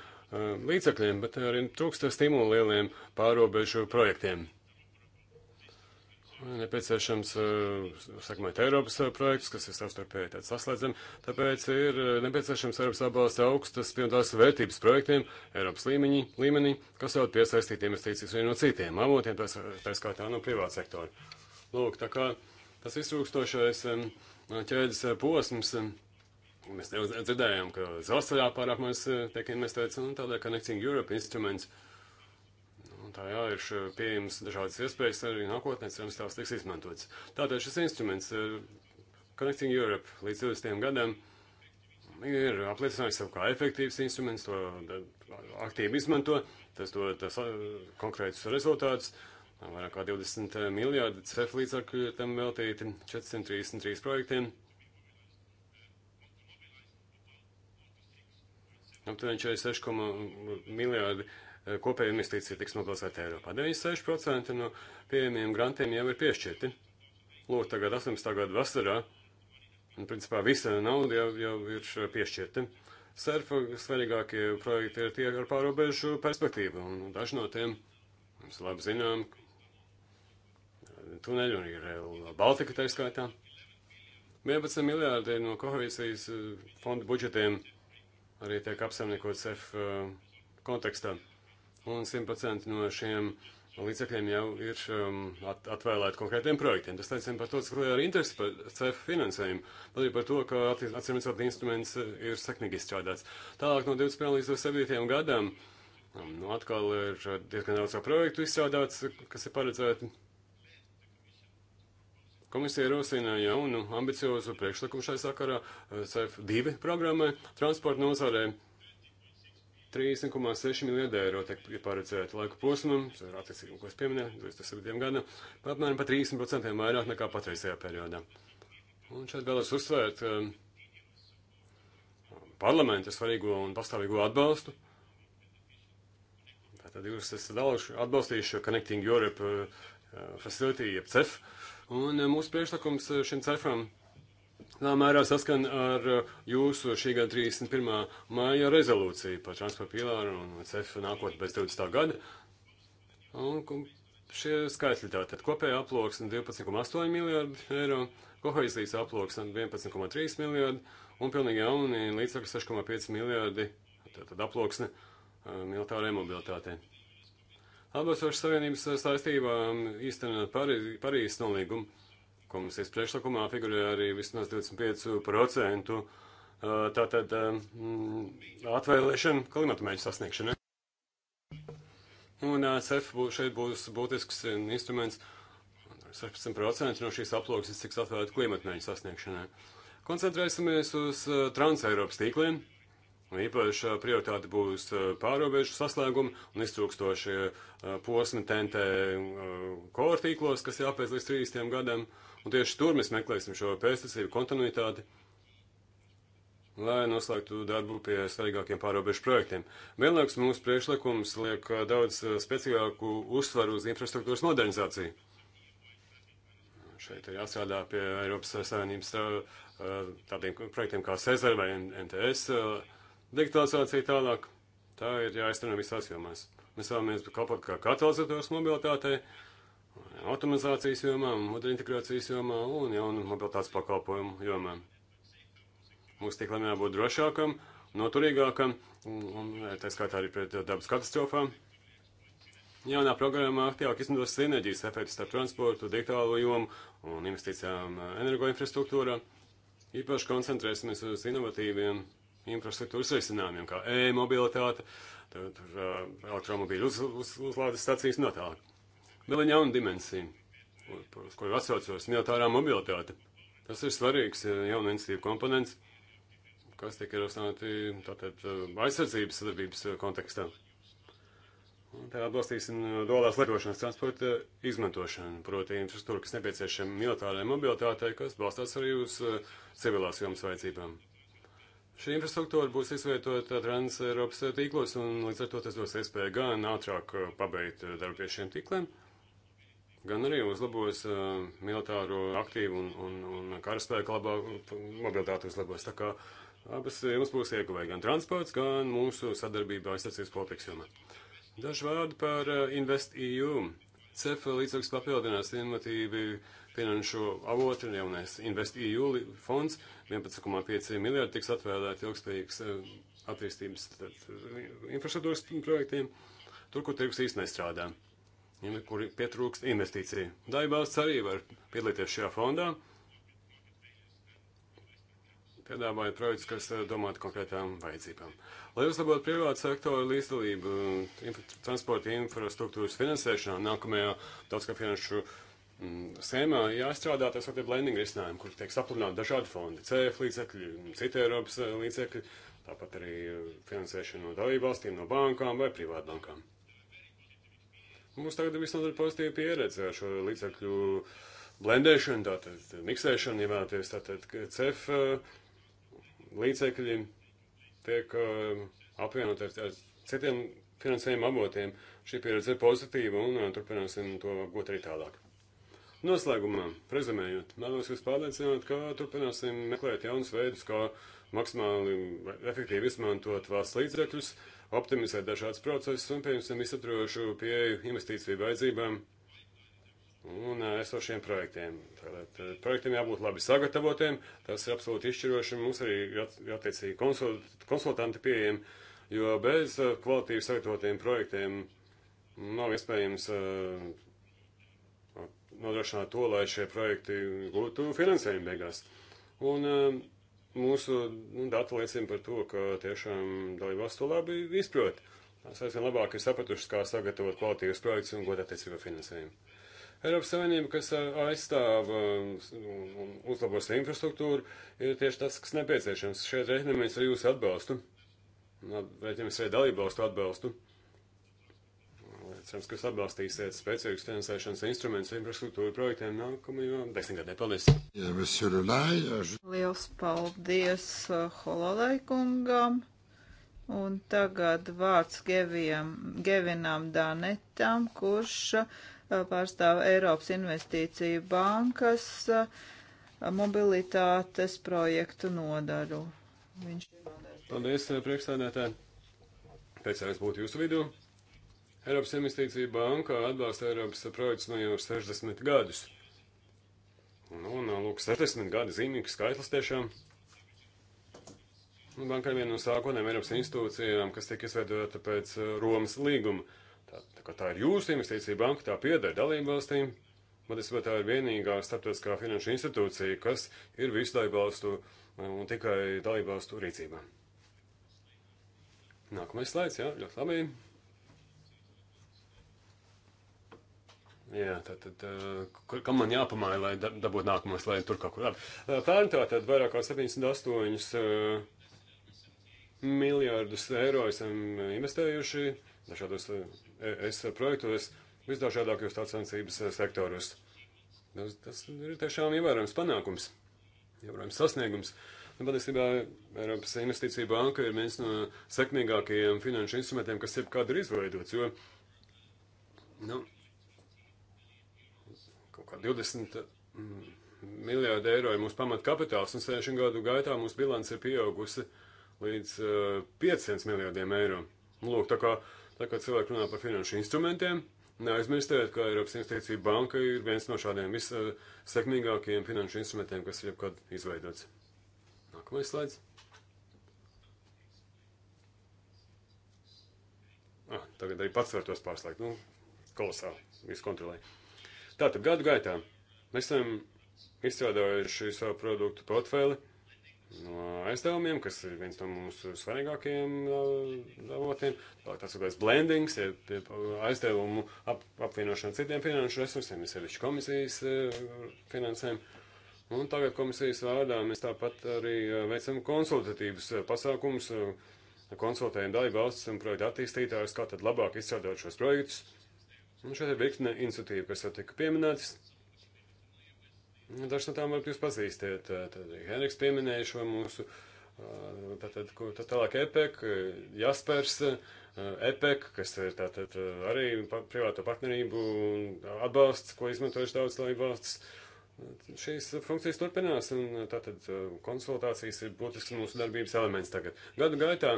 līdzekļiem, bet arī trūksta stimulu lieliem pārobežu projektiem. Nepieciešams, uh, eh, sakmēt, Eiropas eh, projekts, kas ir savstarpēji tāds saslēdzami, tāpēc ir nepieciešams Eiropas atbalsts augstas pievienotās vērtības projektiem Eiropas līmeņi, līmenī, kas jau piesaistīt investīcijas vienu no citiem avotiem, tā, tā skaitā no privāta sektora. Lūk, tā kā tas iztrūkstošais um, ķēdes posms. Um, Mēs dzirdējām, ka Zvaigznājā pārāk maz e, tiek investēts, un tādā Connecting Europe instruments. Nu, un tā jā, ir pieejams dažādas iespējas arī nākotnē, cerams, tās tiks izmantotas. Tātad šis instruments, e, Connecting Europe, līdz 20 gadam ir apliecinājis sev kā efektīvs instruments, to aktīvi izmanto, tas dod e, konkrētus rezultātus. Vairāk kā 20 miljārdi CEF līdzakļu tam veltīti 433 projektiem. Nu, Aptuveni 46 miljārdi e, kopēja investīcija tiks mobilizēta Eiropā. 96% no pieejamiem grantiem jau ir piešķirti. Lūk, tagad 18. gada vasarā, un principā visa nauda jau, jau ir piešķirta. Serfa svarīgākie projekti ir tie ar pārobežu perspektīvu, un daži no tiem mums labi zinām, tuneļi un ir e, Baltika tā skaitā. 11 miljārdi no kohēzijas e, fonda budžetiem arī tiek apsaimniekots F eh, kontekstā. Un 100% no šiem līdzekļiem jau ir um, at, atvēlēti konkrētiem projektiem. Tas liecina par to, cik liela ir interese par CEF finansējumu, arī par to, ka atcīmredzot instruments eh, ir sekmīgi izstrādāts. Tālāk no 21 līdz 27 gadam, um, nu atkal ir eh, diezgan daudz projektu izstrādāts, kas ir paredzēti. Komisija rosina jaunu ambiciozu priekšlikumu šai sakarā CF2 eh, programmai transporta nozarē. 30,6 miljardi eiro tiek paredzēta laika posmam, tas ir attiecīgi, ko es pieminēju, 27 gada, apmēram par 30% vairāk nekā patreizajā periodā. Un šeit vēlos uzsvērt um, parlamenta svarīgo un pastāvīgo atbalstu. Tātad jūs esat atbalstījuši Connecting Europe uh, Facility, jeb CEF, uh, Un eh, mūsu priekšlikums eh, šim cefram lielā mērā saskan ar eh, jūsu šī gada 31. māja rezolūciju par transporta pīlāru un cefu nākotnē pēc 20. gada. Un šie skaitļi tātad kopēja aploksne 12,8 miljardi eiro, kohēzijas aploksne 11,3 miljardi un pilnīgi jauni līdzekļi 6,5 miljardi, tātad aploksne militārajai mobilitātei. Atbilstoši Savienības saistībām īstenot Parī, Parīzes nolīgumu, komisijas priekšlikumā figurē arī vismaz 25% tātad mm, atvēlēšana klimata mērķu sasniegšanai. Un CEF būs, šeit būs būtisks instruments. 16% no šīs aploksnes tiks atvēlēta klimata mērķu sasniegšanai. Koncentrēsimies uz Transeiropas tīkliem. Un īpaša prioritāte būs uh, pārobežu saslēgumi un iztrūkstošie uh, posmi TNT uh, kortīklos, kas jāpēc līdz 30 gadam. Un tieši tur mēs meklēsim šo pēstasību kontinuitāti, lai noslēgtu darbu pie svarīgākiem pārobežu projektiem. Vienlaikus mūsu priekšlikums liek daudz spēcīgāku uzsvaru uz infrastruktūras modernizāciju. Šeit ir jāstrādā pie Eiropas Savienības tādiem projektiem kā Cezara vai NTS Digitalizācija tālāk, tā ir jāizteno visās jomās. Mēs vēlamies kalpot kā katalizators mobilitātei, automatizācijas jomā, moderna integrācijas jomā un jaunu mobilitātes pakalpojumu jomā. Mūsu tīklam jābūt drošākam, noturīgākam, un tā skaitā arī pret dabas katastrofām. Jaunā programmā aktīvāk izmantos sinerģijas efektus starp transportu, digitālo jomu un investīcijām energoinfrastruktūrā. Īpaši koncentrēsimies uz inovatīviem infrastruktūras risinājumiem, kā e-mobilitāte, uh, elektromobīļu uz, uz, uzlādes stacijas un tā. Vēl ir jauna dimensija, uz kuru atsaucos militārā mobilitāte. Tas ir svarīgs uh, jauna institīva komponents, kas tiek ierosināti tātad uh, aizsardzības sadarbības kontekstā. Tā atbalstīsim dolās lietošanas transporta izmantošanu, proti infrastruktūru, kas nepieciešama militārai mobilitātei, kas balstās arī uz civilās jomas vajadzībām. Šī infrastruktūra būs izvietota trans Eiropas tīklos, un līdz ar to tas dos iespēju gan ātrāk uh, pabeigt uh, darbu pie šiem tīkliem, gan arī uzlabos uh, militāro aktīvu un, un, un karaspēku labā mobilitāti uzlabos. Tā kā abas jums būs ieguvēji gan transports, gan mūsu sadarbība aizsardzības politikas jomā. Daži vārdi par uh, InvestEU. CEF līdzekļus papildinās innovatīvi uh, finanšu avotu un jaunais InvestEU fonds 11,5 miljardi tiks atvēlēti ilgspējīgas eh, attīstības eh, infrastruktūras projektiem, tur, kur tirgus īsti nestrādā, kur pietrūkst investīciju. Daibāsts arī var piedalīties šajā fondā, piedāvājot projektus, kas eh, domāti konkrētām vajadzībām. Lai uzlabotu privātu sektoru līdzdalību transporta infrastruktūras finansēšanā nākamajā daudzgad finanšu uh, Mm, Sēmā jāstrādā tā saucamie blending risinājumi, kur tiek sapludināti dažādi fondi, CF līdzekļi, mm, citi Eiropas eh, līdzekļi, tāpat arī eh, finansēšana no dalībvalstīm, no bankām vai privātbankām. Mums tagad ir visnotaļ pozitīva pieredze ar šo līdzekļu blendēšanu, tātad miksēšanu, ja vēlaties, tātad CF eh, līdzekļi tiek apvienot ar, ar citiem finansējuma avotiem. Šī pieredze ir pozitīva un turpināsim to gūt arī tālāk. Noslēgumā, rezumējot, vēlos jūs pārliecināt, ka turpināsim meklēt jaunus veidus, kā maksimāli efektīvi izmantot valsts līdzekļus, optimizēt dažādas procesus un pieņemsim visaptrošu pieeju investīciju vajadzībām un esošiem projektiem. Tātad projektiem jābūt labi sagatavotiem, tas ir absolūti izšķiroši, mums arī attiecīgi konsultanti pieejami, jo bez kvalitīvi sagatavotiem projektiem nav iespējams uh, nodrošināt to, lai šie projekti gūtu finansējumu beigās. Un um, mūsu nu, dati liecina par to, ka tiešām dalībvalsts to labi izprot. Tās aizvien labāk ir sapratušas, kā sagatavot kvalitīvas projekts un godāt attiecību finansējumu. Eiropas Savienība, kas uh, aizstāv um, un uzlabos infrastruktūru, ir tieši tas, kas nepieciešams. Šeit reiķinamies ar jūsu atbalstu. Reiķinamies arī dalībvalstu atbalstu. Cerams, ka jūs atbalstīsiet spēcīgus finansēšanas instrumentus infrastruktūra projektiem nākamajā desmitgadē. Paldies! Liels paldies uh, Hololai kungam! Un tagad vārds Gevijam, Gevinam Danetam, kurš uh, pārstāv Eiropas investīciju bankas uh, mobilitātes projektu nodaru. Viņš ir Paldies, priekšstādētāji! Priecājos būt jūsu vidū! Eiropas Investīcija banka atbalsta Eiropas projektus no jau 60 gadus. Nu, un, lūk, 60 gadi zīmīgs skaitlis tiešām. Nu, banka ir viena no sākotnēm Eiropas institūcijām, kas tiek izveidota pēc Romas līguma. Tā, tā, tā ir jūsu investīcija banka, tā pieder dalību valstīm. Patiesībā tā ir vienīgā starptautiskā finanšu institūcija, kas ir visu dalībvalstu un tikai dalībvalstu rīcībā. Nākamais slaids, jā, ļoti labi. Jā, tad, tad eh, kam man jāpamāja, lai dabūtu nākamos, lai tur kaut kur labi. Pērn eh, tā tad vairāk kā 78 eh, miljārdus eiro esam investējuši dažādos es projektos, visdažādākajos tautsvencības sektorus. Tas, tas ir tiešām ievērojams panākums, ievērojams sasniegums. Un nu, patiesībā Eiropas investīcija banka ir viens no sekmīgākajiem finanšu instrumentiem, kas jebkad ir izveidots, jo, nu, par 20 miljārdu eiro ir mūsu pamatkapitāls, un 60 gadu gaitā mūsu bilants ir pieaugusi līdz uh, eh, 500 miljārdiem eiro. Nu, lūk, tā kā, tā kā cilvēki runā par finanšu instrumentiem, neaizmirstiet, ka Eiropas Investīcija banka ir viens no šādiem vissekmīgākajiem finanšu instrumentiem, kas ir jebkad izveidots. Nākamais slaids. Ah, tagad arī pats var tos pārslēgt. Nu, kolosāli, visu kontrolēju. Tātad gadu gaitā mēs esam izstrādājuši savu produktu portfeli no aizdevumiem, kas ir viens no mūsu svarīgākajiem avotiem. Tas ir tāds blendings, ja aizdevumu ap, apvienošana citiem finanšu resursiem, ir sevišķi komisijas finansēm. Un tagad komisijas vārdā mēs tāpat arī veicam konsultatīvus pasākumus, konsultējam daļu valsts un projektu attīstītājus, kā tad labāk izstrādāt šos projektus Un nu, šeit ir virkne iniciatīva, kas jau tika pieminētas. Dažs no tām varbūt jūs pazīstiet. Tad Henriks pieminēja šo mūsu, tātad, ko tad tālāk EPEC, Jaspers, EPEC, kas ir tātad arī privāto partnerību atbalsts, ko izmantojuši daudz laivu valsts. Šīs funkcijas turpinās, un tātad konsultācijas ir būtisks mūsu darbības elements tagad. Gadu gaitā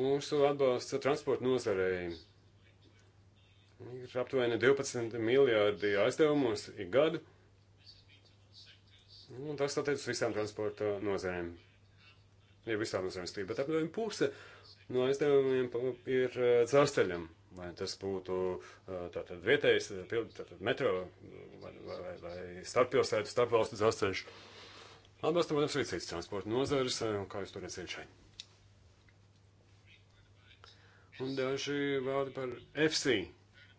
mūsu atbalsts transporta nozarei Ir aptuveni 12 miljārdi aizdevumos ik gadu. Un tas attiecas visām transporta nozarēm. Ja visām nozarēm stīk, bet aptuveni puse no aizdevumiem ir eh, dzelzceļam. Vai tas būtu eh, tātad vietējais, eh, tātad metro vai, vai, vai starppilsētu, starpvalstu dzelzceļš. Atbalstam, protams, arī citas transporta nozares, kā jūs to redzat šeit. Un daži vārdi par FC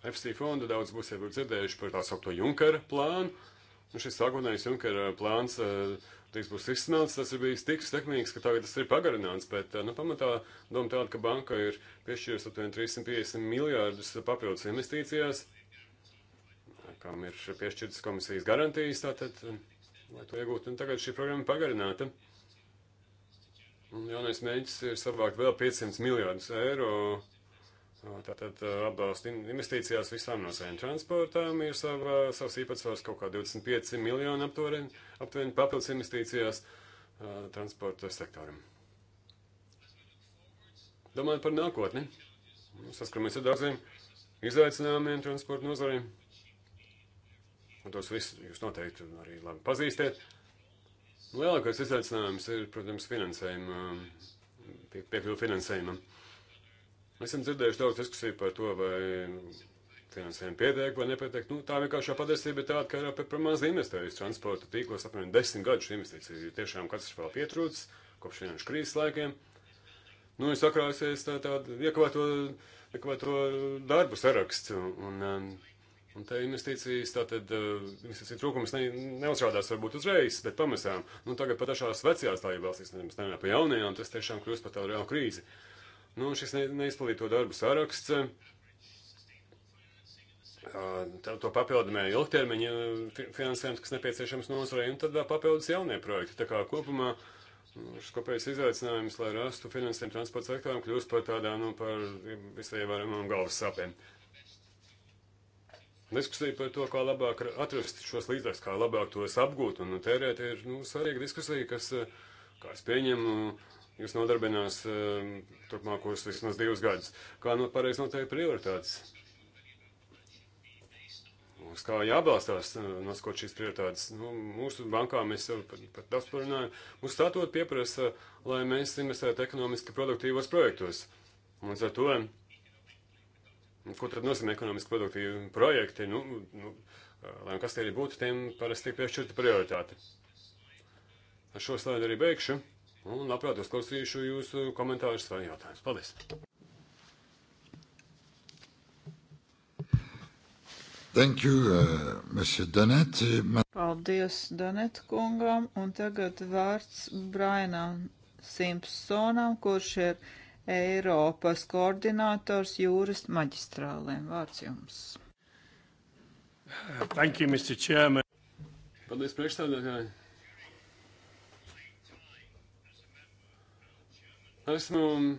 FC fondu daudz būsiet dzirdējuši par tā saucamo Junkera plānu. Un nu, šis sākotnējais Junkera plāns tiks eh, būs izsmelts, tas ir bijis tik sekmīgs, ka tagad tas ir pagarināts, bet eh, nu, pamatā doma tāda, ka banka ir piešķīrusi aptuveni 350 miljārdus papildus investīcijās, kam ir piešķirtas komisijas garantijas, tātad, eh, lai to iegūtu, un tagad šī programma pagarināta. Un jaunais mēģis ir savākt vēl 500 miljārdus eiro Nu, tātad atbalsta investīcijās visām nozēm transportām ir sava, savs īpatsvars kaut kā 25 miljonu aptuveni, aptuveni papildus investīcijās uh, transporta sektoram. Domājot par nākotni, nu, saskaramies ar daudziem izaicinājumiem transporta nozarēm. Un tos visus jūs noteikti arī labi pazīstiet. Lielākais izaicinājums ir, protams, finansējuma, pie, piekļuvu finansējumam. Esam dzirdējuši daudz diskusiju par to, vai finansējumi pietiek vai nepietiek. Nu, tā vienkāršā patiesība ir tāda, ka Eiropa ir par maz investējusi transporta tīklos. Apmēram desmit gadus investīciju ir tiešām katastrofāli pietrūcis kopš finanšu krīzes laikiem. Nu, ir sakrāsies tā, tāda iekavēto, iekavēto darbu saraksts. Un, un, um, Un te investīcijas, tātad uh, investīcija trūkums ne, neuzrādās varbūt uzreiz, bet pamazām. Nu, tagad pat šās vecajās dalībvalstīs, nevis ne, ne, pa jaunajām, tas tiešām kļūst par tādu reālu krīzi. Uh, Nu, šis neizpildīto darbu saraksts to papildināja ilgtermiņa finansējums, kas nepieciešams nozarei, un tad vēl papildus jaunie projekti. Tā kā kopumā nu, šis kopējais izaicinājums, lai rastu finansējumu transporta sektoram, kļūst par tādām, nu, par visai varamām galvas sāpēm. Diskusija par to, kā labāk atrast šos līdzekļus, kā labāk tos apgūt un tērēt, ir, nu, svarīga diskusija, kas, kā es pieņemu, uh, jūs nodarbinās um, turpmākos vismaz divus gadus. Kā nu pareizi noteikt prioritātes? Uz kā jābalstās, uh, noskot šīs prioritātes? Nu, mūsu bankā mēs jau pat, pat daudz parunājam. Mums statot pieprasa, lai mēs investētu ekonomiski produktīvos projektos. Un ar to, nu, ko tad nozīmē ekonomiski produktīvi projekti, nu, nu, eh, lai nu kas tie arī būtu, tiem parasti tiek piešķirta prioritāte. Ar šo slaidu arī beigšu. Un labprāt uzklausīšu jūsu komentārus vai jautājumus. Paldies! Thank you, uh, Monsieur Danet. Paldies Danet kungam, un tagad vārds Brainam Simpsonam, kurš ir Eiropas koordinators jūras maģistrālēm. Vārds jums. Thank you, Mr. Chairman. Paldies, priekšstādātāji. Esmu,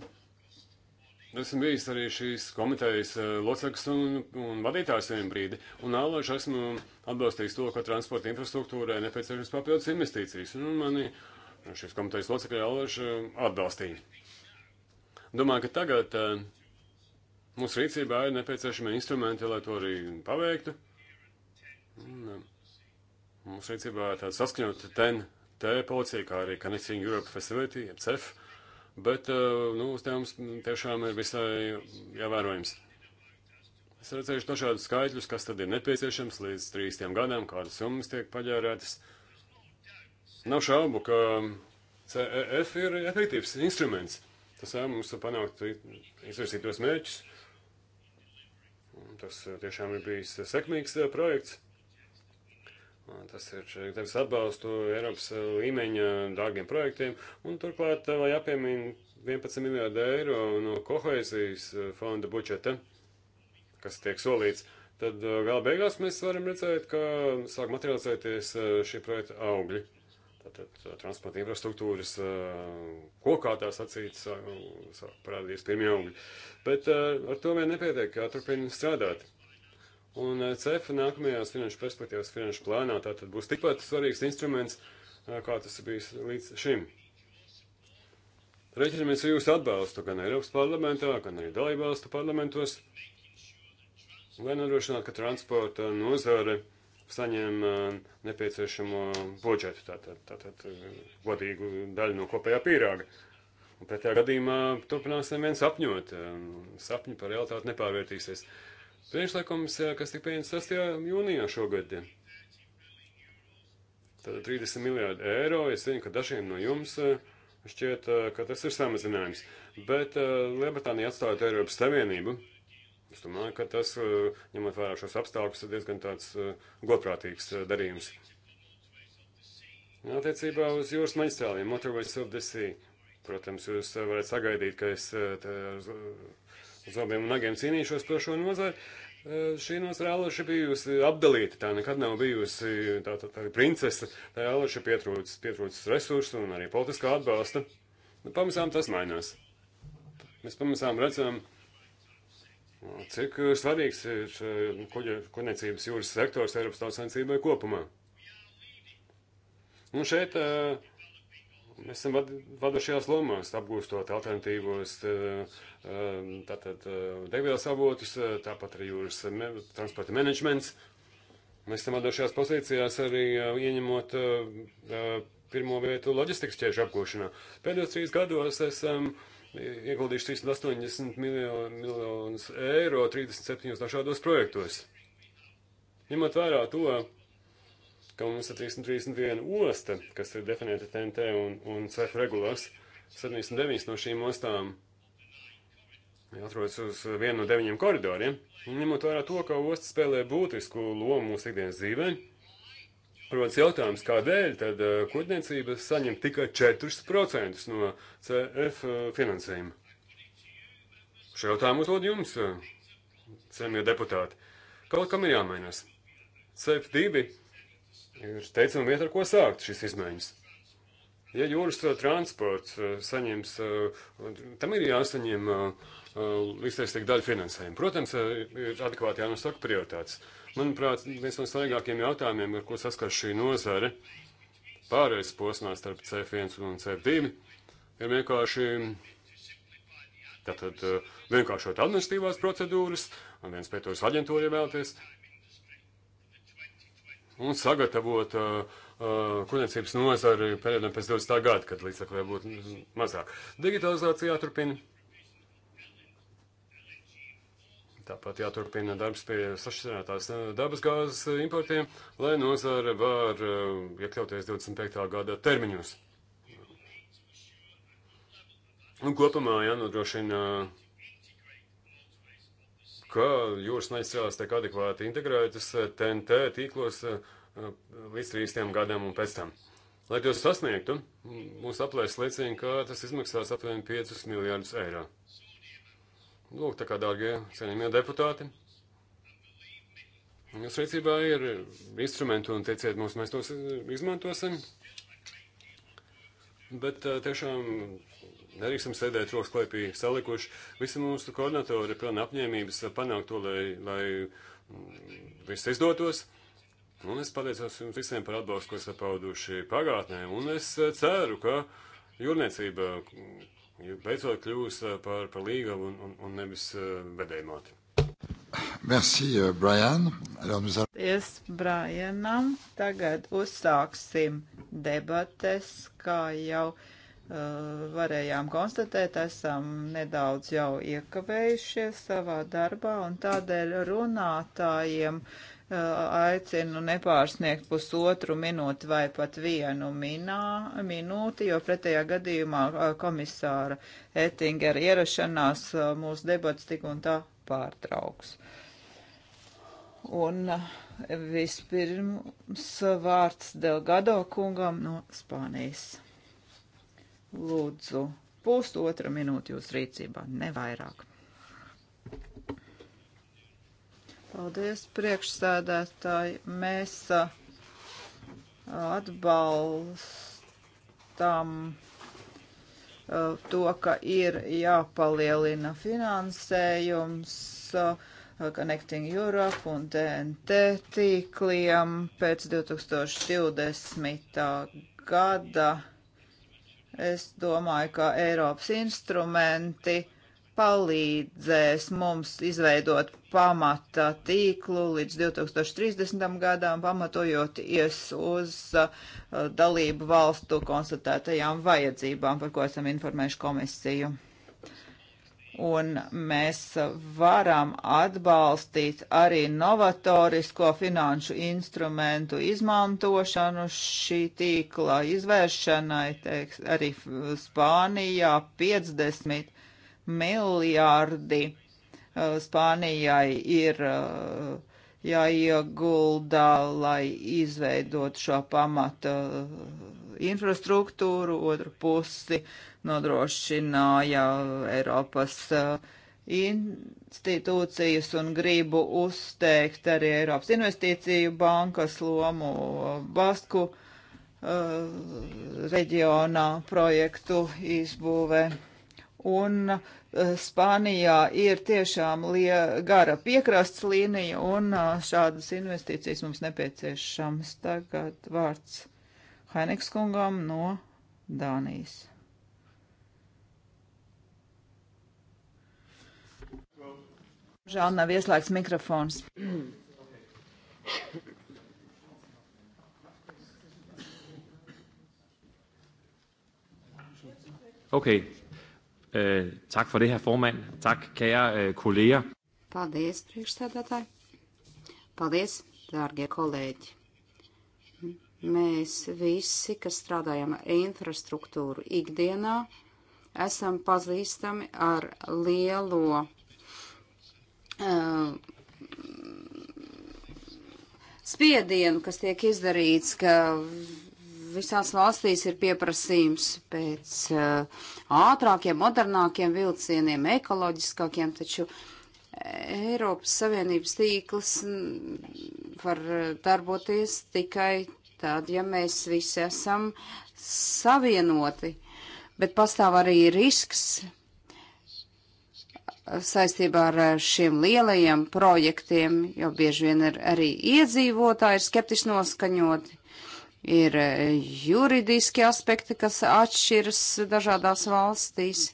esmu bijis arī šīs komitejas eh, loceklis un, un vadītājs vienu brīdi, un ālaiši esmu atbalstījis to, ka transporta infrastruktūrai nepieciešams papildus investīcijas, un mani šīs komitejas locekļi ālaiši eh, atbalstīja. Domāju, ka tagad eh, mūsu rīcībā ir nepieciešami instrumenti, lai to arī paveiktu. Un, Mums rīcībā ir tāda saskaņota TEN, T policija, kā arī Connecting Europe Facility, CEF bet eh, nu, uzdevums tiešām ir visai ievērojams. Es redzēju dažādus skaitļus, kas tad ir nepieciešams līdz 30 gadiem, kādas summas tiek paģērētas. Nav šaubu, ka CEF ir efektīvs instruments. Tas ļauj mums panākt izvirsītos mērķus. Tas eh, tiešām ir bijis sekmīgs eh, projekts. Tas ir devis atbalstu Eiropas eh, līmeņa dārgiem projektiem, un turklāt vēl jāpiemina 11 miljārdu eiro no kohēzijas eh, fonda budžeta, kas tiek solīts. Tad eh, gala beigās mēs varam redzēt, ka sāk materializēties šī projekta augļi. Tātad transporta infrastruktūras kokā tā sacīt, sāk parādīties pirmie augļi. Bet ar to vien nepietiek, jāturpina strādāt Un eh, CEF nākamajās finanšu perspektīvas finanšu plānā tātad būs tikpat svarīgs instruments, eh, kā tas bijis līdz šim. Reķinamies ar jūsu atbalstu gan Eiropas parlamentā, gan arī dalībvalstu parlamentos, lai nodrošinātu, ka transporta nozare saņem eh, nepieciešamo budžetu, tātad, tātad godīgu daļu no kopējā pīrāga. Un pretējā gadījumā turpināsim viens apņot, sapņi par realitāti nepārvērtīsies priekšlikums, eh, kas tika pieņemts 6. jūnijā šogad. Tātad 30 miljārdi eiro. Es zinu, ka dažiem no jums eh, šķiet, eh, ka tas ir samazinājums. Bet Lielbritānija atstājot Eiropas Savienību, es domāju, ka tas, ņemot vērā šos apstākļus, ir diezgan tāds godprātīgs darījums. Attiecībā uz jūras maģistrāliem, Motorways of the Sea, protams, jūs varat sagaidīt, ka es uz abiem nagiem cīnīšos par šo nozari. Šī nozara alaša bijusi apdalīta, tā nekad nav bijusi tā, tā, tā princese. Tā alaša pietrūcis, pietrūcis resursu un arī politiskā atbalsta. Nu, pamazām tas mainās. Mēs pamazām redzam, cik svarīgs ir kuģniecības jūras sektors Eiropas tautsainicībai kopumā. Un nu, šeit uh, Mēs esam vad, vadošajās lomās, apgūstot alternatīvos eh, eh, tātad, eh, degvielas avotus, tāpat arī jūras me, transporta menedžments. Mēs esam vadošajās pozīcijās arī ieņemot pirmo vietu loģistikas ķēžu apgūšanā. Pēdējos trīs gados esam ieguldījuši 380 miljonus eiro 37 dažādos projektos. Ņemot vērā to, ka mums ir 331 osta, kas ir definēta TNT un, un CEF regulās. 79 no šīm ostām atrodas uz vienu no deviņiem koridoriem. Ņemot vērā to, ka ostas spēlē būtisku lomu mūsu ikdienas dzīvē, Protams, jautājums, kādēļ tad eh, kuģniecība saņem tikai 4% no CF eh, finansējuma? Šo jautājumu uzdod jums, eh, cemie deputāti. Kaut kam ir jāmainās. CF2 ir teicama vieta, ar ko sākt šīs izmaiņas. Ja jūras uh, transports uh, saņems, uh, tam ir jāsaņem līdztaisnīga daļa finansējuma. Protams, ir adekvāti jānosaka prioritātes. Manuprāt, viens no svarīgākajiem jautājumiem, ar ko saskars šī nozare pārējais posmā starp C1 un C2, ir vienkārši tātad vienkāršot administratīvās procedūras, un viens pēc tos aģentūri vēlties, un sagatavot uh, uh, kuģniecības nozari periodam pēc 20. gada, kad līdzekļi būtu mazāk. Digitalizācija jāturpina. Tāpat jāturpina darbs pie sašķirinātās uh, dabasgāzes importiem, lai nozara var uh, iekļauties 25. gada termiņos. Un kopumā jānodrošina. Ja, ka jūras maģistrāles tiek adekvāti integrētas TNT eh, tīklos eh, eh, līdz 30 gadiem un pēc tam. Lai to sasniegtu, mūsu aplēs liecina, ka tas izmaksās apmēram 5 miljārdus eiro. Lūk, tā kā, dārgie cienījamie deputāti, jūsu rīcībā ir instrumenti un tieciet mums, mēs tos izmantosim. Bet tiešām Nedrīkstam sēdēt rokas klēpī salikuši. Visi mūsu koordinatori ir pilni apņēmības panākt to, lai, lai mm, viss izdotos. Un es pateicos jums visiem par atbalstu, ko esat pauduši pagātnē. Un es eh, ceru, ka jūrniecība mm, beidzot kļūs eh, par, par līgavu un, un, un nevis eh, vedējumāti. Merci, Brian. Alors, nous allons... Es Brianam tagad uzsāksim debates, kā jau Eh, varējām konstatēt, esam nedaudz jau iekavējušies savā darbā un tādēļ runātājiem eh, aicinu nepārsniegt pusotru minūti vai pat vienu minā, minūti, jo pretējā gadījumā eh, komisāra Ettingera ierašanās mūsu debats tik un tā pārtrauks. Un vispirms vārds Delgado kungam no Spānijas. Lūdzu, pusotra minūte jūsu rīcībā, nevairāk. Paldies, priekšsēdētāji. Mēs atbalstam to, ka ir jāpalielina finansējums Connecting Europe un TNT tīkliem pēc 2020. gada Es domāju, ka Eiropas instrumenti palīdzēs mums izveidot pamata tīklu līdz 2030. gadām, pamatojoties uz uh, dalību valstu konstatētajām vajadzībām, par ko esam informējuši komisiju un mēs varam atbalstīt arī novatorisko finanšu instrumentu izmantošanu šī tīkla izvēršanai, teiks, arī Spānijā 50 miljārdi. Uh, Spānijai ir uh, jāieguldā, lai izveidot šo pamata uh, infrastruktūru, otru pusi nodrošināja Eiropas uh, institūcijas un gribu uzteikt arī Eiropas investīciju bankas lomu Basku uh, reģionā projektu izbūvē un eh, Spānijā ir tiešām gara piekrasts līnija, un eh, šādas investīcijas mums nepieciešams. Tagad vārds Haineks kungam no Dānijas. Žēl nav ieslēgts mikrofons. okay. Øh, tak for det, herr formand. Tak, kære øh, kolleger. Paldies, priekšstādātāji. Paldies, dārgie kolēģi. Mēs visi, kas strādājam infrastruktūru ikdienā, esam pazīstami ar lielo uh, spiedienu, kas tiek izdarīts, ka visās valstīs ir pieprasījums pēc uh, ātrākiem, modernākiem vilcieniem, ekoloģiskākiem, taču eh, Eiropas Savienības tīkls mm, var eh, darboties tikai tad, ja mēs visi esam savienoti. Bet pastāv arī risks eh, saistībā ar šiem lielajiem projektiem, jo bieži vien ir arī iedzīvotāji ir skeptiski noskaņoti ir e, juridiski aspekti, kas atšķiras dažādās valstīs.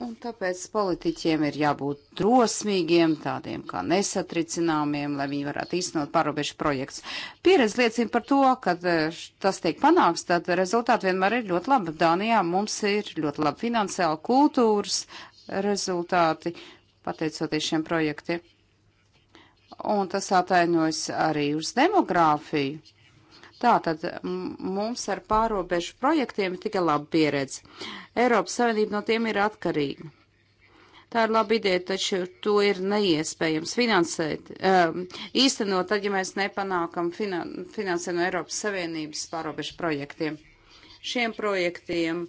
Un tāpēc politiķiem ir jābūt drosmīgiem, tādiem kā nesatricināmiem, lai viņi varētu īstenot pārobežu projekts. Pieredze liecina par to, ka e, tas tiek panāks, tad rezultāti vienmēr ir ļoti labi. Dānijā mums ir ļoti labi finansiāli kultūras rezultāti, pateicoties šiem projektiem un tas atainojas arī uz demogrāfiju. Tātad mums ar pārobežu projektiem ir tikai laba pieredze. Eiropas Savienība no tiem ir atkarīga. Tā ir laba ideja, taču to ir neiespējams finansēt, um, īstenot, tad, ja mēs nepanākam finan finansējumu no Eiropas Savienības pārobežu projektiem. Šiem projektiem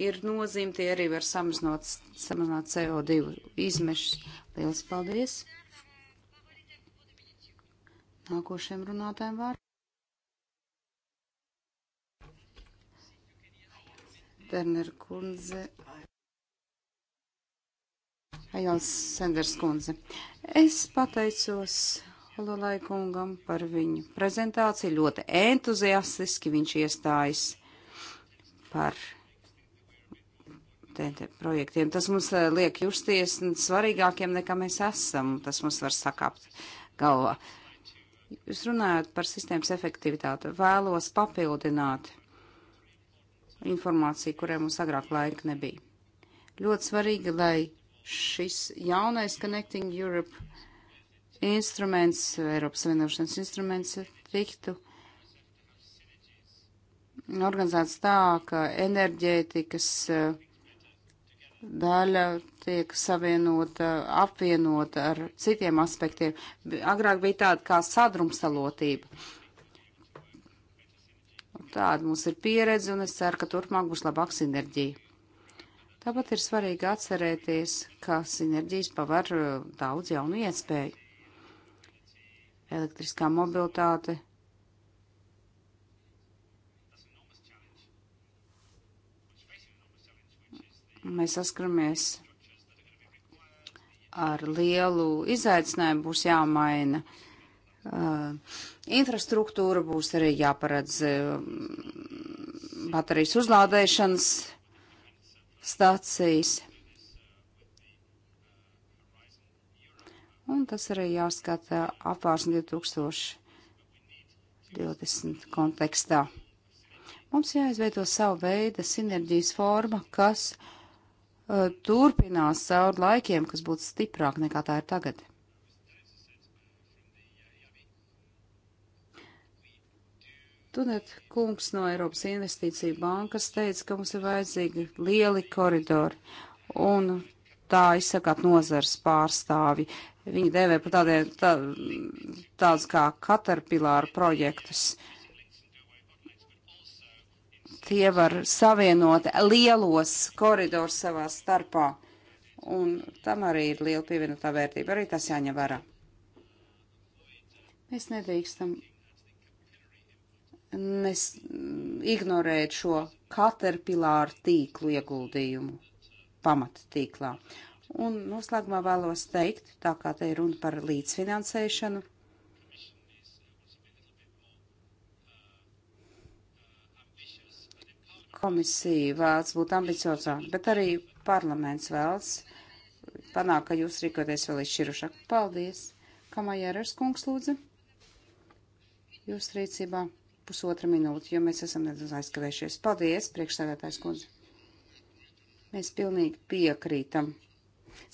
ir nozīme, tie arī var samazināt, samazināt CO2 izmešus. Lielas paldies! Nākošiem runātājiem vārdu. Terner kundze. Ajāls Senders kundze. Es pateicos Lulai kungam par viņu prezentāciju. Ļoti entuziastiski viņš iestājas par projektiem. Tas mums eh, liek justies svarīgākiem nekā mēs esam. Tas mums var sakāpt galvā. Jūs runājat par sistēmas efektivitāti. Vēlos papildināt informāciju, kurai mums agrāk laika nebija. Ļoti svarīgi, lai šis jaunais Connecting Europe instruments, Eiropas Savienošanas instruments, tiktu organizēts tā, ka enerģētikas uh, daļa tiek savienota, apvienota ar citiem aspektiem. Agrāk bija tāda kā sadrumstalotība. Tāda mums ir pieredze, un es ceru, ka turpmāk būs labāka sinerģija. Tāpat ir svarīgi atcerēties, ka sinerģijas paver uh, daudz jaunu iespēju. Elektriskā mobilitāte mēs saskaramies ar lielu izaicinājumu, būs jāmaina uh, infrastruktūra, būs arī jāparedz uh, baterijas uzlādēšanas stācijas. Un tas arī jāskata apvārsni 2020 kontekstā. Mums jāizveido savu veidu sinerģijas forma, kas uh, Uh, turpinās caur laikiem, kas būtu stiprāk nekā tā ir tagad. Tunet kungs no Eiropas investīcija bankas teica, ka mums ir vajadzīgi lieli koridori, un tā izsakāt nozars pārstāvi. Viņi dēvē par tādiem tā, tādus kā katerpilāru projektus. Uh, tie var savienot lielos koridors savā starpā. Un tam arī ir liela pievienotā vērtība. Arī tas jāņem vērā. Mēs nedrīkstam nes ignorēt šo katerpilāru tīklu ieguldījumu pamata tīklā. Un noslēgumā vēlos teikt, tā kā te ir runa par līdzfinansēšanu, Komisija vēlas būt ambiciozāka, bet arī parlaments vēlas panākt, ka jūs rīkoties vēl izšķirušāk. Paldies! Kamajēras kungs lūdzu. Jūs rīcībā pusotra minūte, jo mēs esam nedaudz aizkavējušies. Paldies, priekšsēdētājs kundze. Mēs pilnīgi piekrītam.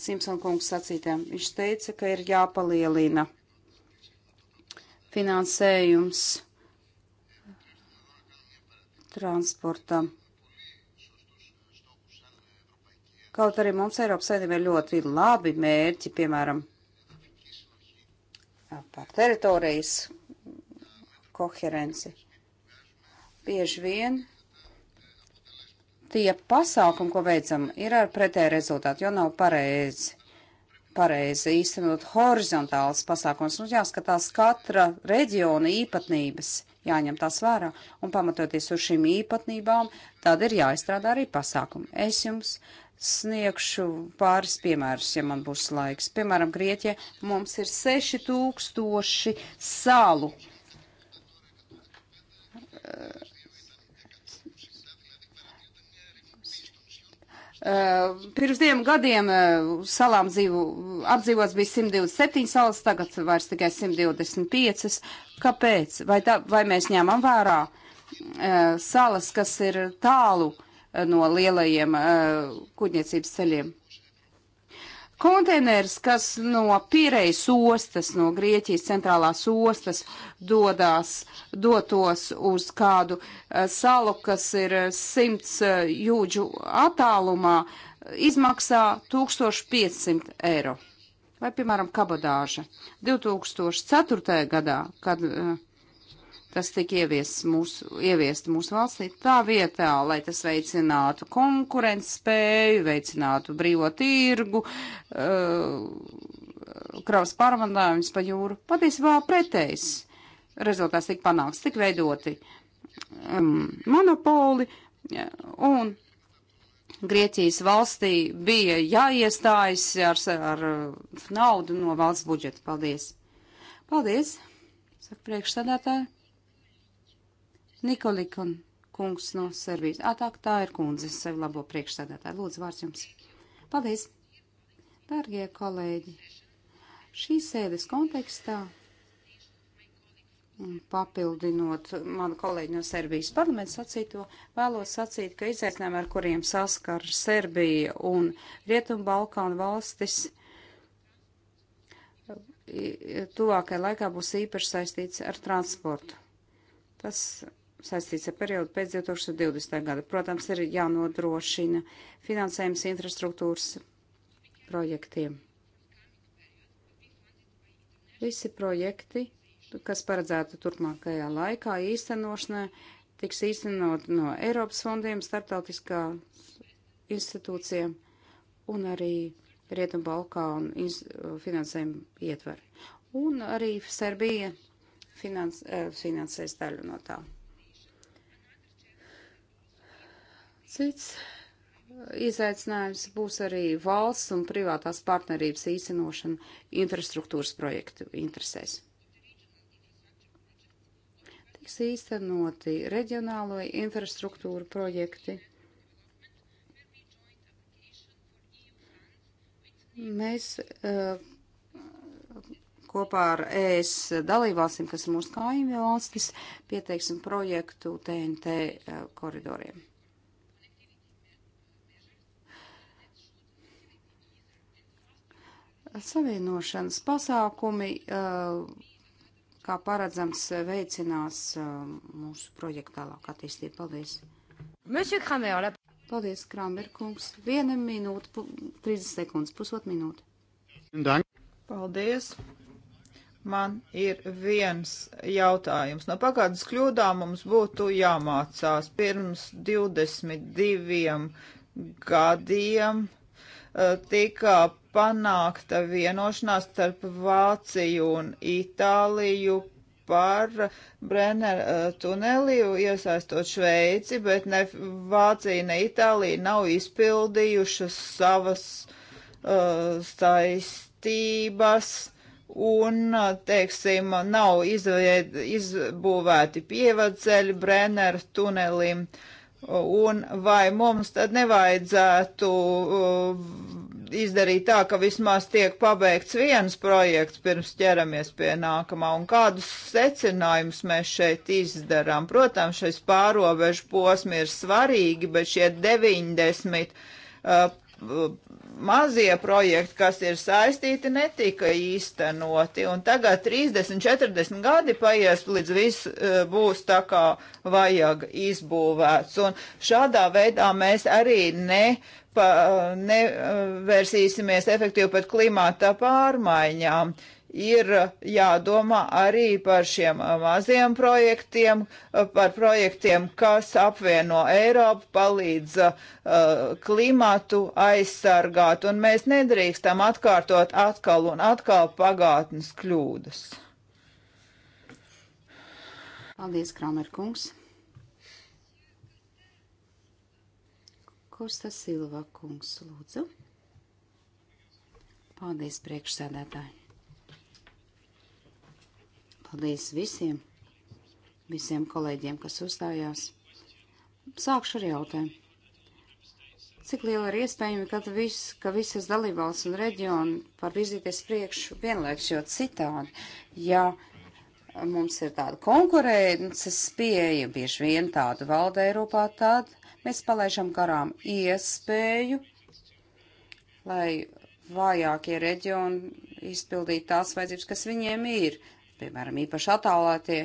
Simpson kungs sacītēm. Viņš teica, ka ir jāpalielina finansējums transportam. Kaut arī mums Eiropas Savienībā ir ļoti labi mērķi, piemēram, par teritorijas koherenci. Bieži vien tie pasākumi, ko veicam, ir ar pretēju rezultātu, jo nav pareizi pareizi īstenot horizontāls pasākums. Mums jāskatās katra reģiona īpatnības, jāņem tās vērā, un pamatoties uz šīm īpatnībām, tad ir jāizstrādā arī pasākumi. Es jums sniegšu pāris piemērus, ja man būs laiks. Piemēram, Grieķija mums ir 6000 salu. Uh, Eh, pirms diviem gadiem eh, salām dzīvo, apdzīvots bija 127 salas, tagad vairs tikai 125. Kāpēc? Vai, tā, vai mēs ņemam vērā eh, salas, kas ir tālu no lielajiem kuģniecības ceļiem? Konteiners, kas no Pirejas ostas, no Grieķijas centrālās ostas, dodās, dotos uz kādu eh, salu, kas ir eh, simts eh, jūdžu attālumā, izmaksā 1500 eiro. Vai, piemēram, kabadāža. 2004. gadā, kad uh, kas tika ieviests mūsu, ieviest mūsu valstī, tā vietā, lai tas veicinātu konkurences spēju, veicinātu brīvo tirgu, uh, kravas pārvandājumus pa jūru. Patiesībā pretējs rezultāts tika panāks, tik veidoti um, monopoli un Grieķijas valstī bija jāiestājas ar, ar naudu no valsts budžeta. Paldies! Paldies! Saka priekšsādātāji. Nikolikon kungs no Serbijas. Atāk tā ir kundze, sevi labo priekšsēdētāju. Lūdzu, vārds jums. Paldies! Dārgie kolēģi! Šīs sēdes kontekstā Papildinot manu kolēģi no Serbijas parlamenta sacīto, vēlos sacīt, ka izaicinājumi, ar kuriem saskar Serbija un Rietumbalkānu valstis, tuvākajā laikā būs īpaši saistīts ar transportu. Tas saistīts ar periodu pēc 2020. gada. Protams, ir jānodrošina finansējums infrastruktūras projektiem. Visi projekti, kas paredzētu turpmākajā laikā īstenošanai, tiks īstenot no Eiropas fondiem, starptautiskā institūcijām un arī Rietumbalkānu finansējumu ietver. Un arī Serbija finans, eh, finansēs daļu no tām. Cits izaicinājums būs arī valsts un privātās partnerības īstenošana infrastruktūras projektu interesēs. Tiks īstenoti reģionālo infrastruktūru projekti. Mēs uh, kopā ar ES dalībvalstīm, kas ir mūsu kaimiņu valstis, pieteiksim projektu TNT eh, koridoriem. Savienošanas pasākumi, eh, kā paredzams, veicinās eh, mūsu projektu tālāk attīstību. Paldies! Monsieur Kramer, la... Paldies, Kramer kungs. Viena minūte, 30 sekundes, pusot minūte. Paldies. Man ir viens jautājums. No pagātnes kļūdām mums būtu jāmācās pirms 22 gadiem eh, tika panākta vienošanās starp Vāciju un Itāliju par Brenner uh, tunelī, iesaistot Šveici, bet ne Vācija, ne Itālija nav izpildījušas savas uh, saistības un, uh, teiksim, nav izvied, izbūvēti pievadceļi Brenner tunelim. Un vai mums tad nevajadzētu uh, izdarīt tā, ka vismaz tiek pabeigts viens projekts pirms ķeramies pie nākamā, un kādus secinājumus mēs šeit izdarām. Protams, šis pārobežu posmi ir svarīgi, bet šie 90 uh, mazie projekti, kas ir saistīti, netika īstenoti, un tagad 30, 40 gadi paies, līdz viss uh, būs tā kā vajag izbūvēts, un šādā veidā mēs arī ne pa, nevērsīsimies efektīvi pat klimata pārmaiņām. Ir jādomā arī par šiem uh, maziem projektiem, uh, par projektiem, kas apvieno Eiropu, palīdz uh, klimatu aizsargāt, un mēs nedrīkstam atkārtot atkal un atkal pagātnes kļūdas. Paldies, Kramer kungs! Kosta Silva kungs, lūdzu. Paldies, priekšsēdētāji. Paldies visiem, visiem kolēģiem, kas uzstājās. Sākšu ar jautājumu. Cik liela ir iespējama, ka, vis, ka visas dalībvalsts un reģioni var virzīties priekšu vienlaiks, jo citādi, ja mums ir tāda konkurences pieeja, bieži vien tāda valda Eiropā, tad Mēs palaižam garām iespēju, lai vājākie reģioni izpildītu tās vajadzības, kas viņiem ir. Piemēram, īpaši attālētie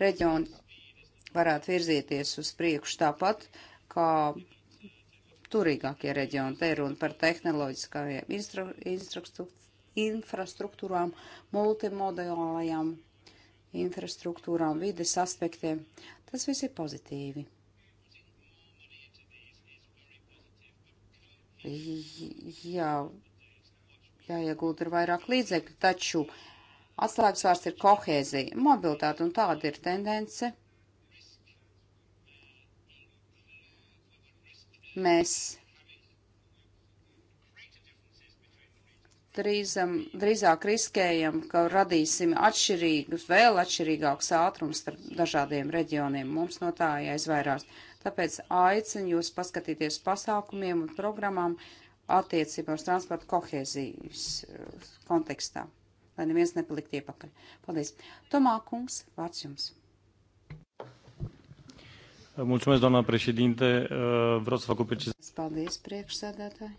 reģioni varētu virzīties uz priekšu tāpat, kā turīgākie reģioni. Te ir runa par tehnoloģiskajiem instru, instru, infrastruktūrām, multimodālajām infrastruktūrām, vides aspektiem. Tas viss ir pozitīvi. jā, jāiegūt ir vairāk līdzekļu, taču atslēgas vārds ir kohēzija, mobilitāte, un tāda ir tendence. Mēs drīzam, drīzāk riskējam, ka radīsim atšķirīgus, vēl atšķirīgākus ātrumus starp dažādiem reģioniem. Mums no tā jāizvairās. Ja Tāpēc aicinu jūs paskatīties pasākumiem un programmām attiecībā uz transporta kohēzijas eh, kontekstā, lai neviens nepalikt iepakaļ. Paldies. Tomā kungs, vārds jums. Mulțumesc, doamna președinte. Eh, vreau să fac o precizare. Paldies, priekšsēdētāji.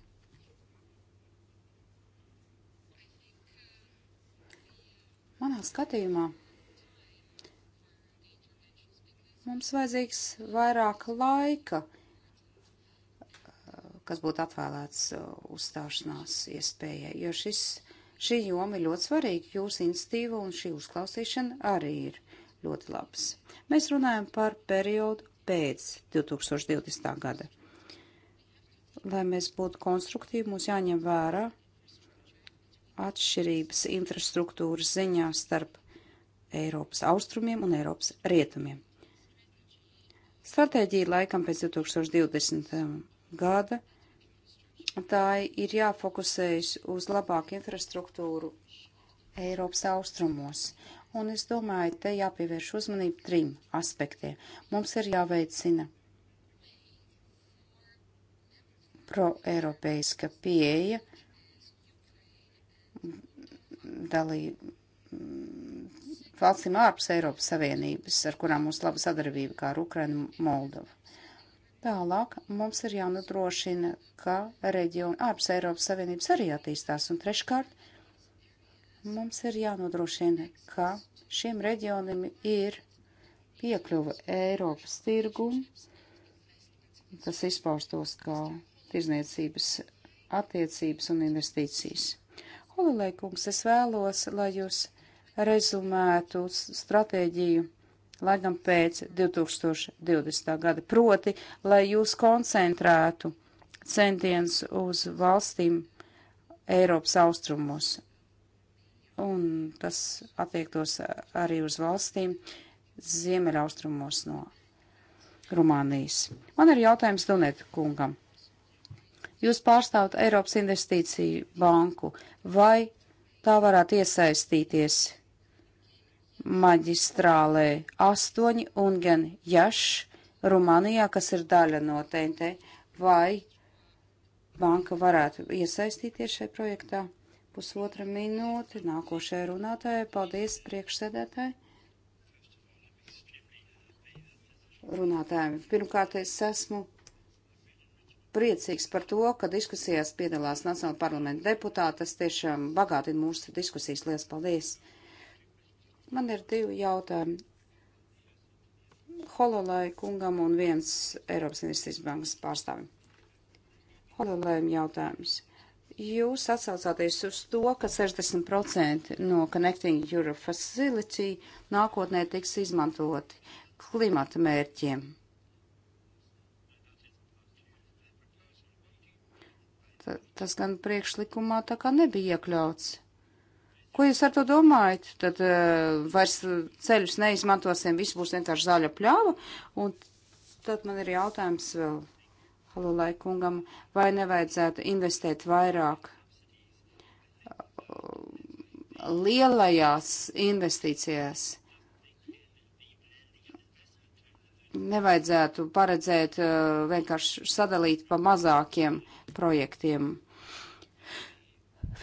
Manā skatījumā Mums vajadzīgs vairāk laika, eh, kas būtu atvēlēts eh, uzstāšanās iespējai, jo šis, šī joma ir ļoti svarīga. Jūsu institīva un šī uzklausīšana arī ir ļoti labs. Mēs runājam par periodu pēc 2020. gada. Lai mēs būtu konstruktīvi, mums jāņem vērā atšķirības infrastruktūras ziņā starp Eiropas austrumiem un Eiropas rietumiem. Stratēģija laikam pēc 2020. Um, gada tā ir jāfokusējas uz labāku infrastruktūru Eiropas austrumos. Un es domāju, te jāpievērš uzmanību trim aspektiem. Mums ir jāveicina proeiropeiska pieeja dalība valstīm ārpus Eiropas Savienības, ar kurām mums laba sadarbība, kā ar Ukrainu, Moldovu. Tālāk mums ir jānodrošina, ka reģioni ārpus Eiropas Savienības arī attīstās, un treškārt mums ir jānodrošina, ka šiem reģionim ir piekļuva Eiropas tirgumu, tas izpaustos kā tirzniecības attiecības un investīcijas. Holilēkungs, es vēlos, lai jūs rezumētu stratēģiju laikam pēc 2020. gada. Proti, lai jūs koncentrētu centienus uz valstīm Eiropas austrumos. Un tas attiektos arī uz valstīm ziemeļaustrumos no Rumānijas. Man ir jautājums Dunet kungam. Jūs pārstāvat Eiropas investīciju banku, vai tā varētu iesaistīties maģistrālē 8 un gan Jaš, Rumānijā, kas ir daļa no TNT, vai banka varētu iesaistīties šajā projektā. Pusotra minūte nākošajai runātājai. Paldies, priekšsēdētāji. Runātājiem. Pirmkārt, es esmu priecīgs par to, ka diskusijās piedalās Nacionāla parlamenta deputātas. Tiešām bagātina mūsu diskusijas. Lielas paldies! Man ir divi jautājumi. Hololai kungam un viens Eiropas Investīcijas bankas pārstāvim. Hololajam jautājums. Jūs atsaucāties uz to, ka 60% no Connecting Europe Facility nākotnē tiks izmantoti klimata mērķiem. T tas gan priekšlikumā tā kā nebija iekļauts. Ko jūs ar to domājat? Tad uh, vairs ceļus neizmantosim, viss būs vienkārši zaļa pļava. Un tad man ir jautājums vēl Halulai kungam, vai nevajadzētu investēt vairāk eh, lielajās investīcijās? Nevajadzētu paredzēt uh, vienkārši sadalīt pa mazākiem projektiem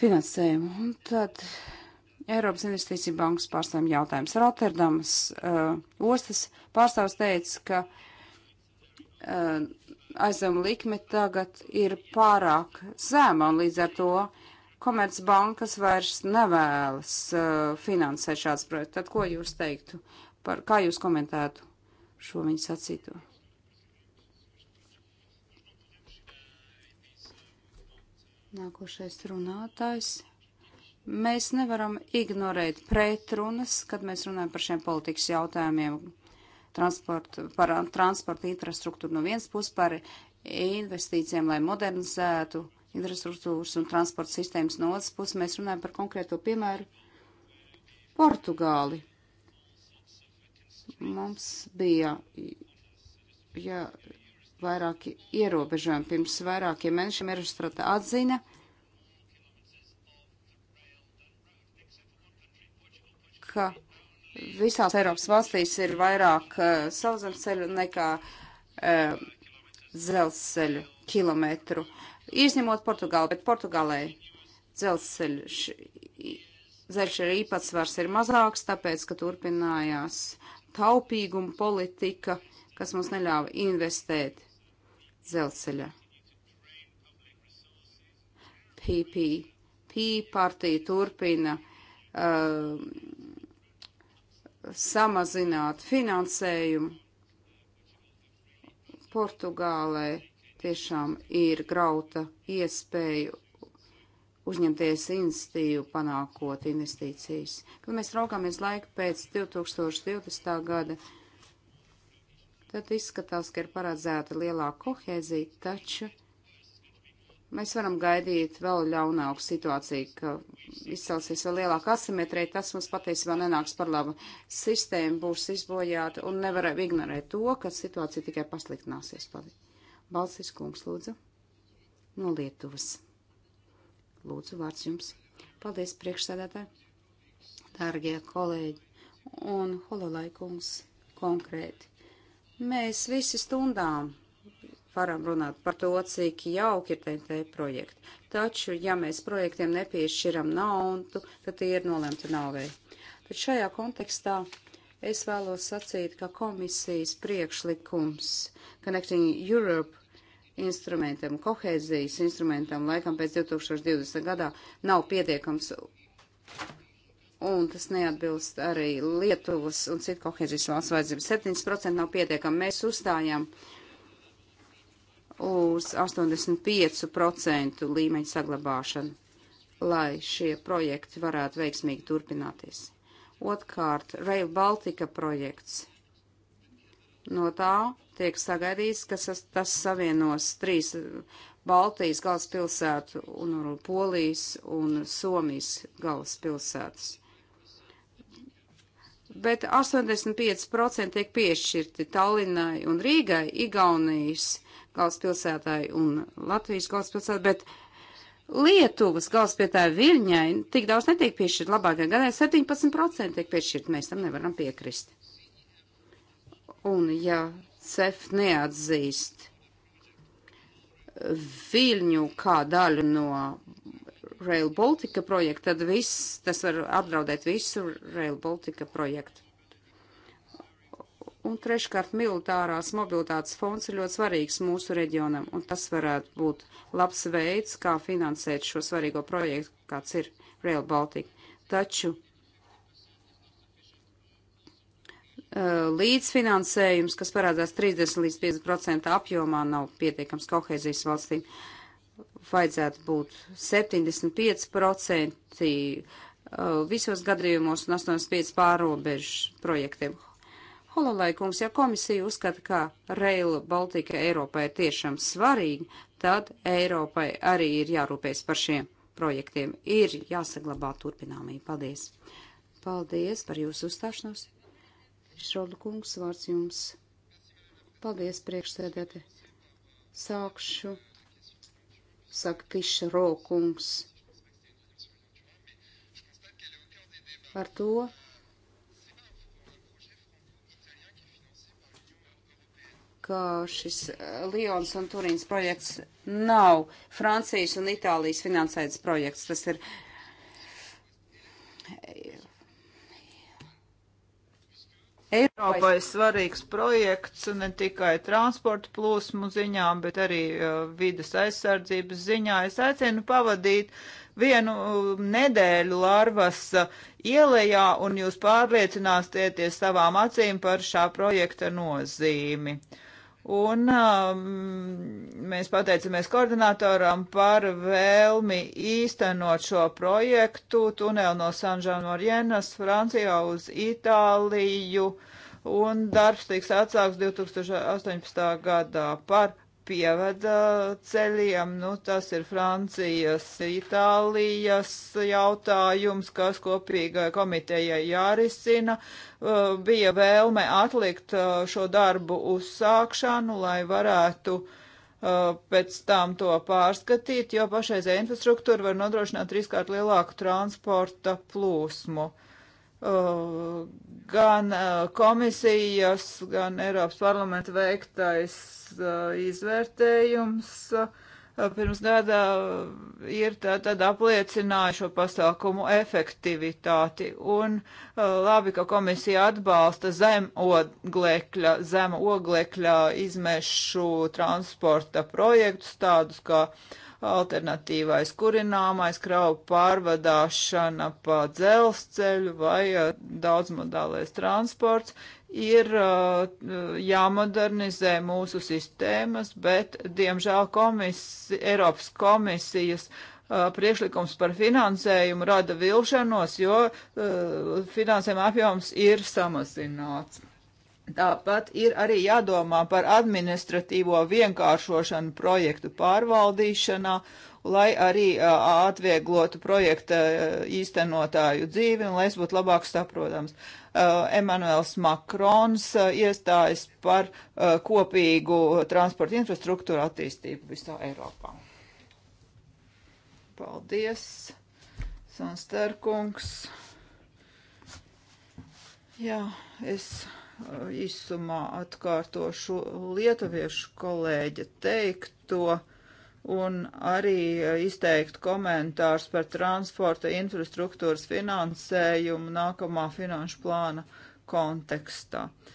finansējumu. Un tad Eiropas Investīcija bankas pārstāvjiem jautājums. Rotterdamas uh, ostas pārstāvs teica, ka uh, aizdevuma likme tagad ir pārāk zema un līdz ar to komercbankas vairs nevēlas uh, finansēt šāds projekts. Tad ko jūs teiktu? Par, kā jūs komentētu šo viņu sacīto? Nākošais runātājs. Mēs nevaram ignorēt pretrunas, kad mēs runājam par šiem politikas jautājumiem, transportu, par transporta infrastruktūru no vienas puses, par investīcijiem, lai modernizētu infrastruktūras un transporta sistēmas no otras puses. Mēs runājam par konkrēto piemēru Portugāli. Mums bija ja, vairāki ierobežojumi pirms vairākiem mēnešiem. Erstrata atzina, ka visās Eiropas valstīs ir vairāk uh, eh, sauszemes nekā uh, dzelzceļu kilometru. Izņemot Portugāli, bet Portugālē dzelzceļš, dzelzceļš ir īpatsvars ir mazāks, tāpēc, ka turpinājās taupīguma politika, kas mums neļāva investēt dzelzceļa. PPP partija turpina uh, samazināt finansējumu. Portugālē tiešām ir grauta iespēju uzņemties institīvu, panākot investīcijas. Kad mēs raugāmies laiku pēc 2020. gada, tad izskatās, ka ir paredzēta lielāka kohēzija, taču Mēs varam gaidīt vēl ļaunāku situāciju, ka izcelsies vēl lielāka asimetrija, tas mums patiesībā nenāks par labu. Sistēma būs izbojāta un nevaram ignorēt to, ka situācija tikai pasliktināsies. Balsis kungs, lūdzu, no Lietuvas. Lūdzu, vārds jums. Paldies, priekšsēdētāji, dārgie kolēģi un hololaikungs konkrēti. Mēs visi stundām varam runāt par to, cik jauki ir TNT projekti. Taču, ja mēs projektiem nepiešķiram naudu, tad tie ir nolemti naudai. Tad šajā kontekstā es vēlos sacīt, ka komisijas priekšlikums Connecting Europe instrumentam, kohēzijas instrumentam laikam pēc 2020. gadā nav pietiekams un tas neatbilst arī Lietuvas un citu kohēzijas valsts vajadzības. 7% nav pietiekami. Mēs uzstājām uz 85% līmeņu saglabāšanu, lai šie projekti varētu veiksmīgi turpināties. Otkārt, Rail Baltica projekts. No tā tiek sagaidīts, ka tas savienos trīs Baltijas galvaspilsētu un Polijas un Somijas galvaspilsētas. Bet 85% tiek piešķirti Tallinai un Rīgai, Igaunijas galvaspilsētai un Latvijas galvaspilsētai, bet Lietuvas galvaspilsētai Viļņai tik daudz netiek piešķirt. Labākajā gadā 17% tiek piešķirt, mēs tam nevaram piekrist. Un ja CEF neatzīst Viļņu kā daļu no Rail Baltica projekta, tad viss, tas var apdraudēt visu Rail Baltica projektu. Un treškārt, militārās mobilitātes fonds ir ļoti svarīgs mūsu reģionam, un tas varētu būt labs veids, kā finansēt šo svarīgo projektu, kāds ir Rail Baltica. Taču līdzfinansējums, kas parādās 30 līdz 50% apjomā, nav pietiekams kohēzijas valstīm. Vajadzētu būt 75% visos gadījumos un 85% pārobežu projektiem. Hololaikungs, ja komisija uzskata, ka Rail Baltica Eiropai ir tiešām svarīgi, tad Eiropai arī ir jārūpējas par šiem projektiem. Ir jāsaglabā turpināmība. Paldies! Paldies par jūsu uzstāšanos. Šroda kungs, vārds jums. Paldies, priekšsēdētāji. Sākšu, saka Kiša Rokungs. Ar to ka šis eh, Lions un Turīns projekts nav Francijas un Itālijas finansēts projekts. Tas ir eh, Eiropai svarīgs projekts ne tikai transporta plūsmu ziņā, bet arī uh, vidas aizsardzības ziņā. Es aicinu pavadīt vienu nedēļu Larvas ielējā un jūs pārliecināsieties savām acīm par šā projekta nozīmi. Uh, Un um, mēs pateicamies koordinatoram par vēlmi īstenot šo projektu tuneli no Sanžanmorienas Francijā uz Itāliju. Un darbs tiks atsāks 2018. gadā par pievada ceļiem. Nu, tas ir Francijas, Itālijas jautājums, kas kopīgai komitejai jārisina. Uh, bija vēlme atlikt uh, šo darbu uzsākšanu, lai varētu uh, pēc tam to pārskatīt, jo pašreizē infrastruktūra var nodrošināt trīskārt lielāku transporta plūsmu. Uh, gan uh, komisijas, gan Eiropas parlamenta veiktais izvērtējums pirms gada ir tātad apliecināja šo pasākumu efektivitāti. Un labi, ka komisija atbalsta zem oglekļa, zem oglekļa izmešu transporta projektus tādus kā uh, alternatīvais kurināmais, kravu pārvadāšana pa dzelzceļu vai daudzmodālais transports, ir jāmodernizē mūsu sistēmas, bet, diemžēl, komisi, Eiropas komisijas priekšlikums par finansējumu rada vilšanos, jo finansējuma apjoms ir samazināts. Tāpat ir arī jādomā par administratīvo vienkāršošanu projektu pārvaldīšanā, lai arī atvieglotu projekta īstenotāju dzīvi un lai es būtu labāk saprotams. Emanuels Makrons iestājas par kopīgu transporta infrastruktūru attīstību visā Eiropā. Paldies, Sansterkungs. Jā, es īsumā atkārtošu lietuviešu kolēģa teikto un arī izteikt komentārs par transporta infrastruktūras finansējumu nākamā finanšu plāna kontekstā. Uh,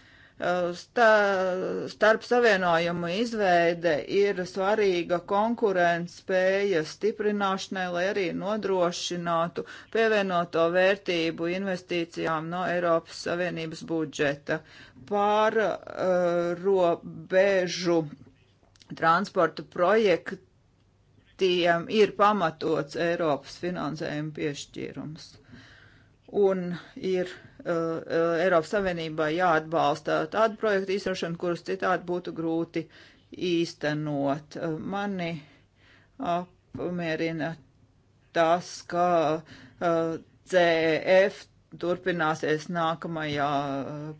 starp savienojumu izveide ir svarīga konkurence spējas stiprināšanai, lai arī nodrošinātu pievienoto vērtību investīcijām no Eiropas Savienības budžeta pār uh, robežu transportu projektiem ir pamatots Eiropas finansējuma piešķīrums un ir Uh, uh, Eiropas Savienībā jāatbalsta tādu projektu īstenošanu, kurus citādi būtu grūti īstenot. Uh, mani apmierina tas, ka uh, CF turpināsies nākamajā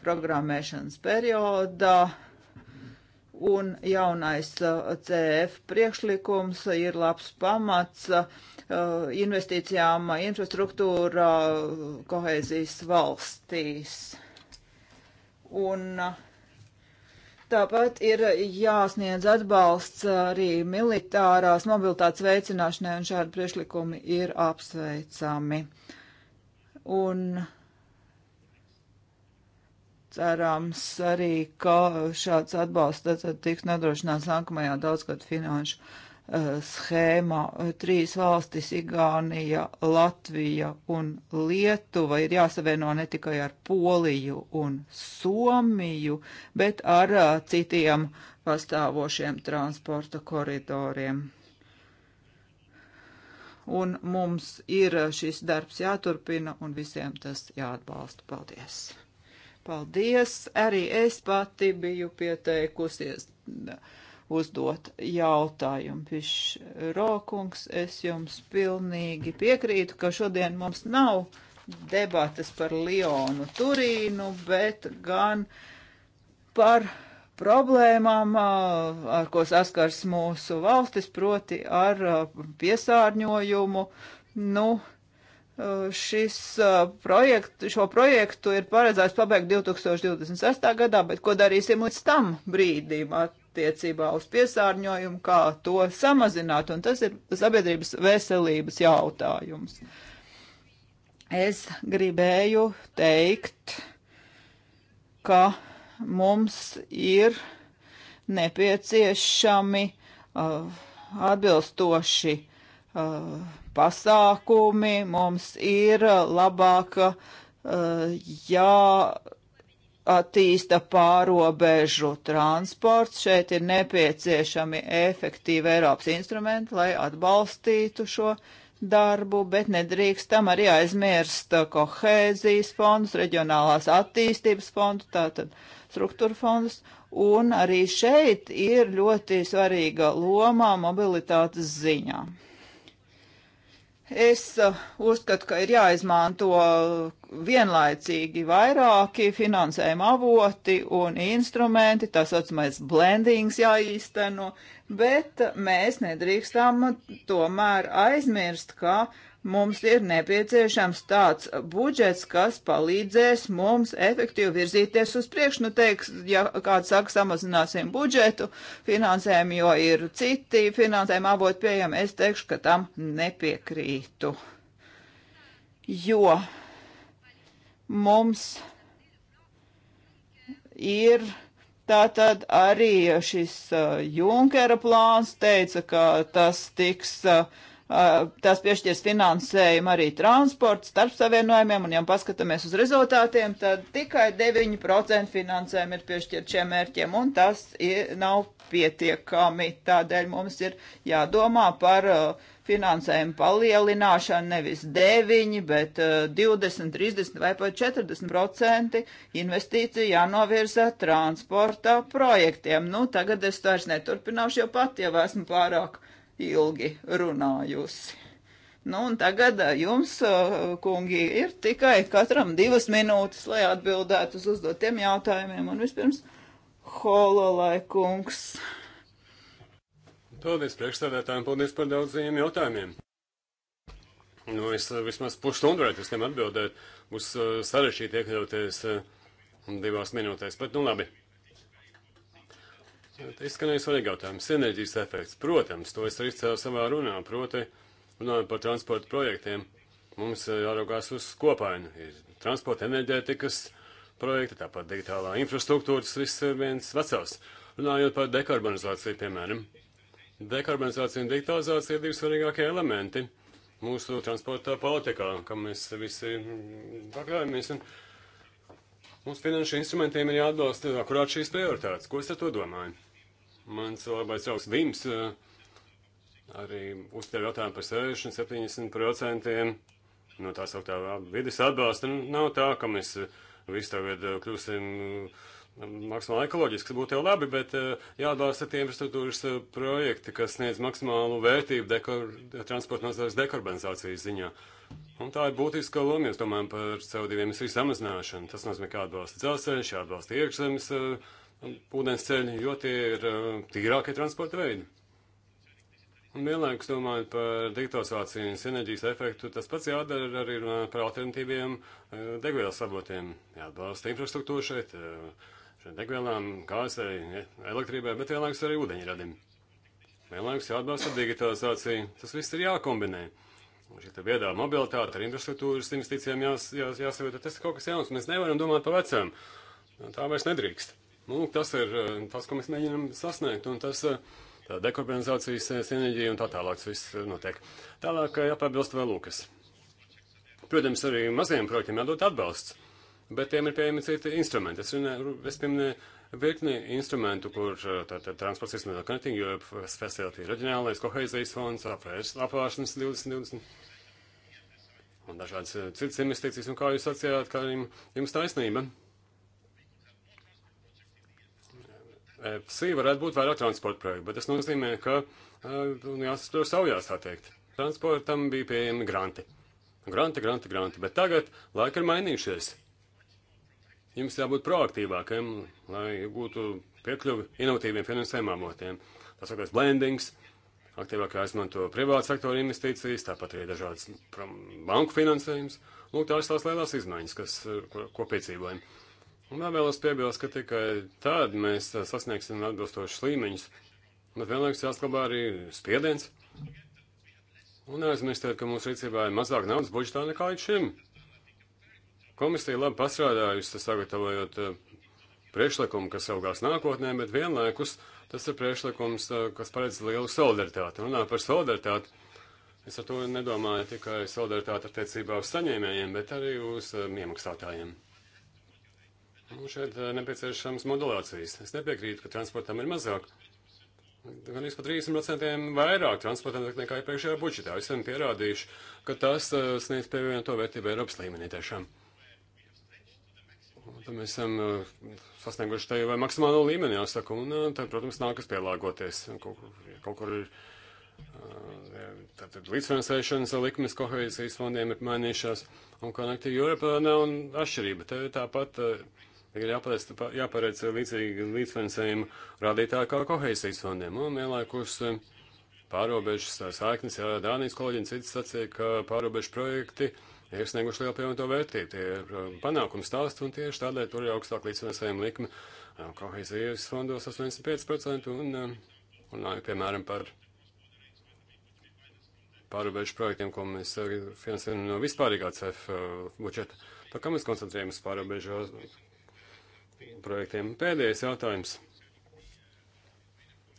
programmēšanas periodā. Uh, un jaunais uh, CF priekšlikums ir labs pamats uh, investīcijām infrastruktūrā uh, kohēzijas valstīs. Un tāpat ir jāsniedz atbalsts arī militārās mobilitātes veicināšanai, un šādi priekšlikumi ir apsveicami. Un cerams arī, ka šāds atbalsts tiks nodrošināts nākamajā daudzgadu finanšu eh, schēmā trīs valstis - Igānija, Latvija un Lietuva - ir jāsavieno ne tikai ar Poliju un Somiju, bet ar uh, citiem pastāvošiem transporta koridoriem. Un mums ir eh, šis darbs jāturpina un visiem tas jāatbalsta. Paldies! Paldies! Arī es pati biju pieteikusies uzdot jautājumu. Pišs Rokungs, es jums pilnīgi piekrītu, ka šodien mums nav debates par Lionu Turīnu, bet gan par problēmām, ar ko saskars mūsu valstis, proti ar piesārņojumu. Nu, Uh, šis uh, projekt, šo projektu ir paredzēts pabeigt 2026. gadā, bet ko darīsim līdz tam brīdim attiecībā uz piesārņojumu, kā to samazināt, un tas ir sabiedrības veselības jautājums. Es gribēju teikt, ka mums ir nepieciešami uh, atbilstoši Eh, pasākumi, mums ir labāka eh, jāattīsta pārobežu transports. Šeit ir nepieciešami efektīvi Eiropas instrumenti, lai atbalstītu šo darbu, bet nedrīkstam arī aizmirst kohēzijas fondus, reģionālās attīstības fondus, tātad struktūra fondus. Un arī šeit ir ļoti svarīga loma mobilitātes ziņā. Es eh, uzskatu, ka ir jāizmanto eh, vienlaicīgi vairāki finansējuma avoti un instrumenti, tā saucamais blendings jāīsteno, bet mēs nedrīkstam tomēr aizmirst, ka uh, Mums ir nepieciešams tāds budžets, kas palīdzēs mums efektīvi virzīties uz priekšu. Nu, teiks, ja kāds saka, samazināsim budžetu finansējumu, jo ir citi finansējuma avot pieejami, es teikšu, ka tam nepiekrītu. Jo mums ir. Tātad arī šis uh, Junkera plāns teica, ka tas tiks uh, tās piešķirs finansējumu arī transporta starp savienojumiem, un ja paskatāmies uz rezultātiem, tad tikai 9% finansējumu ir piešķirt šiem mērķiem, un tas ir, nav pietiekami. Tādēļ mums ir jādomā par uh, finansējumu palielināšanu nevis 9, bet uh, 20, 30 vai pat 40% investīciju jānovirza transporta projektiem. Nu, tagad es vairs neturpināšu, jo pat jau esmu pārāk ilgi runājusi. Nu, un tagad eh, jums, eh, kungi, ir tikai katram divas minūtes, lai atbildētu uz uzdotiem jautājumiem. Un vispirms, hololai kungs. Paldies priekšstādētājiem, paldies par daudziem jautājumiem. Nu, es eh, vismaz pusstundu varētu uz tiem atbildēt. Būs sarežģīti iekļauties divās minūtēs, bet nu labi. Jā, tā izskanēja svarīgi jautājums. Sinerģijas efekts, protams, to es arī izcēlu savā runā, proti runājot par transporta projektiem. Mums eh, jāraugās uz kopainu. Ir transporta enerģētikas projekti, tāpat digitālā infrastruktūra, tas viss ir viens vecās. Runājot par dekarbonizāciju, piemēram. Dekarbonizācija un digitalizācija ir divi svarīgākie elementi mūsu transporta politikā, kam mēs visi mm, pakļaujamies. Mums finanšu instrumentiem ir jāatbalsta akurāt šīs prioritātes. Ko es ar to domāju? Mans labais draugs Vims eh, arī uzdev jautājumu par 60-70% no tā sauktā vidas atbalsta. Nu, nav tā, ka mēs eh, visi tagad eh, kļūsim maksimāli ekoloģiski, būtu jau labi, bet jāatbalsta tie infrastruktūras projekti, kas sniedz maksimālu vērtību dekor, transporta nozares dekarbonizācijas ziņā. Un tā ir būtiska loma, ja domājam par CO2 emisiju samazināšanu. Tas nozīmē, ka jāatbalsta dzelzceļš, jāatbalsta iekšzemes. Uh, ūdens ceļi, jo tie ir um, tīrākie transporta veidi. Un vienlaikus domājot par digitalizācijas enerģijas efektu, tas pats jādara arī par alternatīviem uh, degvielas avotiem. Jāatbalsta infrastruktūra šeit, uh, šeit degvielām, kāzai, elektrībai, bet vienlaikus arī ūdeņradim. Vienlaikus jāatbalsta digitalizācija. Tas viss ir jākombinē. Šī viedā mobilitāte ar infrastruktūras investīcijām jās, jās, jāsavieta. Tas ir kaut kas jauns. Mēs nevaram domāt par vecām. Tā vairs nedrīkst. Nu, tas ir eh, tas, ko mēs mēģinām sasniegt, un tas eh, dekarbonizācijas eh, sinerģija un tā tālāk viss notiek. Tālāk jāpiebilst vēl lūkas. Protams, arī maziem projektiem jādod atbalsts, bet tiem ir pieejami citi instrumenti. Es, runāju, es pieminēju virkni instrumentu, kur tātad transports izmanto Connecting Europe Facility, reģionālais kohēzijas fonds, apvēršanas 2020 un dažādas citas investīcijas, un kā jūs sacījāt, kā jums taisnība. EPSI varētu būt vairāk transporta projektu, bet tas nozīmē, ka eh, jāsastur savjās, tā teikt. Transportam bija pieejami granti. Granti, granti, granti, bet tagad laika ir mainījušies. Jums jābūt proaktīvākiem, lai iegūtu piekļuvi inovatīviem finansējuma avotiem. Tas sakās blendings, aktīvāk jāizmanto privāta sektora investīcijas, tāpat arī dažādas banku finansējums. Lūk, tās tās lielās izmaiņas, kas, ko, ko piedzīvojam. Un vēl vēlos piebilst, ka tikai tad mēs eh, sasniegsim atbilstošus līmeņus, bet vienlaikus jāsklabā arī spiediens. Un neaizmirstiet, ka mūsu rīcībā ir mazāk naudas budžetā nekā līdz šim. Komisija labi pastrādājusi, sagatavojot eh, priekšlikumu, kas augās nākotnē, bet vienlaikus tas ir priekšlikums, eh, kas paredz lielu solidaritāti. Runā par solidaritāti. Es ar to nedomāju tikai solidaritāti attiecībā uz saņēmējiem, bet arī uz iemaksātājiem. Um, Nu, šeit eh, nepieciešams modulācijas. Es nepiekrītu, ka transportam ir mazāk. Gan īsti par 30% vairāk transportam nekā iepriekšējā budžetā. Esam pierādījuši, ka tas uh, sniedz pievienoto vērtību Eiropas līmenī tiešām. Tad mēs esam uh, sasnieguši tajā vai maksimālo līmeni, jāsaka, un uh, tad, protams, nākas pielāgoties. Kaut, ja kaut kur ir tātad līdzfinansēšanas likmes kohēzijas fondiem ir mainījušās, un Connective Europe nav atšķirība. Te tāpat uh, ir jāparedz, jāparedz līdzīgi līdzfinansējumu rādītāju kā kohēsijas fondiem. Un vienlaikus eh, pārobežas saiknes, jā, Dānijas kolēģi un citi sacīja, ka pārobežu projekti ir snieguši lielu pievienoto vērtību. Tie ir eh, panākums stāsts un tieši tādēļ tur ir augstāk līdzfinansējuma likme eh, kohēsijas fondos 85% un, un, piemēram, par pārobežu projektiem, ko mēs finansējam no vispārīgā CEF budžeta. Tā kā mēs koncentrējamies pārobežu projektiem. Pēdējais jautājums.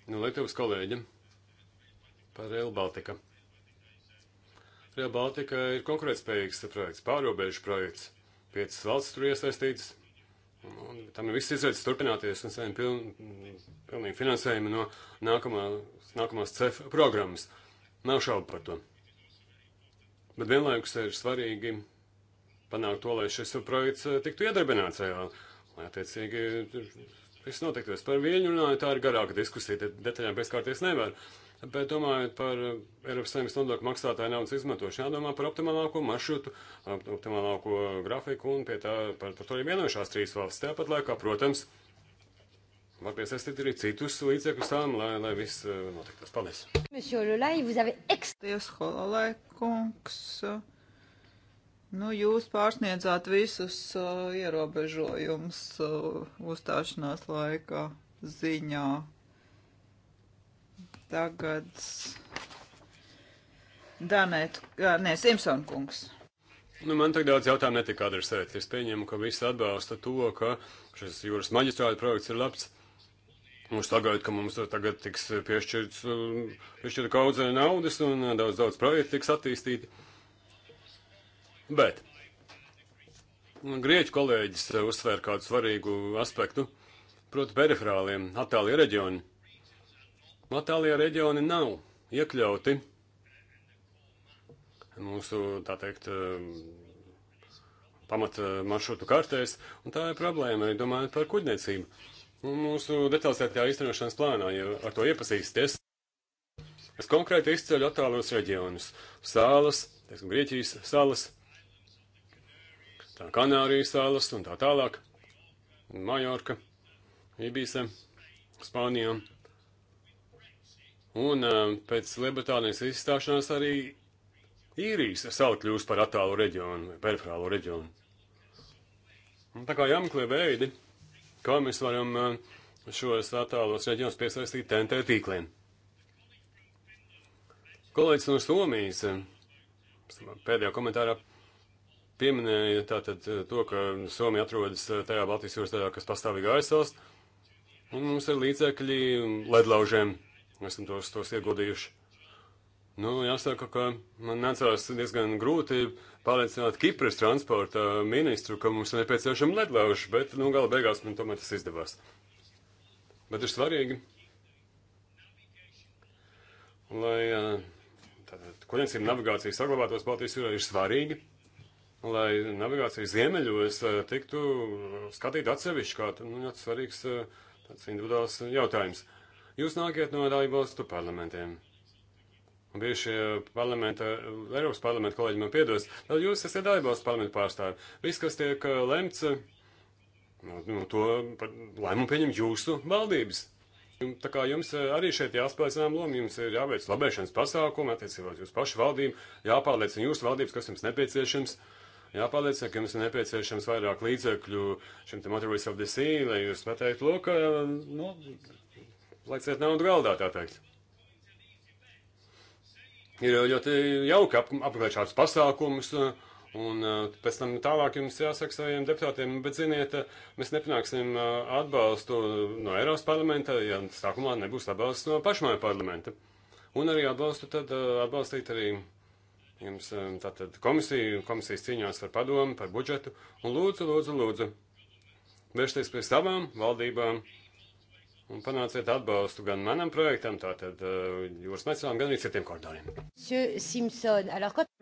Nu, Lietuvas kolēģim par Rail Baltica. Rail Baltica ir konkurētspējīgs projekts, pārobežu projekts. Piecas valsts tur iesaistītas. Un tam ir viss izredzes turpināties un saņemt piln, pilnīgi finansējumu no nākamā, nākamās CEF programmas. Nav šaubu par to. Bet vienlaikus ir svarīgi panākt to, lai šis projekts eh, tiktu iedarbināts reāli. Lai attiecīgi viss notiktos par viņu runāju, tā ir garāka diskusija, tad detaļām pieskārties nevar. Bet domājot par eh, Eiropas saimnes nodokļu maksātāju naudas izmantošanu, jādomā par optimālāko maršrutu, optimālāko grafiku un pie tā par, par to arī vienojušās trīs valsts. Tāpat laikā, protams, var piesaistīt arī citus līdzekļus tām, lai, lai viss eh, notiktos. Paldies! Monsieur Lelai, vous avez ex... Paldies, Holalai, kungs! Uh... Nu, jūs pārsniedzāt visus uh, ierobežojumus uh, uzstāšanās laika ziņā. Tagad Danēt, uh, nē, Simpson kungs. Nu, man tik daudz jautājumu netika adresēti. Es pieņemu, ka visi atbalsta to, ka šis jūras maģistrāļa projekts ir labs. Mums tagad, ka mums tagad tiks piešķirts, uh, piešķirta kaudze naudas un uh, daudz, daudz projektu tiks attīstīti. Uh, Bet grieķu kolēģis eh, uzsvēra kādu svarīgu aspektu, proti, perifrāliem, attālie reģioni. Attālie reģioni nav iekļauti mūsu, tā teikt, eh, pamata eh, maršrutu kartēs, un tā ir problēma arī domājot par kuģniecību. Un mūsu detalizētajā īstenošanas plānā, ja ar to iepazīsties, es konkrēti izceļu attālos reģionus - salas, teiksim, Grieķijas salas, tā Kanārijas salas un tā tālāk, Majorka, Ibīse, Spānijā. Un pēc Lielbritānijas izstāšanās arī īrijas salu kļūst par attālu reģionu, periferālu reģionu. Un tā kā jāmeklē veidi, kā mēs varam šos attālos reģionus piesaistīt TNT tīkliem. Kolēģis no Somijas pēdējā komentārā pieminēja tātad eh, to, ka Somija atrodas eh, tajā Baltijas jūras daļā, kas pastāvīgi aizsals, un mums ir līdzekļi ledlaužiem, esam tos, tos ieguldījuši. Nu, jāsaka, ka man nācās diezgan grūti pārliecināt Kipras transporta ministru, ka mums ir nepieciešama ledlauži, bet, nu, gala beigās man tomēr tas izdevās. Bet ir svarīgi, lai eh, tātad kuģenes ir navigācija saglabātos Baltijas jūrā, ir svarīgi, lai navigācija ziemeļos eh, tiktu skatīta atsevišķi kā nu, ļoti svarīgs eh, tāds individuāls jautājums. Jūs nākiet no dalībvalstu parlamentiem. Un bija šie parlamenta, Eiropas parlamenta kolēģi man piedos, tad jūs esat dalībvalstu parlamenta pārstāvi. Viss, kas tiek eh, lemts, nu, nu, to lēmumu pieņem jūsu valdības. Tā kā jums arī šeit jāspēlē zinām loma, jums ir jāveic labēšanas pasākumi, attiecībā uz jūsu pašu valdību, jāpārliecina jūsu valdības, kas jums nepieciešams. Uh, jāpaliecina, ka jums ir nepieciešams vairāk līdzekļu šim te Motorways of the Sea, lai jūs neteiktu, lūk, nu, laiciet naudu galdā, tā teikt. Ir ļoti jauki ap, apmeklēt šādus pasākumus, un e, pēc tam tālāk jums jāsaka saviem deputātiem, bet ziniet, e, mēs nepanāksim e, atbalstu no Eiropas parlamenta, ja sākumā nebūs atbalsts no pašmāju parlamenta. Un arī atbalstu tad atbalstīt arī Jums eh, tātad komisija, komisijas cīņās par padomu, par budžetu, un lūdzu, lūdzu, lūdzu, vēršties pie savām valdībām un panāciet atbalstu gan manam projektam, tātad eh, jūras nacionālam, gan arī citiem koridoriem.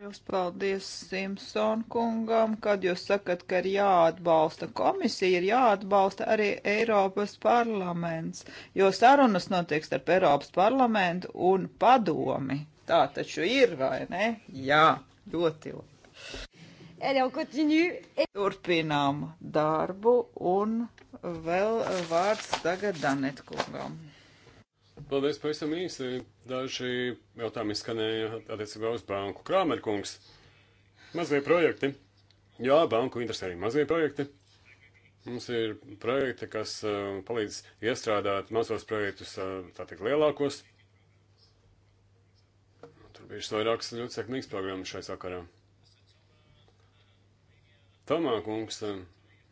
Jūs paldies Simpson kungam, kad jūs sakat, ka ir jāatbalsta komisija, ir jāatbalsta arī Eiropas parlaments, jo sarunas notiek starp Eiropas parlamentu un padomi. Tā taču ir, vai ne? Jā, ļoti labi. Turpinām darbu un vēl vārds tagad Danetkungam. Paldies, pavisam īsi. Daži jautājumi skanēja attiecībā uz banku. Krāmerkungs, mazie projekti. Jā, banku interesē arī mazie projekti. Mums ir projekti, kas uh, palīdz iestrādāt mazos projektus, uh, tā teikt, lielākos. Viņš no Irākas ļoti sekmīgs programma šai sakarā. Tomā kungs no eh,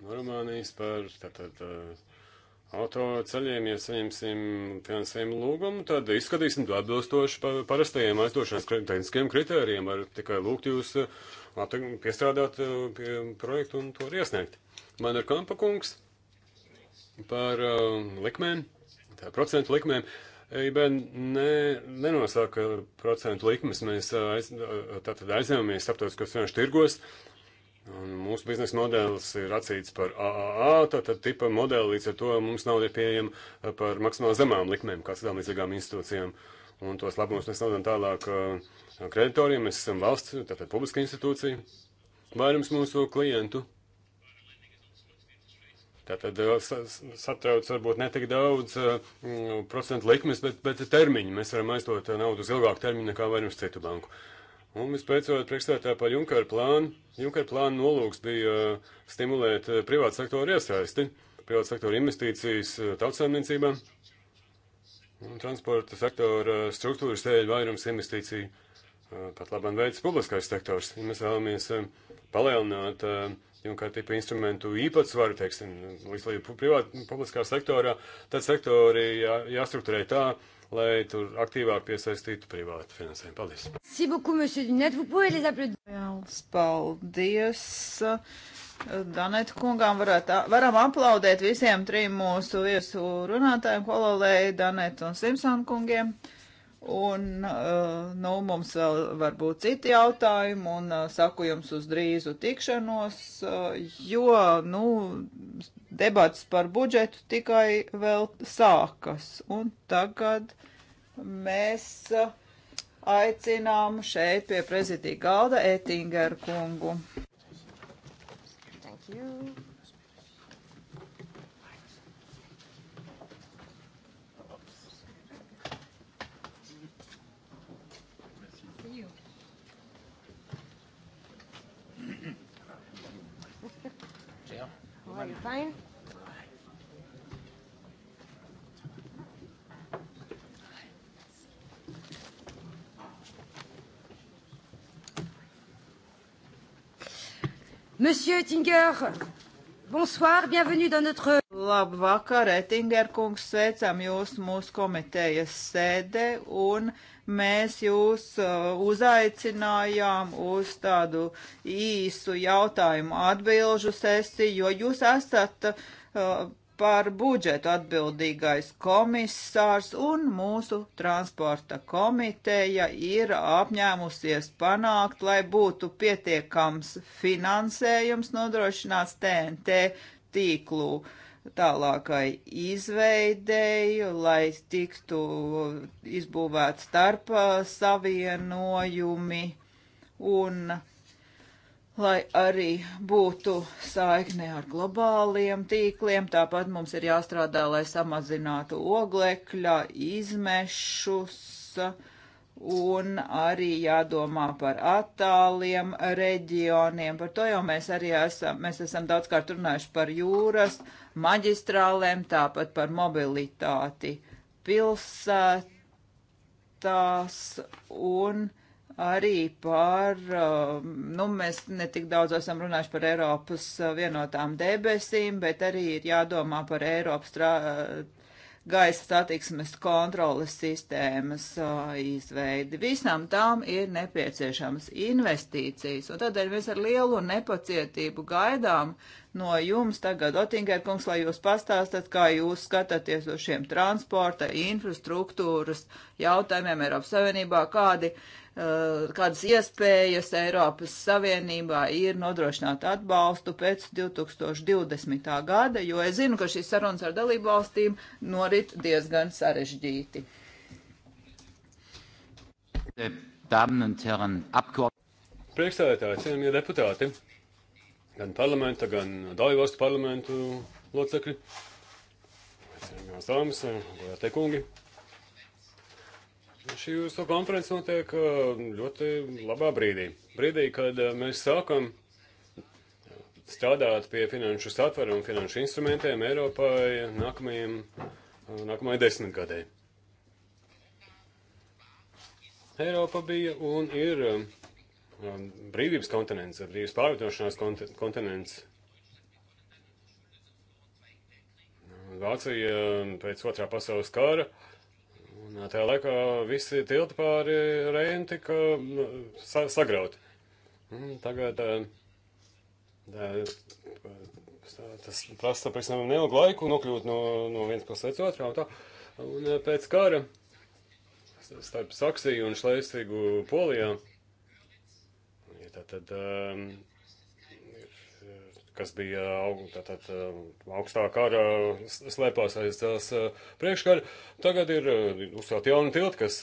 Rumānijas par tātad eh, autoceļiem, ja saņemsim finansējumu lūgumu, tad izskatīsim to atbilstoši par parastajiem aizdošanas tehniskiem kritērijiem. Var tikai lūgt jūs eh, piestrādāt pie projektu un to arī iesniegt. Man ir kampa kungs par likmēm, tā procentu likmēm. Uh, EIB ne, nenosaka procentu likmes. Mēs e, aiz, e, tātad aizņemamies starptautiskos finanšu tirgos. Un mūsu biznesa modelis ir atsīts par AAA, tātad tipa modeli, līdz ar to mums nauda ir pieejama e, par maksimāli zemām likmēm, kā citām līdzīgām institūcijām. Un tos labumus mēs nodam tālāk kreditoriem, mēs esam valsts, tātad publiska institūcija. Vairums mūsu klientu Tātad eh, satrauc varbūt ne tik daudz nu, procentu likmes, bet, bet termiņi. Mēs varam aizdot eh, naudu uz ilgāku termiņu nekā vairums citu banku. Un vispēcot priekšstādā par Junkara plānu, Junkara plāna nolūks bija stimulēt privātu sektoru iesaisti, privātu sektoru investīcijas tautsēmniecībā. Un transporta sektora struktūras dēļ vairums investīciju pat labam veids publiskais sektors. Ja mēs vēlamies palielināt uh, Junkārt tipa instrumentu īpatsvaru, teiksim, līdz līdz privātu publiskā sektorā, tad sektori jā, jāstrukturē tā, lai tur aktīvāk piesaistītu privātu finansējumu. Paldies! Si beaucoup, monsieur Dunet, vous pouvez les applaudir. Paldies! Uh, Danet kungām varētu, varam aplaudēt visiem trim mūsu viesu runātājiem, Kololei, Danet un Simpson kungiem. Un, eh, nu, mums vēl var būt citi jautājumi, un eh, saku jums uz drīzu tikšanos, eh, jo, nu, debats par budžetu tikai vēl sākas. Un tagad mēs aicinām šeit pie prezidija galda Ettingeru kungu. Thank you. Are you fine? Monsieur Ettinger, bonsoir, bienvenue dans notre. Labvakar, Ettinger kungs, sveicam jūs mūsu komitejas sēdē un mēs jūs uh, uzaicinājām uz tādu īsu jautājumu atbilžu sesiju, jo jūs esat uh, par budžetu atbildīgais komisārs un mūsu transporta komiteja ir apņēmusies panākt, lai būtu pietiekams finansējums nodrošināts TNT tīklū. Uh, tālākai izveidēju, lai tiktu izbūvēt starp savienojumi un lai arī būtu saikne ar globāliem tīkliem. Tāpat mums ir jāstrādā, lai samazinātu oglekļa izmešus. Uh, un arī jādomā par attāliem reģioniem. Par to jau mēs arī esam, mēs esam daudzkārt runājuši par jūras, maģistrālēm, tāpat par mobilitāti pilsētās un arī par, um, nu, mēs netik daudz esam runājuši par Eiropas uh, vienotām debesīm, bet arī ir jādomā par Eiropas gaisa satiksmes kontroles sistēmas uh, izveidi. Visām tām ir nepieciešamas investīcijas, un tādēļ mēs ar lielu nepacietību gaidām no jums tagad, Otingēr kungs, lai jūs pastāstat, kā jūs skatāties uz šiem transporta, infrastruktūras jautājumiem Eiropas Savienībā, kādi uh, Eh, kādas iespējas Eiropas Savienībā ir nodrošināt atbalstu pēc 2020. gada, jo es zinu, ka šīs sarunas ar dalību valstīm norit diezgan sarežģīti. Priekšstādētāji, cienījamie deputāti, gan parlamenta, gan dalībvalstu parlamentu locekļi, cienījamās dāmas, godātie kungi. Šī jūsu konference notiek uh, ļoti labā brīdī. Brīdī, kad uh, mēs sākam strādāt pie finanšu satvera un finanšu instrumentiem Eiropai nākamajiem, uh, nākamajai desmitgadē. Eiropa bija un ir um, um, brīvības kontinents, brīvības pārvietošanās kontinents. Vācija um, pēc otrā pasaules kara uh, Un tajā laikā visi tilti pāri Reinu tika nu, sa sagrauti. Un tagad tā, eh, tas prasa, piemēram, neilgu laiku nokļūt no, no vienas pilsētas otrā un tā. Un eh, pēc kara starp Saksiju un Šleisvigu Polijā. Ja tā tad um, kas bija uh, tātad, um, augstāk ar slēpās aiz tās uh, priekškara. Tagad ir uh, uzcelt jaunu tiltu, kas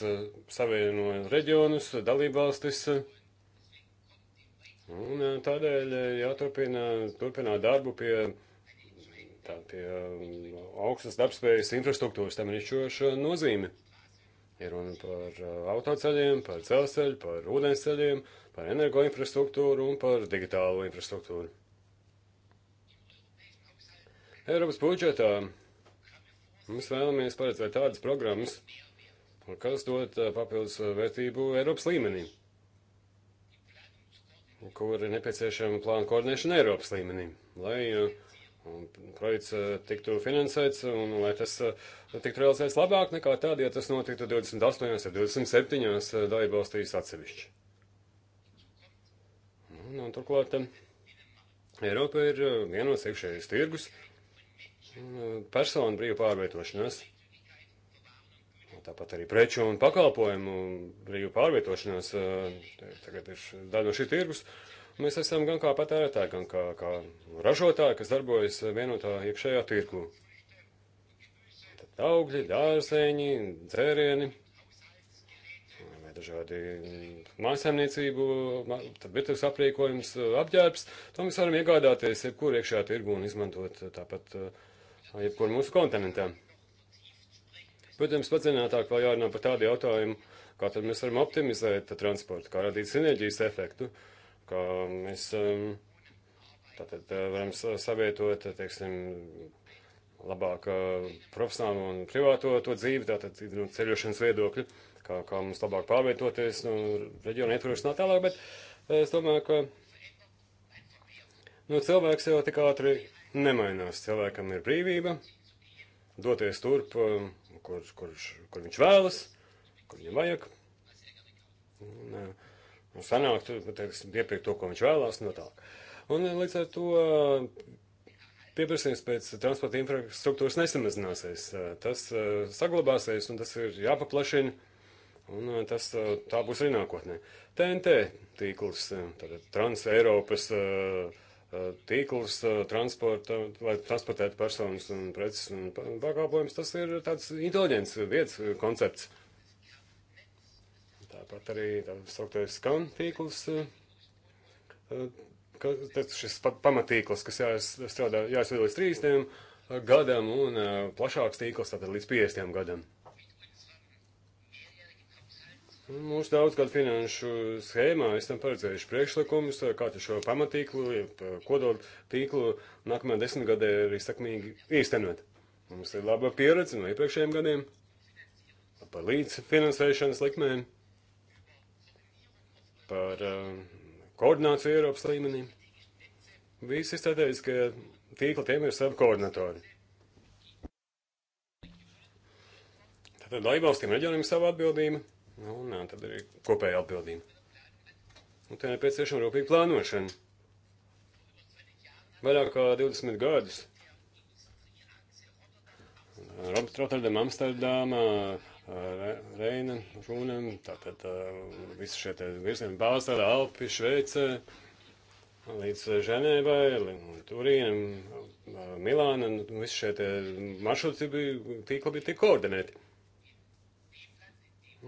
savieno reģionus, dalībvalstis. Un tādēļ jāturpina turpināt darbu pie, tā, pie um, augstas darbspējas infrastruktūras, tam ir izšķiroša nozīme. Ir runa par autoceļiem, par dzelzceļu, par ūdensceļiem, par energoinfrastruktūru un par digitālo infrastruktūru. Eiropas budžetā mēs vēlamies paredzēt tādas programmas, kas dod eh, papildus eh, vērtību Eiropas līmenī, kur ir nepieciešama plāna koordinēšana Eiropas līmenī, lai eh, projekts tiktu finansēts un lai tas tiktu realizēts labāk nekā tad, ja tas notiktu 28 vai 27 dalībvalstīs atsevišķi. Un, un turklāt Eiropa ir vienos iekšējais tirgus, personu brīvu pārvietošanos, tāpat arī preču un pakalpojumu brīvu pārvietošanos, eh, tagad ir daļa no šī tirgus. Mēs esam gan kā patērētāji, gan kā, kā ražotāji, kas darbojas vienotā iekšējā tirgu. Tad augļi, dārzeņi, dzērieni dažādi mājasemniecību, virtuves aprīkojums, eh, apģērbs. To mēs varam iegādāties jebkur iekšējā tirgu un izmantot eh, tāpat uh, jebkur mūsu kontinentā. Protams, padziļinātāk vēl jārunā par tādu jautājumu, kā tad mēs varam optimizēt transportu, kā radīt sinerģijas efektu, kā mēs um, tātad uh, varam savietot, teiksim, labāk uh, profesionālo un privāto to dzīvi, tātad no ceļošanas viedokļa, kā, kā mums labāk pārvietoties no reģiona ietvarošanā tālāk, bet es domāju, ka nu, cilvēks jau tik ātri nemainās. Cilvēkam ir brīvība doties turp, um, kur, kur, kur viņš vēlas, kur viņam vajag. Un, uh, un sanākt, nu, teiksim, iepirkt to, ko viņš vēlās, no tā. Un uh, līdz ar to uh, pieprasījums pēc transporta infrastruktūras nesamazināsies. Tas saglabāsies un tas ir jāpaplašina. Un tas tā būs arī nākotnē. TNT tīkls, tātad Trans-Eiropas uh, tīklus, transporta, lai transportētu personas un preces un pakalpojumus. Tas ir tāds inteliģents vietas koncepts. Tāpat arī tā sauktais skan tīklus, kas, šis pamatīkls, kas jāstrādā, jāizveido līdz 30 gadam un plašāks tīkls, tātad līdz 50 gadam. Mūsu daudzgad finanšu schēmā esam paredzējuši priekšlikumus, kā šo pamatīklu, eh, kodolu tīklu nākamajā desmitgadē arī sakmīgi īstenot. Mums ir laba pieredze no iepriekšējiem gadiem par līdzfinansēšanas likmēm, par uh, koordināciju Eiropas līmenī. Visi izstādējas, ka tīkla tiem ir savi koordinatori. Tātad laibvalstīm reģioniem ir sava atbildība. Nu, nā, tad arī kopēja atbildība. Un nu, te nepieciešama rūpīga plānošana. Vairāk kā 20 gadus. Rotterdam, Amsterdamā, Reina, Rūna, tātad uh, visi šie te virzieni Bāzela, Alpi, Šveice, līdz Ženēvai, Turīnam, uh, Milānam, visi šie te maršruti bija tīkli bija tik koordinēti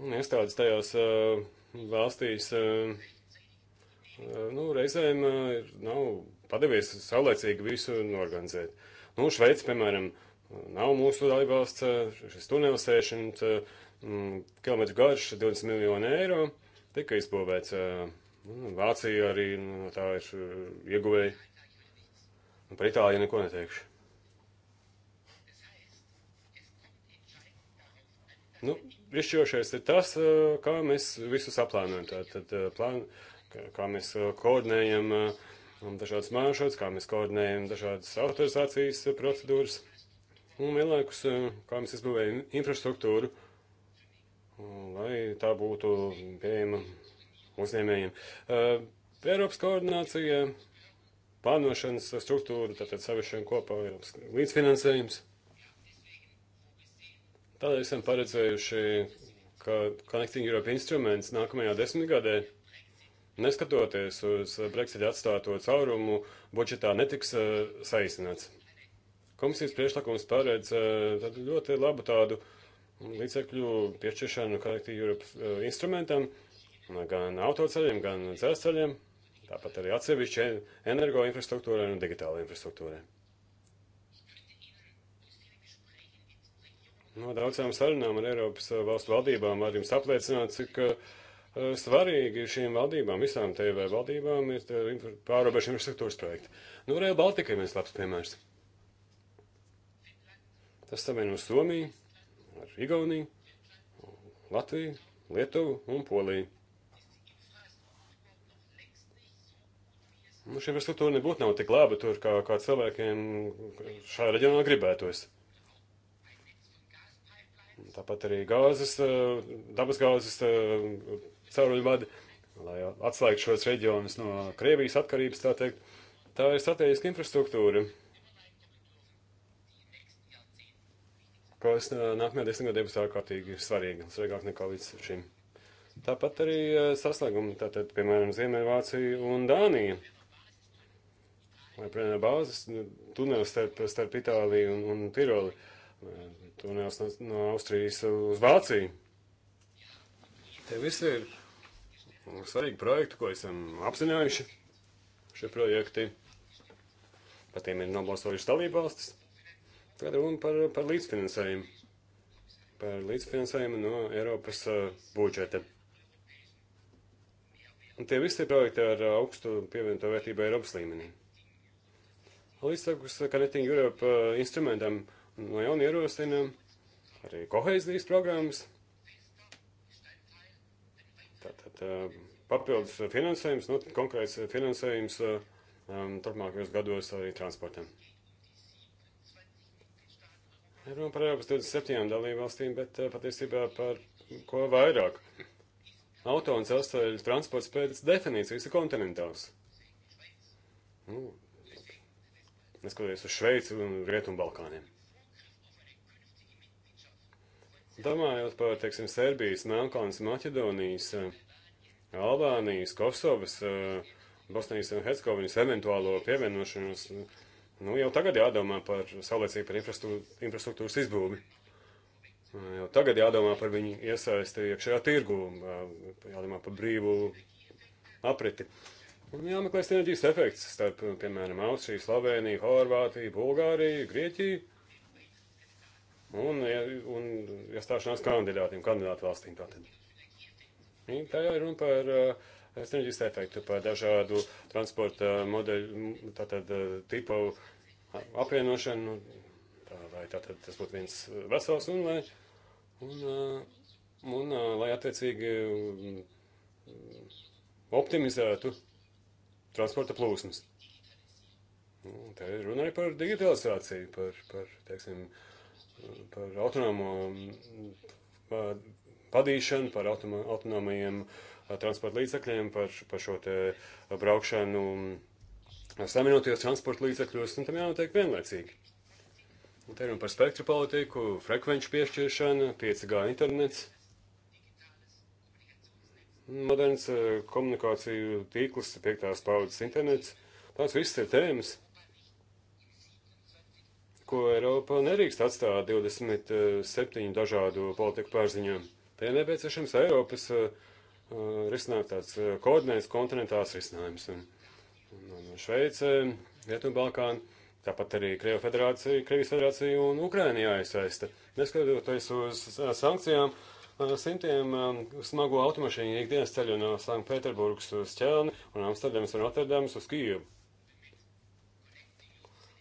iestādes tajās uh, valstīs uh, nu, reizēm uh, nav padevies saulēcīgi visu organizēt. Nu, Šveica, piemēram, nav mūsu dalībvalsts, šis tunelis 600 km garš, 20 miljonu eiro, tika izbūvēts. Nu, Vācija arī nu, tā ir ieguvēja. Par Itāliju neko neteikšu. Nu, Izšķirošais ir tas, kā mēs visus aplānojam, tātad plānu, kā mēs koordinējam um, dažādas maršrutus, kā mēs koordinējam dažādas autorizācijas procedūras un vienlaikus, kā mēs izbūvējam infrastruktūru, lai tā būtu pieejama uzņēmējiem. Eiropas koordinācija, plānošanas struktūra, tātad saviešana kopā, Eiropas līdzfinansējums. Tādēļ esam paredzējuši, ka Connecting Europe instruments nākamajā desmitgadē, neskatoties uz Brexit atstāto caurumu, budžetā netiks uh, saīsināts. Komisijas priekšlikums paredz uh, ļoti labu tādu līdzekļu piešķiršanu Connecting Europe uh, instrumentam, gan autoceļiem, gan dzelzceļiem, tāpat arī atsevišķi energoinfrastruktūrai un digitālajai infrastruktūrai. No nu, daudzām sarunām ar Eiropas eh, valstu valdībām var jums apliecināt, cik eh, eh, svarīgi šīm valdībām, visām TV valdībām, ir pārobežu infrastruktūras projekti. Nu, Rail Baltica ir viens labs piemērs. Tas savieno Somiju ar Igauniju, Latviju, Lietuvu un Poliju. Nu, šī infrastruktūra nebūtu nav tik laba tur, kā, kā cilvēkiem šajā reģionā gribētos tāpat arī gāzes, eh, dabasgāzes eh, cauruļu vadi, lai atslēgtu šos reģionus no Krievijas atkarības, tā teikt. Tā ir strateģiska infrastruktūra, kas eh, nākamajā desmitgadē būs ārkārtīgi svarīga, svarīgāk nekā līdz šim. Tāpat arī saslēgumi, tātad, piemēram, Ziemeļvācija un Dānija. Vai, piemēram, bāzes nu, tunelis starp, starp Itāliju un, un Tiroli tunels no, no Austrijas uz Vāciju. Te viss ir svarīgi projekti, ko esam apzinājuši. Šie projekti par tiem ir nobalsojuši dalībvalstis. Tagad runa par, par līdzfinansējumu. Par līdzfinansējumu no Eiropas uh, budžeta. Un tie visi projekti ar augstu pievienoto vērtību Eiropas līmenī. Līdzsakus uh, Connecting Europe uh, instrumentam uh, no nu, jauna ierosinām arī kohēzijas programmas. Tātad eh, papildus finansējums, nu, konkrēts finansējums eh, um, turpmākajos gados arī transportam. Runa par Eiropas 27 dalību valstīm, bet eh, patiesībā par ko vairāk. Auto un celstaļu transports pēc definīcijas ir kontinentāls. Nu, neskatoties uz Šveici un Rietumu Balkāniem. Domājot par, teiksim, Serbijas, Melkonas, Maķedonijas, eh, Albānijas, Kosovas, eh, Bosnijas un Hercegovinas eventuālo pievienošanos, eh, nu, jau tagad jādomā par saulēcību par infrastruktūras izbūvi. Jau tagad jādomā par viņu iesaisti iekšējā tirgu, jādomā par brīvu apriti. Un jāmeklē sinerģijas efekts starp, piemēram, Austriju, Sloveniju, Horvātiju, Bulgāriju, Grieķiju un, un iestāšanās kandidātiem, kandidātu valstīm. Tātad. Tā jau ir runa par uh, sinerģijas efektu, par dažādu transporta modeļu, tātad eh, tipu apvienošanu, tā, lai tātad tas būtu viens vesels un lai, un, eh, un, un lai attiecīgi mm, optimizētu transporta plūsmas. Nu, un te ir runa arī par digitalizāciju, par, par teiksim, uh, par autonomo vadīšanu, mm, par autonomajiem eh, transporta līdzekļiem, par, par šo te eh, braukšanu mm, saminotajos transporta līdzekļos, un tam jānotiek vienlaicīgi. Un te runa par spektru politiku, frekvenču piešķiršanu, 5G internets, moderns eh, komunikāciju tīkls, piektās paudzes internets. Tās viss ir tēmas ko Eiropa nedrīkst atstāt 27 eh, dažādu politiku pārziņām. Te ir nepieciešams Eiropas uh, eh, eh, risinājums, tāds uh, koordinēts kontinentāls risinājums. Un, un, un Šveice, Rietumbalkāna, tāpat arī Krievijas federācija, Krievijas federācija un Ukraina jāiesaista. Neskatoties uz sankcijām, simtiem smago automašīnu ikdienas ceļu no Sanktpēterburgas uz Ķelni un Amsterdams un Rotterdams uz Kīvu.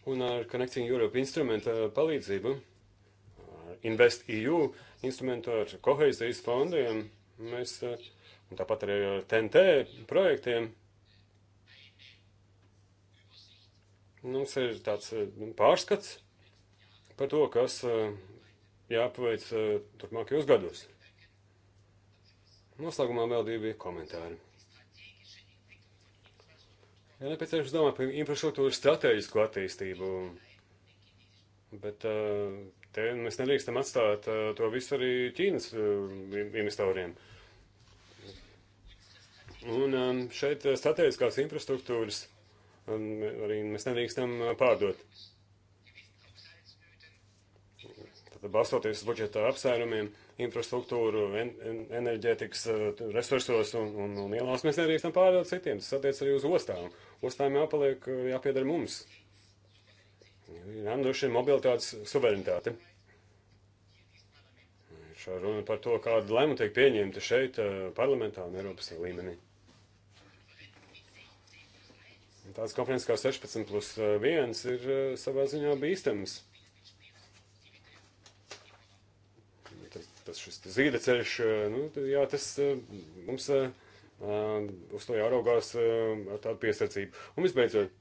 Un ar Connecting Europe instrumenta palīdzību, ar Invest EU instrumentu, ar kohēzijas fondiem, mēs, un tāpat arī ar TNT projektiem, mums ir tāds nu, pārskats par to, kas jāpaveic turpmākajos gados. Noslēgumā vēl divi komentāri. Ir nepieciešams nu, domāt par infrastruktūras strateģisku attīstību. Bet eh, te mēs nedrīkstam atstāt eh, to visu arī Ķīnas eh, investoriem. Un šeit strateģiskās infrastruktūras um, arī mēs nedrīkstam pārdot. Tad balstoties uz budžeta apsvērumiem infrastruktūru, en, enerģētikas eh, resursos un, un, un ielās mēs nedrīkstam pārdot citiem. Tas attiec arī uz ostām. Ostām jāpaliek, eh, jāpiedara mums. Jānodrošina mobilitātes suverenitāte. Šā runa par to, kāda lēma tiek pieņemta šeit, eh, parlamentā un Eiropas līmenī. Tāds konferences kā 16 plus 1 ir savā ziņā bīstams. tas šis zīda ceļš, eh, nu, jā, tas eh, mums eh, uz to jāraugās ar tādu piesardzību. Un visbeidzot,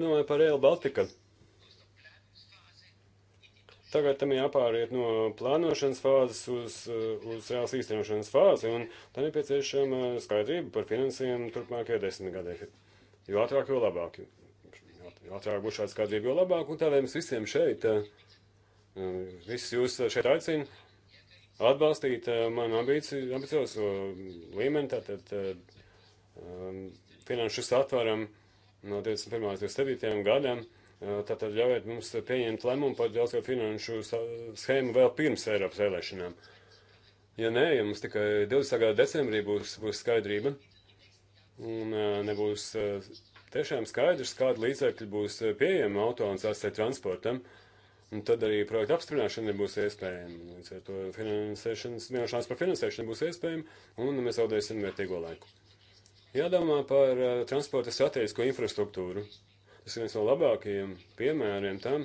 nu, par Rail Baltica. Tagad tam jāpāriet no plānošanas fāzes uz, uz reāls īstenošanas fāzi, un tā nepieciešama skaidrība par finansējumu turpmākajā desmitgadē. Jo ātrāk, jo labāk. Jo ātrāk būs šāda skaidrība, jo labāk, un tādēļ mums visiem šeit, visus jūs šeit aicinu, atbalstīt eh, manu ambiciozo līmeni, tātad eh, um, finanšu satvaram no 21. līdz 27. gadam. Eh, tātad ļaujiet mums pieņemt lēmumu par daudzgadu finanšu schēmu vēl pirms Eiropas vēlēšanām. Ja nē, ja mums tikai 20. decembrī būs, būs skaidrība un nebūs tiešām skaidrs, kāda līdzekļa būs pieejama auto un sasai transportam, uh, Un tad arī projekta apstiprināšana nebūs iespējama. Līdz ar to finansēšanas, vienošanās par finansēšanu nebūs iespējama, un mēs zaudēsim vērtīgo laiku. Jādomā par uh, transporta strateģisko infrastruktūru. Tas ir viens no labākajiem piemēriem tam,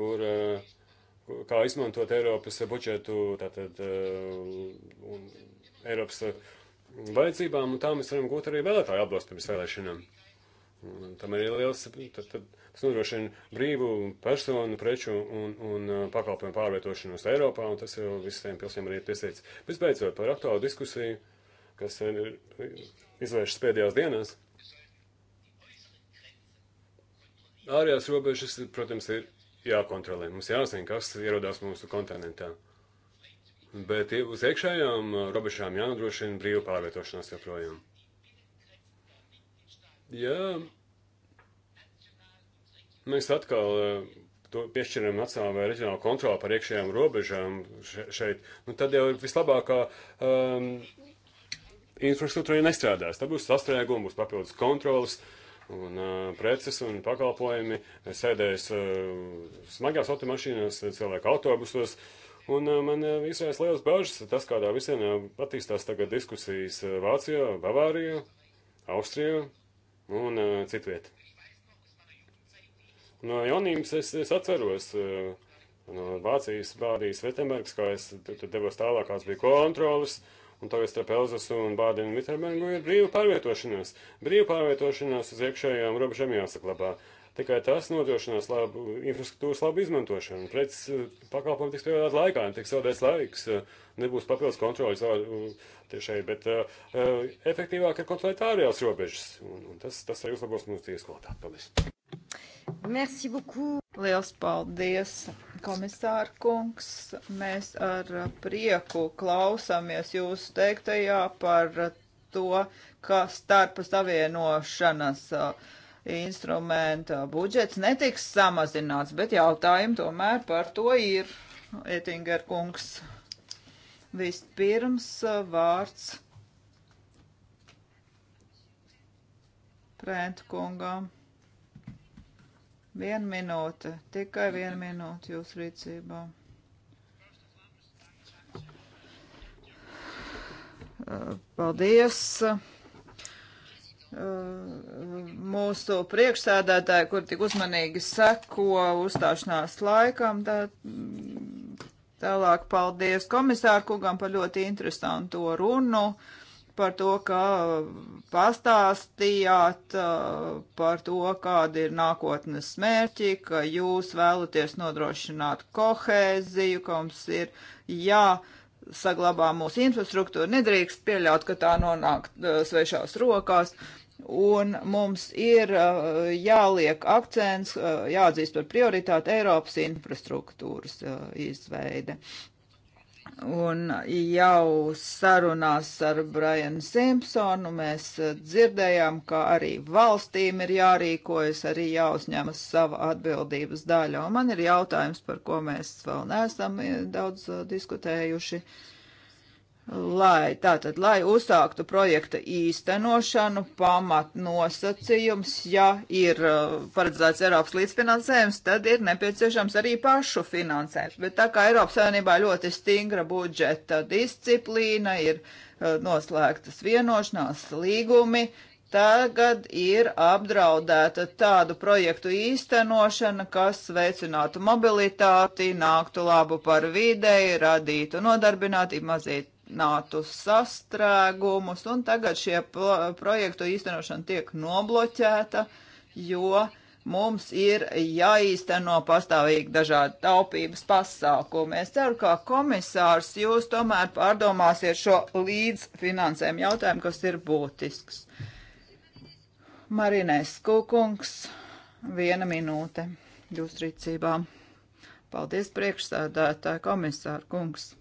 kur, uh, kā izmantot Eiropas budžetu, tātad uh, un Eiropas uh, vajadzībām, un tā mēs varam gūt arī vēlētāju atbalstu pirms vēlēšanām. Un tam ir liels, tad, tad tas nodrošina brīvu personu, preču un, un uh, pakalpojumu pārvietošanos Eiropā, un tas jau visiem pilsiem arī ir tiesīts. Visbeidzot, par aktuālu diskusiju, kas ir izvēršas pēdējās dienās. Ārējās robežas, protams, ir jākontrolē. Mums jāzina, kas ierodās mūsu kontinentā. Bet uz iekšējām robežām jānodrošina brīvu pārvietošanās joprojām. Ja ja mēs atkal eh, to piešķiram nacionālu vai reģionālu kontroli par iekšējām robežām šeit, nu tad jau vislabākā um, infrastruktūra nestrādās. Tad būs sastrēgumi, būs papildus kontrolas un uh, preces un pakalpojumi, sēdēs uh, eh, smagās automašīnās, cilvēku autobusos. Un uh, man uh, izrādās liels bažas tas, kādā visiem attīstās tagad diskusijas Vācijā, Bavārijā, Austrijā un uh, citviet. No jaunības es, es atceros uh, no Vācijas, Bādijas, Vetembergas, kā es tur, tur devos tālāk, kāds bija kontrolas, un tagad starp Elzasu un Bādenu Viterbergu ir brīva pārvietošanās. Brīva pārvietošanās uz iekšējām robežām jāsaklabā. Uh, Tikai tas nodrošinās labu infrastruktūras labu izmantošanu. Preces eh, pakalpojumi tiks pievērtāt laikā, netiks zaudēts laiks, eh, nebūs papildus kontrolas tiešai, bet uh, efektīvāk ir kontrolēt ārējās robežas. Un, un tas, tas arī uzlabos mūsu dzīves kvalitāti. Paldies! Merci beaucoup! Liels paldies, komisāra kungs! Mēs ar prieku klausāmies jūsu teiktajā par to, kā starp savienošanas uh, instrumenta budžets netiks samazināts, bet jautājumi tomēr par to ir. Etinger kungs, vispirms uh, vārds Prēnta kungam. Viena minūte, tikai viena minūte jūsu rīcībā. Uh, paldies! Uh, mūsu priekšsēdētāji, kur tik uzmanīgi seko uzstāšanās laikam. Tā, tālāk paldies komisāru kungam par ļoti interesanto runu, par to, ka pastāstījāt, uh, par to, kādi ir nākotnes mērķi, ka jūs vēlaties nodrošināt kohēziju, ka mums ir jā. Ja, saglabā mūsu infrastruktūru, nedrīkst pieļaut, ka tā nonāk uh, svešās rokās. Un mums ir uh, jāliek akcents, uh, jāatzīst par prioritāti Eiropas infrastruktūras uh, izveide. Un jau sarunās ar Brianu Simpsonu mēs uh, dzirdējām, ka arī valstīm ir jārīkojas, arī jāuzņemas sava atbildības daļa. Un man ir jautājums, par ko mēs vēl neesam uh, daudz uh, diskutējuši. Uh, Lai tātad, lai uzsāktu projekta īstenošanu, pamatnosacījums, ja ir uh, paredzēts Eiropas līdzfinansējums, tad ir nepieciešams arī pašu finansējums. Bet tā kā Eiropas Savienībā ļoti stingra budžeta disciplīna, ir uh, noslēgtas vienošanās līgumi, tagad ir apdraudēta tādu projektu īstenošana, kas veicinātu mobilitāti, nāktu labu par videi, radītu nodarbinātību, mazītu nātu sastrēgumus, un tagad šie projektu īstenošana tiek nobloķēta, jo mums ir jāīsteno pastāvīgi dažādi taupības pasākumi. Es ceru, ka komisārs jūs tomēr pārdomāsiet šo līdzfinansējumu jautājumu, kas ir būtisks. Marinēs Kukungs, viena minūte jūsu rīcībā. Paldies priekšsēdētāji komisāru kungs.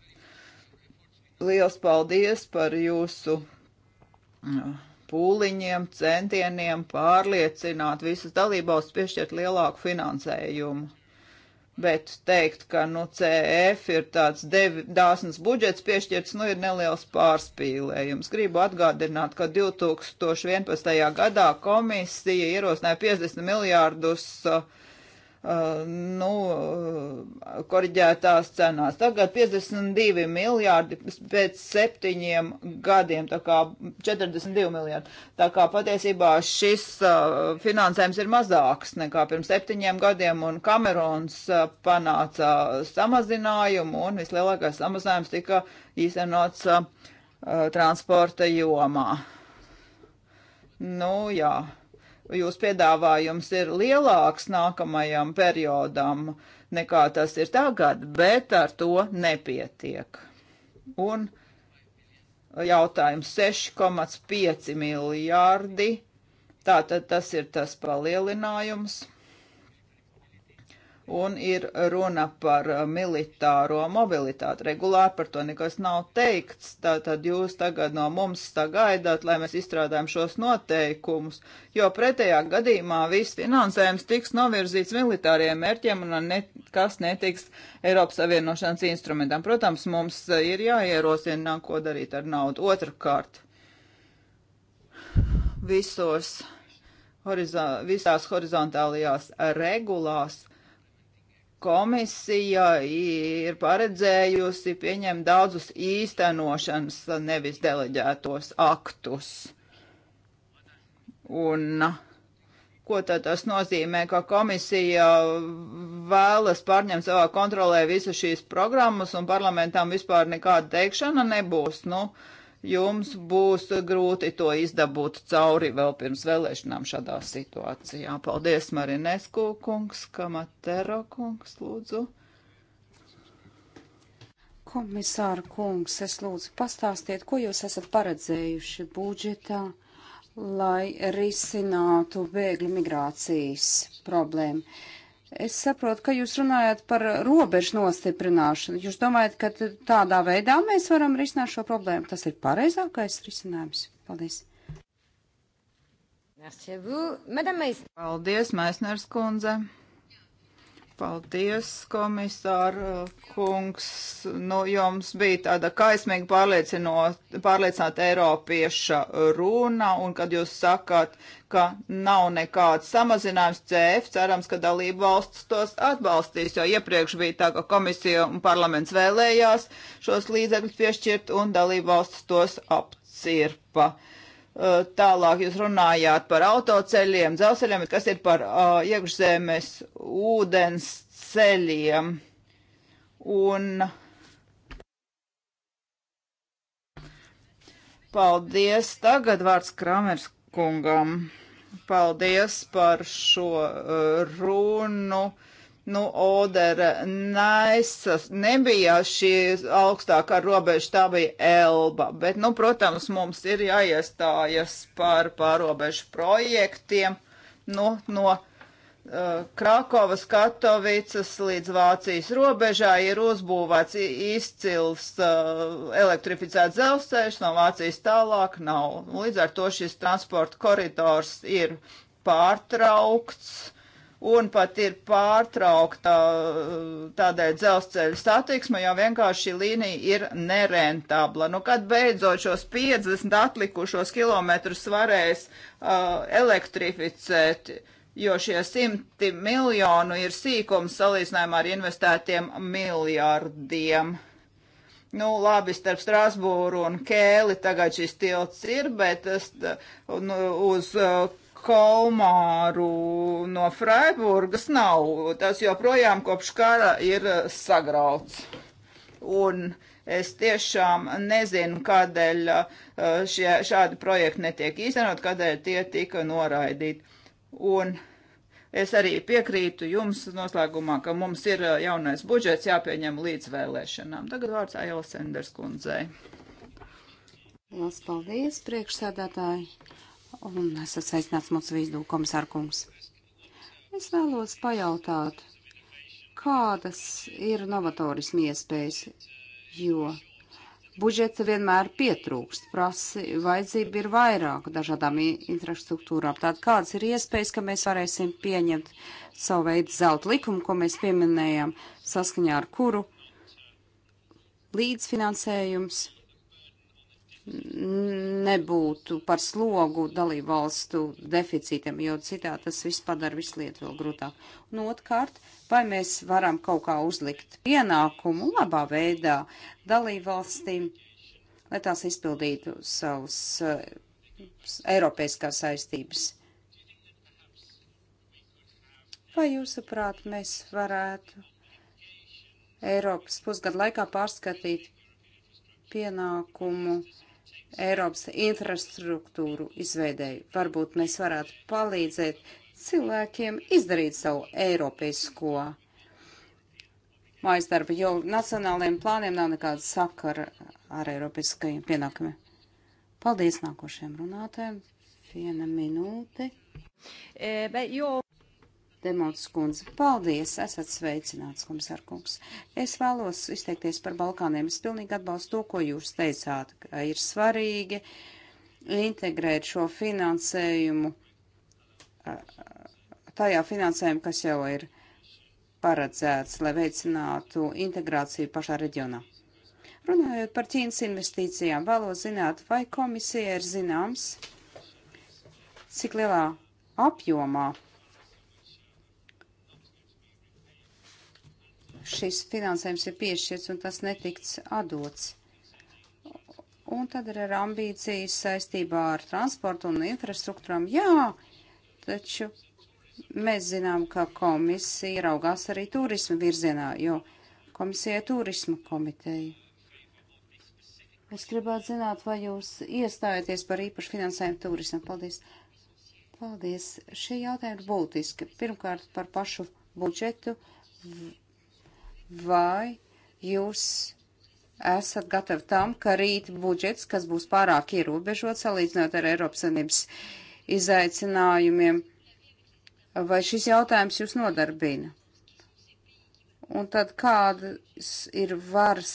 Liels paldies par jūsu mm, pūliņiem, centieniem pārliecināt visas dalībvalsts piešķirt lielāku finansējumu. Bet teikt, ka nu, CF ir tāds devi, dāsns budžets piešķirts, nu ir neliels pārspīlējums. Gribu atgādināt, ka 2011. gadā komisija ierosināja 50 miljārdus uh, Uh, nu, uh, koriģētās cenās. Tagad 52 miljārdi pēc septiņiem gadiem, tā kā 42 miljārdi. Tā kā patiesībā šis uh, finansējums ir mazāks nekā pirms septiņiem gadiem, un Kamerons panāca samazinājumu, un vislielākais samazinājums tika īstenots transporta jomā. Nu, jā jūs piedāvājums ir lielāks nākamajam periodam nekā tas ir tagad, bet ar to nepietiek. Un jautājums 6,5 miljārdi. Tātad tas ir tas palielinājums un ir runa par uh, militāro mobilitāti. Regulāri par to nekas nav teikts, tātad jūs tagad no mums sagaidāt, lai mēs izstrādājam šos noteikumus, jo pretējā gadījumā viss finansējums tiks novirzīts militāriem mērķiem un nekas netiks Eiropas Savienošanas instrumentam. Protams, mums uh, ir jāierosina, ko darīt ar naudu. Otrakārt, visos, horizon, visās horizontālajās regulās komisija ir paredzējusi pieņemt daudzus īstenošanas, nevis deleģētos aktus. Un ko tad tas nozīmē, ka komisija vēlas pārņemt savā kontrolē visas šīs programmas un parlamentam vispār nekāda teikšana nebūs? Nu, uh, jums būs grūti to izdabūt cauri vēl pirms vēlēšanām šādā situācijā. Paldies, Marinesku kungs, Kamatero kungs, lūdzu. Komisāra kungs, es lūdzu pastāstiet, ko jūs esat paredzējuši budžetā, lai risinātu bēgļu migrācijas problēmu Es saprotu, ka jūs runājat par robežu nostiprināšanu. Jūs domājat, ka tādā veidā mēs varam risināt šo problēmu. Tas ir pareizākais risinājums. Paldies. Paldies, Maisners kundze. Paldies, komisāra uh, kungs. Nu, jums bija tāda kaismīgi pārliecināta Eiropieša runa, un kad jūs sakāt, ka nav nekāds samazinājums CF, cerams, ka dalību valsts tos atbalstīs, jo iepriekš bija tā, ka komisija un parlaments vēlējās šos līdzekļus piešķirt, un dalību valsts tos apcirpa. Uh, Eh, tālāk jūs runājāt par autoceļiem, dzelzceļiem, kas ir par uh, iekšzemes ūdens ceļiem. Un paldies. Tagad vārds Kramers kungam. Paldies par šo uh, runu. Uh, nu, Odera Naisas nebija šī augstākā robeža, tā bija Elba. Bet, nu, protams, mums ir jāiestājas par pārobežu projektiem, nu, no uh, Krakovas, Katovicas līdz Vācijas robežā ir uzbūvēts izcils uh, elektrificēts dzelzceļš, no Vācijas tālāk nav. Līdz ar to šis transporta koridors ir pārtraukts un pat ir pārtraukta uh, tādēļ dzelzceļa satiksme, jo vienkārši šī līnija ir nerentabla. Nu, kad beidzot šos 50 atlikušos kilometrus varēs uh, elektrificēt, jo šie simti miljonu ir sīkums salīdzinājumā ar investētiem miljārdiem. Nu, labi, starp Strasbūru un Kēli tagad šis tilts ir, bet tas, uh, nu, uh, uz uh, Kolmāru no Freiburgas nav. Tas joprojām kopš kara ir eh, sagrauts. Un es tiešām nezinu, kādēļ eh, šie, šādi projekti netiek īstenot, kādēļ tie tika noraidīti. Un es arī piekrītu jums noslēgumā, ka mums ir eh, jaunais budžets jāpieņem līdz vēlēšanām. Tagad vārds Aila Senders kundzei. Lielas paldies, priekšsēdētāji! un esat sveicināts mūsu vīzdu komisāra kungs. Es vēlos pajautāt, kādas ir novatorismu iespējas, jo budžeta vienmēr pietrūkst, prasi, vajadzība ir vairāk dažādām infrastruktūrām. Tātad kādas ir iespējas, ka mēs varēsim pieņemt savu veidu zelta likumu, ko mēs pieminējām, saskaņā ar kuru līdzfinansējums nebūtu par slogu dalībvalstu deficītam, jo citā tas viss padara visu lietu vēl grūtāk. Un otrkārt, vai mēs varam kaut kā uzlikt pienākumu labā veidā dalībvalstīm, lai tās izpildītu savus uh, eiropeiskās saistības. Vai jūsuprāt, mēs varētu Eiropas pusgadu laikā pārskatīt pienākumu uh, Eiropas infrastruktūru izveidēju. Varbūt mēs varētu palīdzēt cilvēkiem izdarīt savu eiropeisko mājas darbu, jo nacionālajiem plāniem nav nekāda sakara ar eiropeiskajiem pienākumiem. Paldies nākošajam runātājiem. Viena minūte. E, eh, bet, jo... Demons kundze. Paldies, esat sveicināts, komisārkungs. Es vēlos izteikties par Balkāniem. Es pilnīgi atbalstu to, ko jūs teicāt, ka ir svarīgi integrēt šo finansējumu tajā finansējumu, kas jau ir paredzēts, lai veicinātu integrāciju pašā reģionā. Runājot par Ķīnas investīcijām, vēlos zināt, vai komisija ir zināms, cik lielā apjomā šis finansējums ir piešķirts un tas netikts atdots. Un tad ir ambīcijas saistībā ar transportu un infrastruktūram. Jā, taču mēs zinām, ka komisija raugās arī turismu virzienā, jo komisija ir turisma komiteja. Es gribētu zināt, vai jūs iestājaties par īpašu finansējumu turismu. Paldies! Paldies! Šie jautājumi ir būtiski. Pirmkārt, par pašu budžetu vai jūs esat gatavi tam, ka rīt budžets, kas būs pārāk ierobežots salīdzinot ar Eiropas Savienības izaicinājumiem, vai šis jautājums jūs nodarbina? Un tad kādas ir varas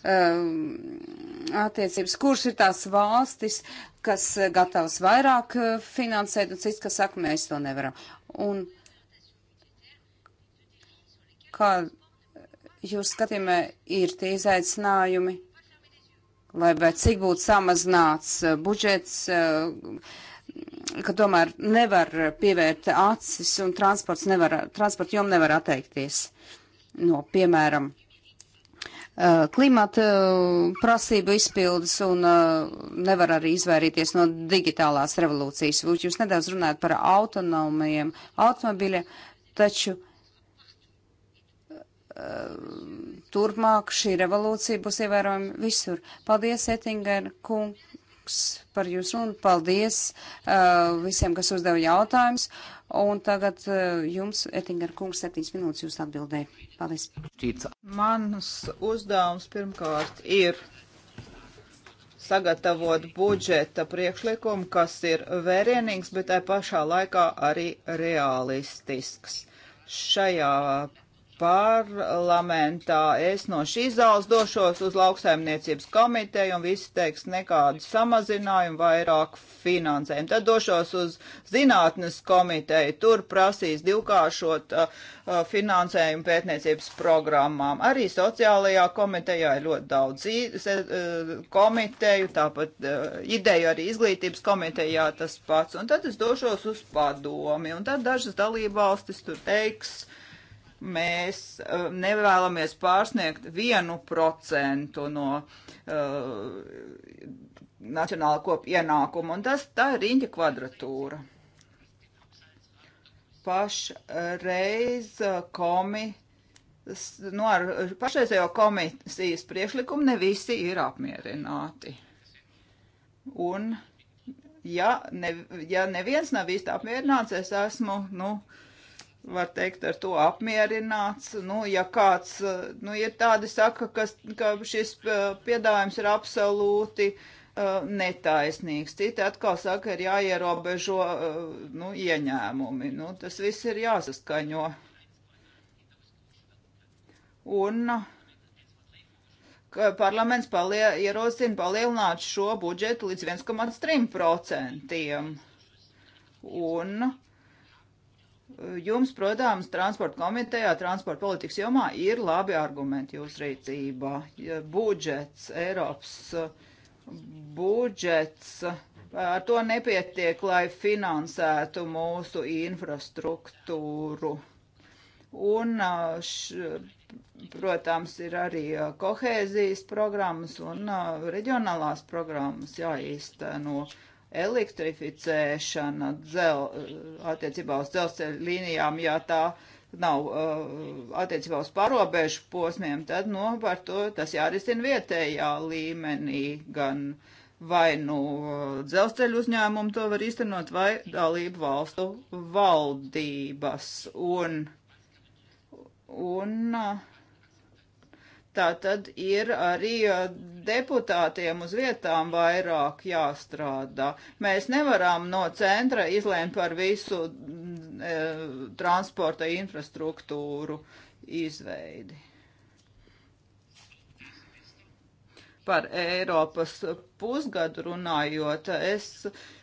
um, attiecības, kurš ir tās valstis, kas gatavs vairāk uh, finansēt, un cits, kas saka, mēs to nevaram. Un kā, Jūs skatījumā ir tie izaicinājumi, lai cik būtu samazināts eh, budžets, eh, ka tomēr nevar pievērt acis un transports nevar, transporta jom nevar atteikties no, piemēram, eh, klimata prasību izpildes un nevar arī izvairīties no digitālās revolūcijas. Jūs nedaudz runājat par autonomiem automobiļiem, taču Eh, turpmāk šī revolūcija būs ievērojama visur. Paldies, Ettinger kungs, par jūsu runu. Paldies uh, visiem, kas uzdeva jautājumus. Un tagad uh, jums, Ettinger kungs, septiņas minūtes jūs atbildē. Paldies. Mans uzdevums pirmkārt ir sagatavot budžeta priekšlikumu, kas ir vērienīgs, bet tai pašā laikā arī realistisks. Šajā parlamentā. Es no šīs zāles došos uz lauksaimniecības komiteju un visi teiks nekādu samazinājumu, vairāk finansējumu. Tad došos uz zinātnes komiteju, tur prasīs divkāršot uh, uh finansējumu pētniecības programmām. Arī sociālajā komitejā ir ļoti daudz uh, komiteju, tāpat uh, ideju arī izglītības komitejā tas pats. Un tad es došos uz padomi, un tad dažas dalībvalstis tur teiks, uh, mēs uh, nevēlamies pārsniegt vienu procentu no uh, nacionāla kopa ienākuma, un tas tā ir riņķa kvadratūra. Pašreiz eh, komi, nu ar pašreizējo komisijas priekšlikumu ne visi ir apmierināti. Un ja, ne, ja neviens nav īsti apmierināts, es esmu, nu, uh, var teikt, ar to apmierināts. Nu, ja kāds, eh, nu, ir tādi saka, ka, ka šis eh, piedāvājums ir absolūti uh, netaisnīgs. Citi atkal saka, ir jāierobežo, uh, nu, ieņēmumi. Nu, tas viss ir jāsaskaņo. Un parlaments palie, ierosina palielināt šo budžetu līdz 1,3%. Un jums, protams, transporta komitejā, transporta politikas jomā ir labi argumenti jūsu rīcībā. Budžets, Eiropas uh, budžets, uh, ar to nepietiek, lai finansētu mūsu infrastruktūru. Un, uh, š, protams, ir arī kohēzijas programmas un reģionālās programmas jāīsteno. No elektrificēšana dzel, attiecībā uz dzelzceļa līnijām, ja tā nav uh, attiecībā uz pārobežu posmiem, tad, nu, par to tas jārisina vietējā līmenī, gan vai, nu, uh, dzelzceļu uzņēmumu to var īstenot, vai dalību valstu valdības un, un, uh, Tā tad ir arī deputātiem uz vietām vairāk jāstrādā. Mēs nevaram no centra izlēmt par visu e, transporta infrastruktūru izveidi. par Eiropas pusgadu runājot, es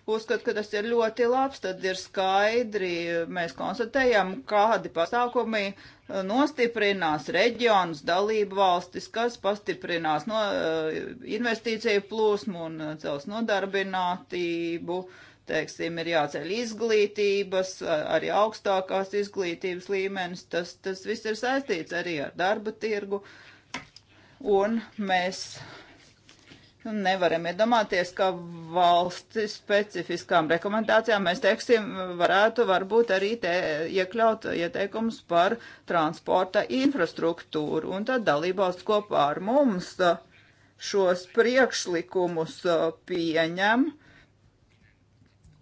uzskatu, ka tas ir ļoti labs, tad ir skaidri, mēs konstatējam, kādi pasākumi uh, nostiprinās reģionus, dalību valstis, kas pastiprinās no, uh, investīciju plūsmu un cels nodarbinātību. Teiksim, ir jāceļ izglītības, arī augstākās izglītības līmenis. Tas, tas viss ir saistīts arī ar darba tirgu. Un mēs Nevaram iedomāties, ka valsti specifiskām rekomendācijām mēs teiksim, varētu varbūt arī te iekļaut ieteikumus par transporta infrastruktūru. Un tad dalībvalsts kopā ar mums šos priekšlikumus pieņem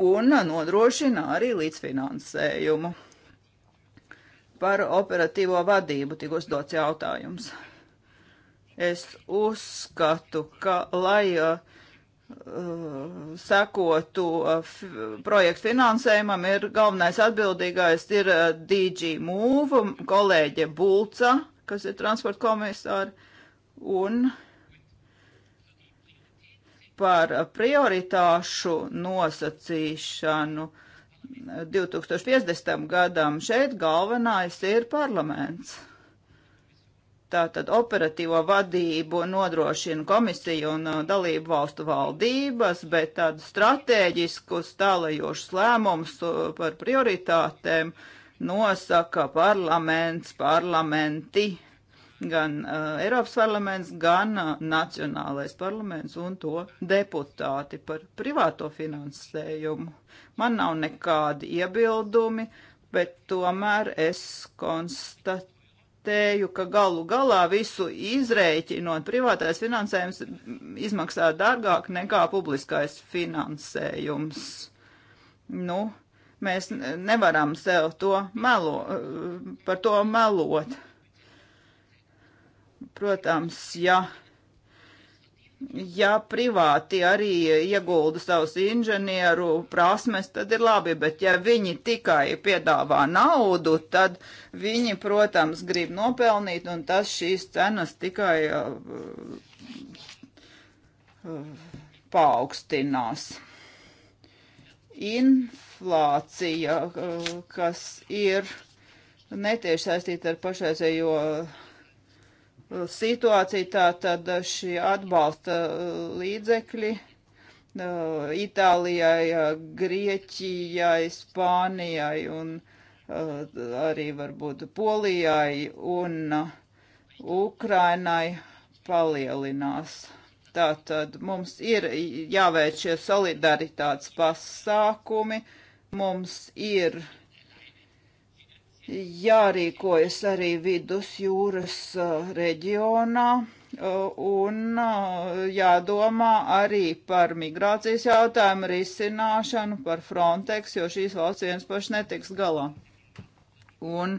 un nodrošina arī līdzfinansējumu. Par operatīvo vadību tik uzdots jautājums. Es uzskatu, ka, lai uh, uh sekotu uh, projektu finansējumam, ir galvenais atbildīgais ir uh, DG Move, kolēģe Bulca, kas ir transporta komisāra, un par prioritāšu nosacīšanu 2050. gadam šeit galvenais ir parlaments. Tātad operatīvo vadību nodrošina komisija un uh, dalību valstu valdības, bet tādus strateģiskus tālajošus lēmumus uh, par prioritātēm nosaka parlaments, parlamenti, gan uh, Eiropas parlaments, gan uh, Nacionālais parlaments un to deputāti par privāto finansējumu. Man nav nekādi iebildumi, bet tomēr es konstatēju konstatēju, ka galu galā visu izrēķinot privātais finansējums izmaksā dārgāk nekā publiskais finansējums. Nu, mēs nevaram sev to melo, par to melot. Protams, ja ja privāti arī iegulda savus inženieru prasmes, tad ir labi, bet ja viņi tikai piedāvā naudu, tad viņi, protams, grib nopelnīt, un tas šīs cenas tikai uh, uh, paaugstinās. Inflācija, uh, kas ir netieši saistīta ar pašreizējo uh, situācija, tātad šie atbalsta uh, līdzekļi uh, Itālijai, uh, Grieķijai, Spānijai un arī varbūt Polijai un Ukrainai palielinās. Tātad mums ir jāveic šie solidaritātes pasākumi, mums ir uh, jārīkojas arī vidus jūras uh, reģionā uh, un uh, jādomā arī par migrācijas jautājumu risināšanu, par Frontex, jo šīs valsts viens paši netiks galā. Un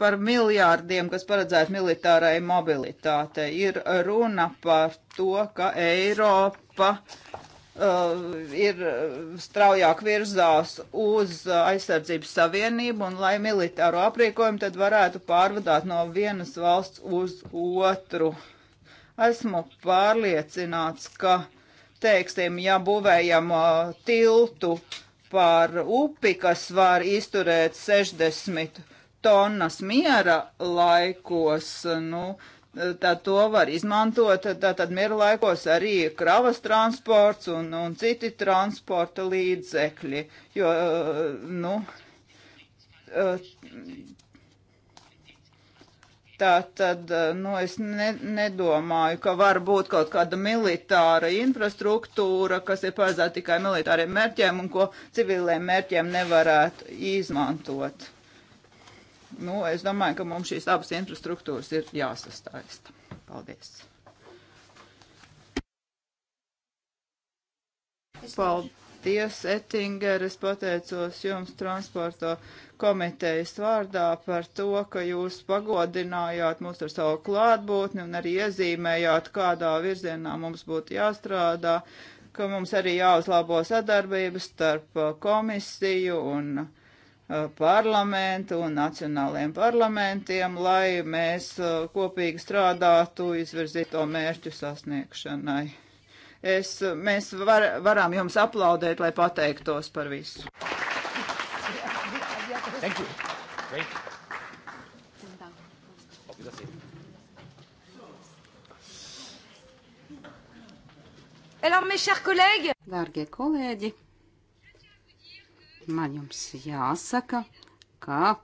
par miljārdiem, kas paredzēti militārai mobilitātei, ir runa par to, ka Eiropa Uh, ir uh, straujāk virzās uz uh, aizsardzības savienību un lai militāro aprīkojumu tad varētu pārvadāt no vienas valsts uz otru. Esmu pārliecināts, ka, teiksim, ja būvējam tiltu par upi, kas var izturēt 60 tonnas miera laikos, nu, uh, Tad to var izmantot, tad miera laikos arī kravas transports un, un citi transporta līdzekļi, jo, uh, nu, uh, tā tad, uh, nu, es ne, nedomāju, ka var būt kaut kāda militāra infrastruktūra, kas ir paredzēta tikai militāriem mērķiem un ko civiliem mērķiem nevarētu izmantot. Nu, es domāju, ka mums šīs abas infrastruktūras ir jāsastāsta. Paldies! Paldies, Ettinger, es pateicos jums transporta komitejas vārdā par to, ka jūs pagodinājāt mūs ar savu klātbūtni un arī iezīmējāt, kādā virzienā mums būtu jāstrādā, ka mums arī jāuzlabo sadarbības starp uh, komisiju un uh, parlamentu un nacionāliem parlamentiem, lai mēs kopīgi strādātu izvirzīto mērķu sasniegšanai. Es, mēs var, varam jums aplaudēt, lai pateiktos par visu. Thank you. Thank you. Alors, mes chers collègues, Dargie kolēģi, man jums jāsaka, ka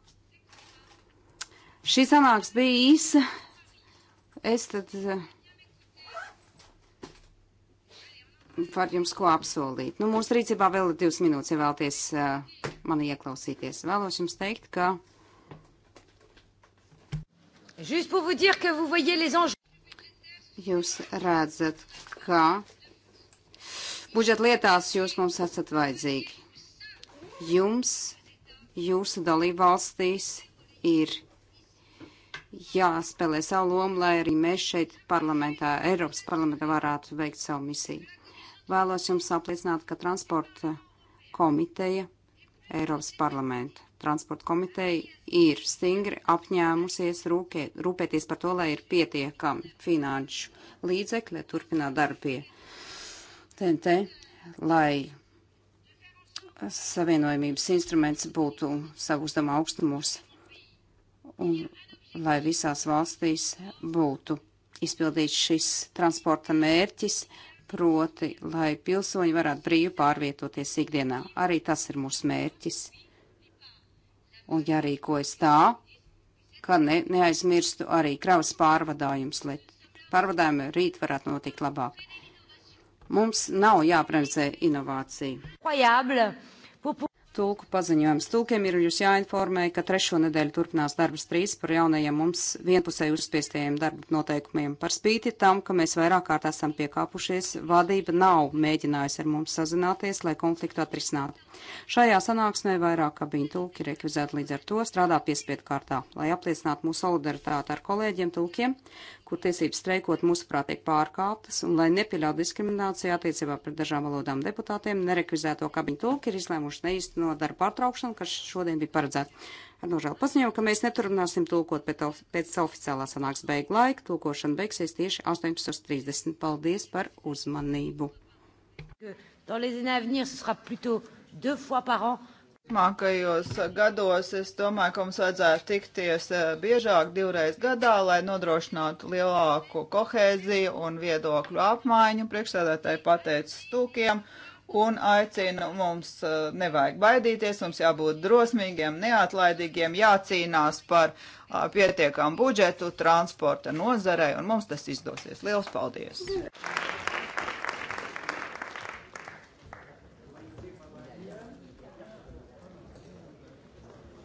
šī sanāks bija īsa. Es tad eh, var jums ko apsolīt. Nu, mūsu rīcībā vēl ir divas minūtes, ja vēlties uh, mani ieklausīties. Vēlos jums teikt, ka. Jūs redzat, ka budžeta lietās jūs mums esat vajadzīgi jums, jūsu dalībvalstīs, ir jāspēlē savu lomu, lai arī mēs šeit parlamentā, Eiropas parlamentā varētu veikt savu misiju. Vēlos jums apliecināt, ka transporta komiteja Eiropas parlamenta transporta komiteja ir stingri apņēmusies rūkē, rūpēties par to, lai ir pietiekami finanšu līdzekļi, turpināt darbu pie TNT, lai savienojumības instruments būtu savu uzdevumu augstumos un lai visās valstīs būtu izpildīts šis transporta mērķis, proti, lai pilsoņi varētu brīvi pārvietoties ikdienā. Arī tas ir mūsu mērķis. Un jārīkojas tā, ka ne, neaizmirstu arī kravas pārvadājums, lai pārvadājumi rīt varētu notikt labāk. Mums nav jāprezē inovācija. Tulku paziņojums. Tulkiem ir jūs jāinformē, ka trešo nedēļu turpinās darba strīds par jaunajiem mums vienpusēji uzspiestajiem darba noteikumiem. Par spīti tam, ka mēs vairāk kārt esam piekāpušies, vadība nav mēģinājusi ar mums sazināties, lai konfliktu atrisinātu. Šajā sanāksmē vairāk kabīņu tulki rekvizēti līdz ar to strādā piespiedu kārtā, lai apliecinātu mūsu solidaritāti ar kolēģiem tulkiem, kur tiesības streikot mūsuprāt tiek pārkāptas, un lai nepieļautu diskrimināciju attiecībā pret dažām valodām deputātiem, nerekvizēto kabiņu tulki ir izlēmuši neīstenot darba pārtraukšanu, kas šodien bija paredzēta. Ar nožēlu paziņoju, ka mēs neturpināsim tulkot pēc, pēc oficiālā sanāks beigu laika. Tulkošana beigsies tieši 18.30. Paldies par uzmanību! Dans les années à venir, ce sera plutôt deux fois par an. Mākajos gados es domāju, ka mums vajadzētu tikties eh, biežāk divreiz gadā, lai nodrošinātu lielāku kohēziju un viedokļu apmaiņu. Priekšsēdētāji pateica stūkiem un aicina mums eh, nevajag baidīties, mums jābūt drosmīgiem, neatlaidīgiem, jācīnās par eh, pietiekam budžetu transporta nozarei, un mums tas izdosies. Liels paldies! Jā.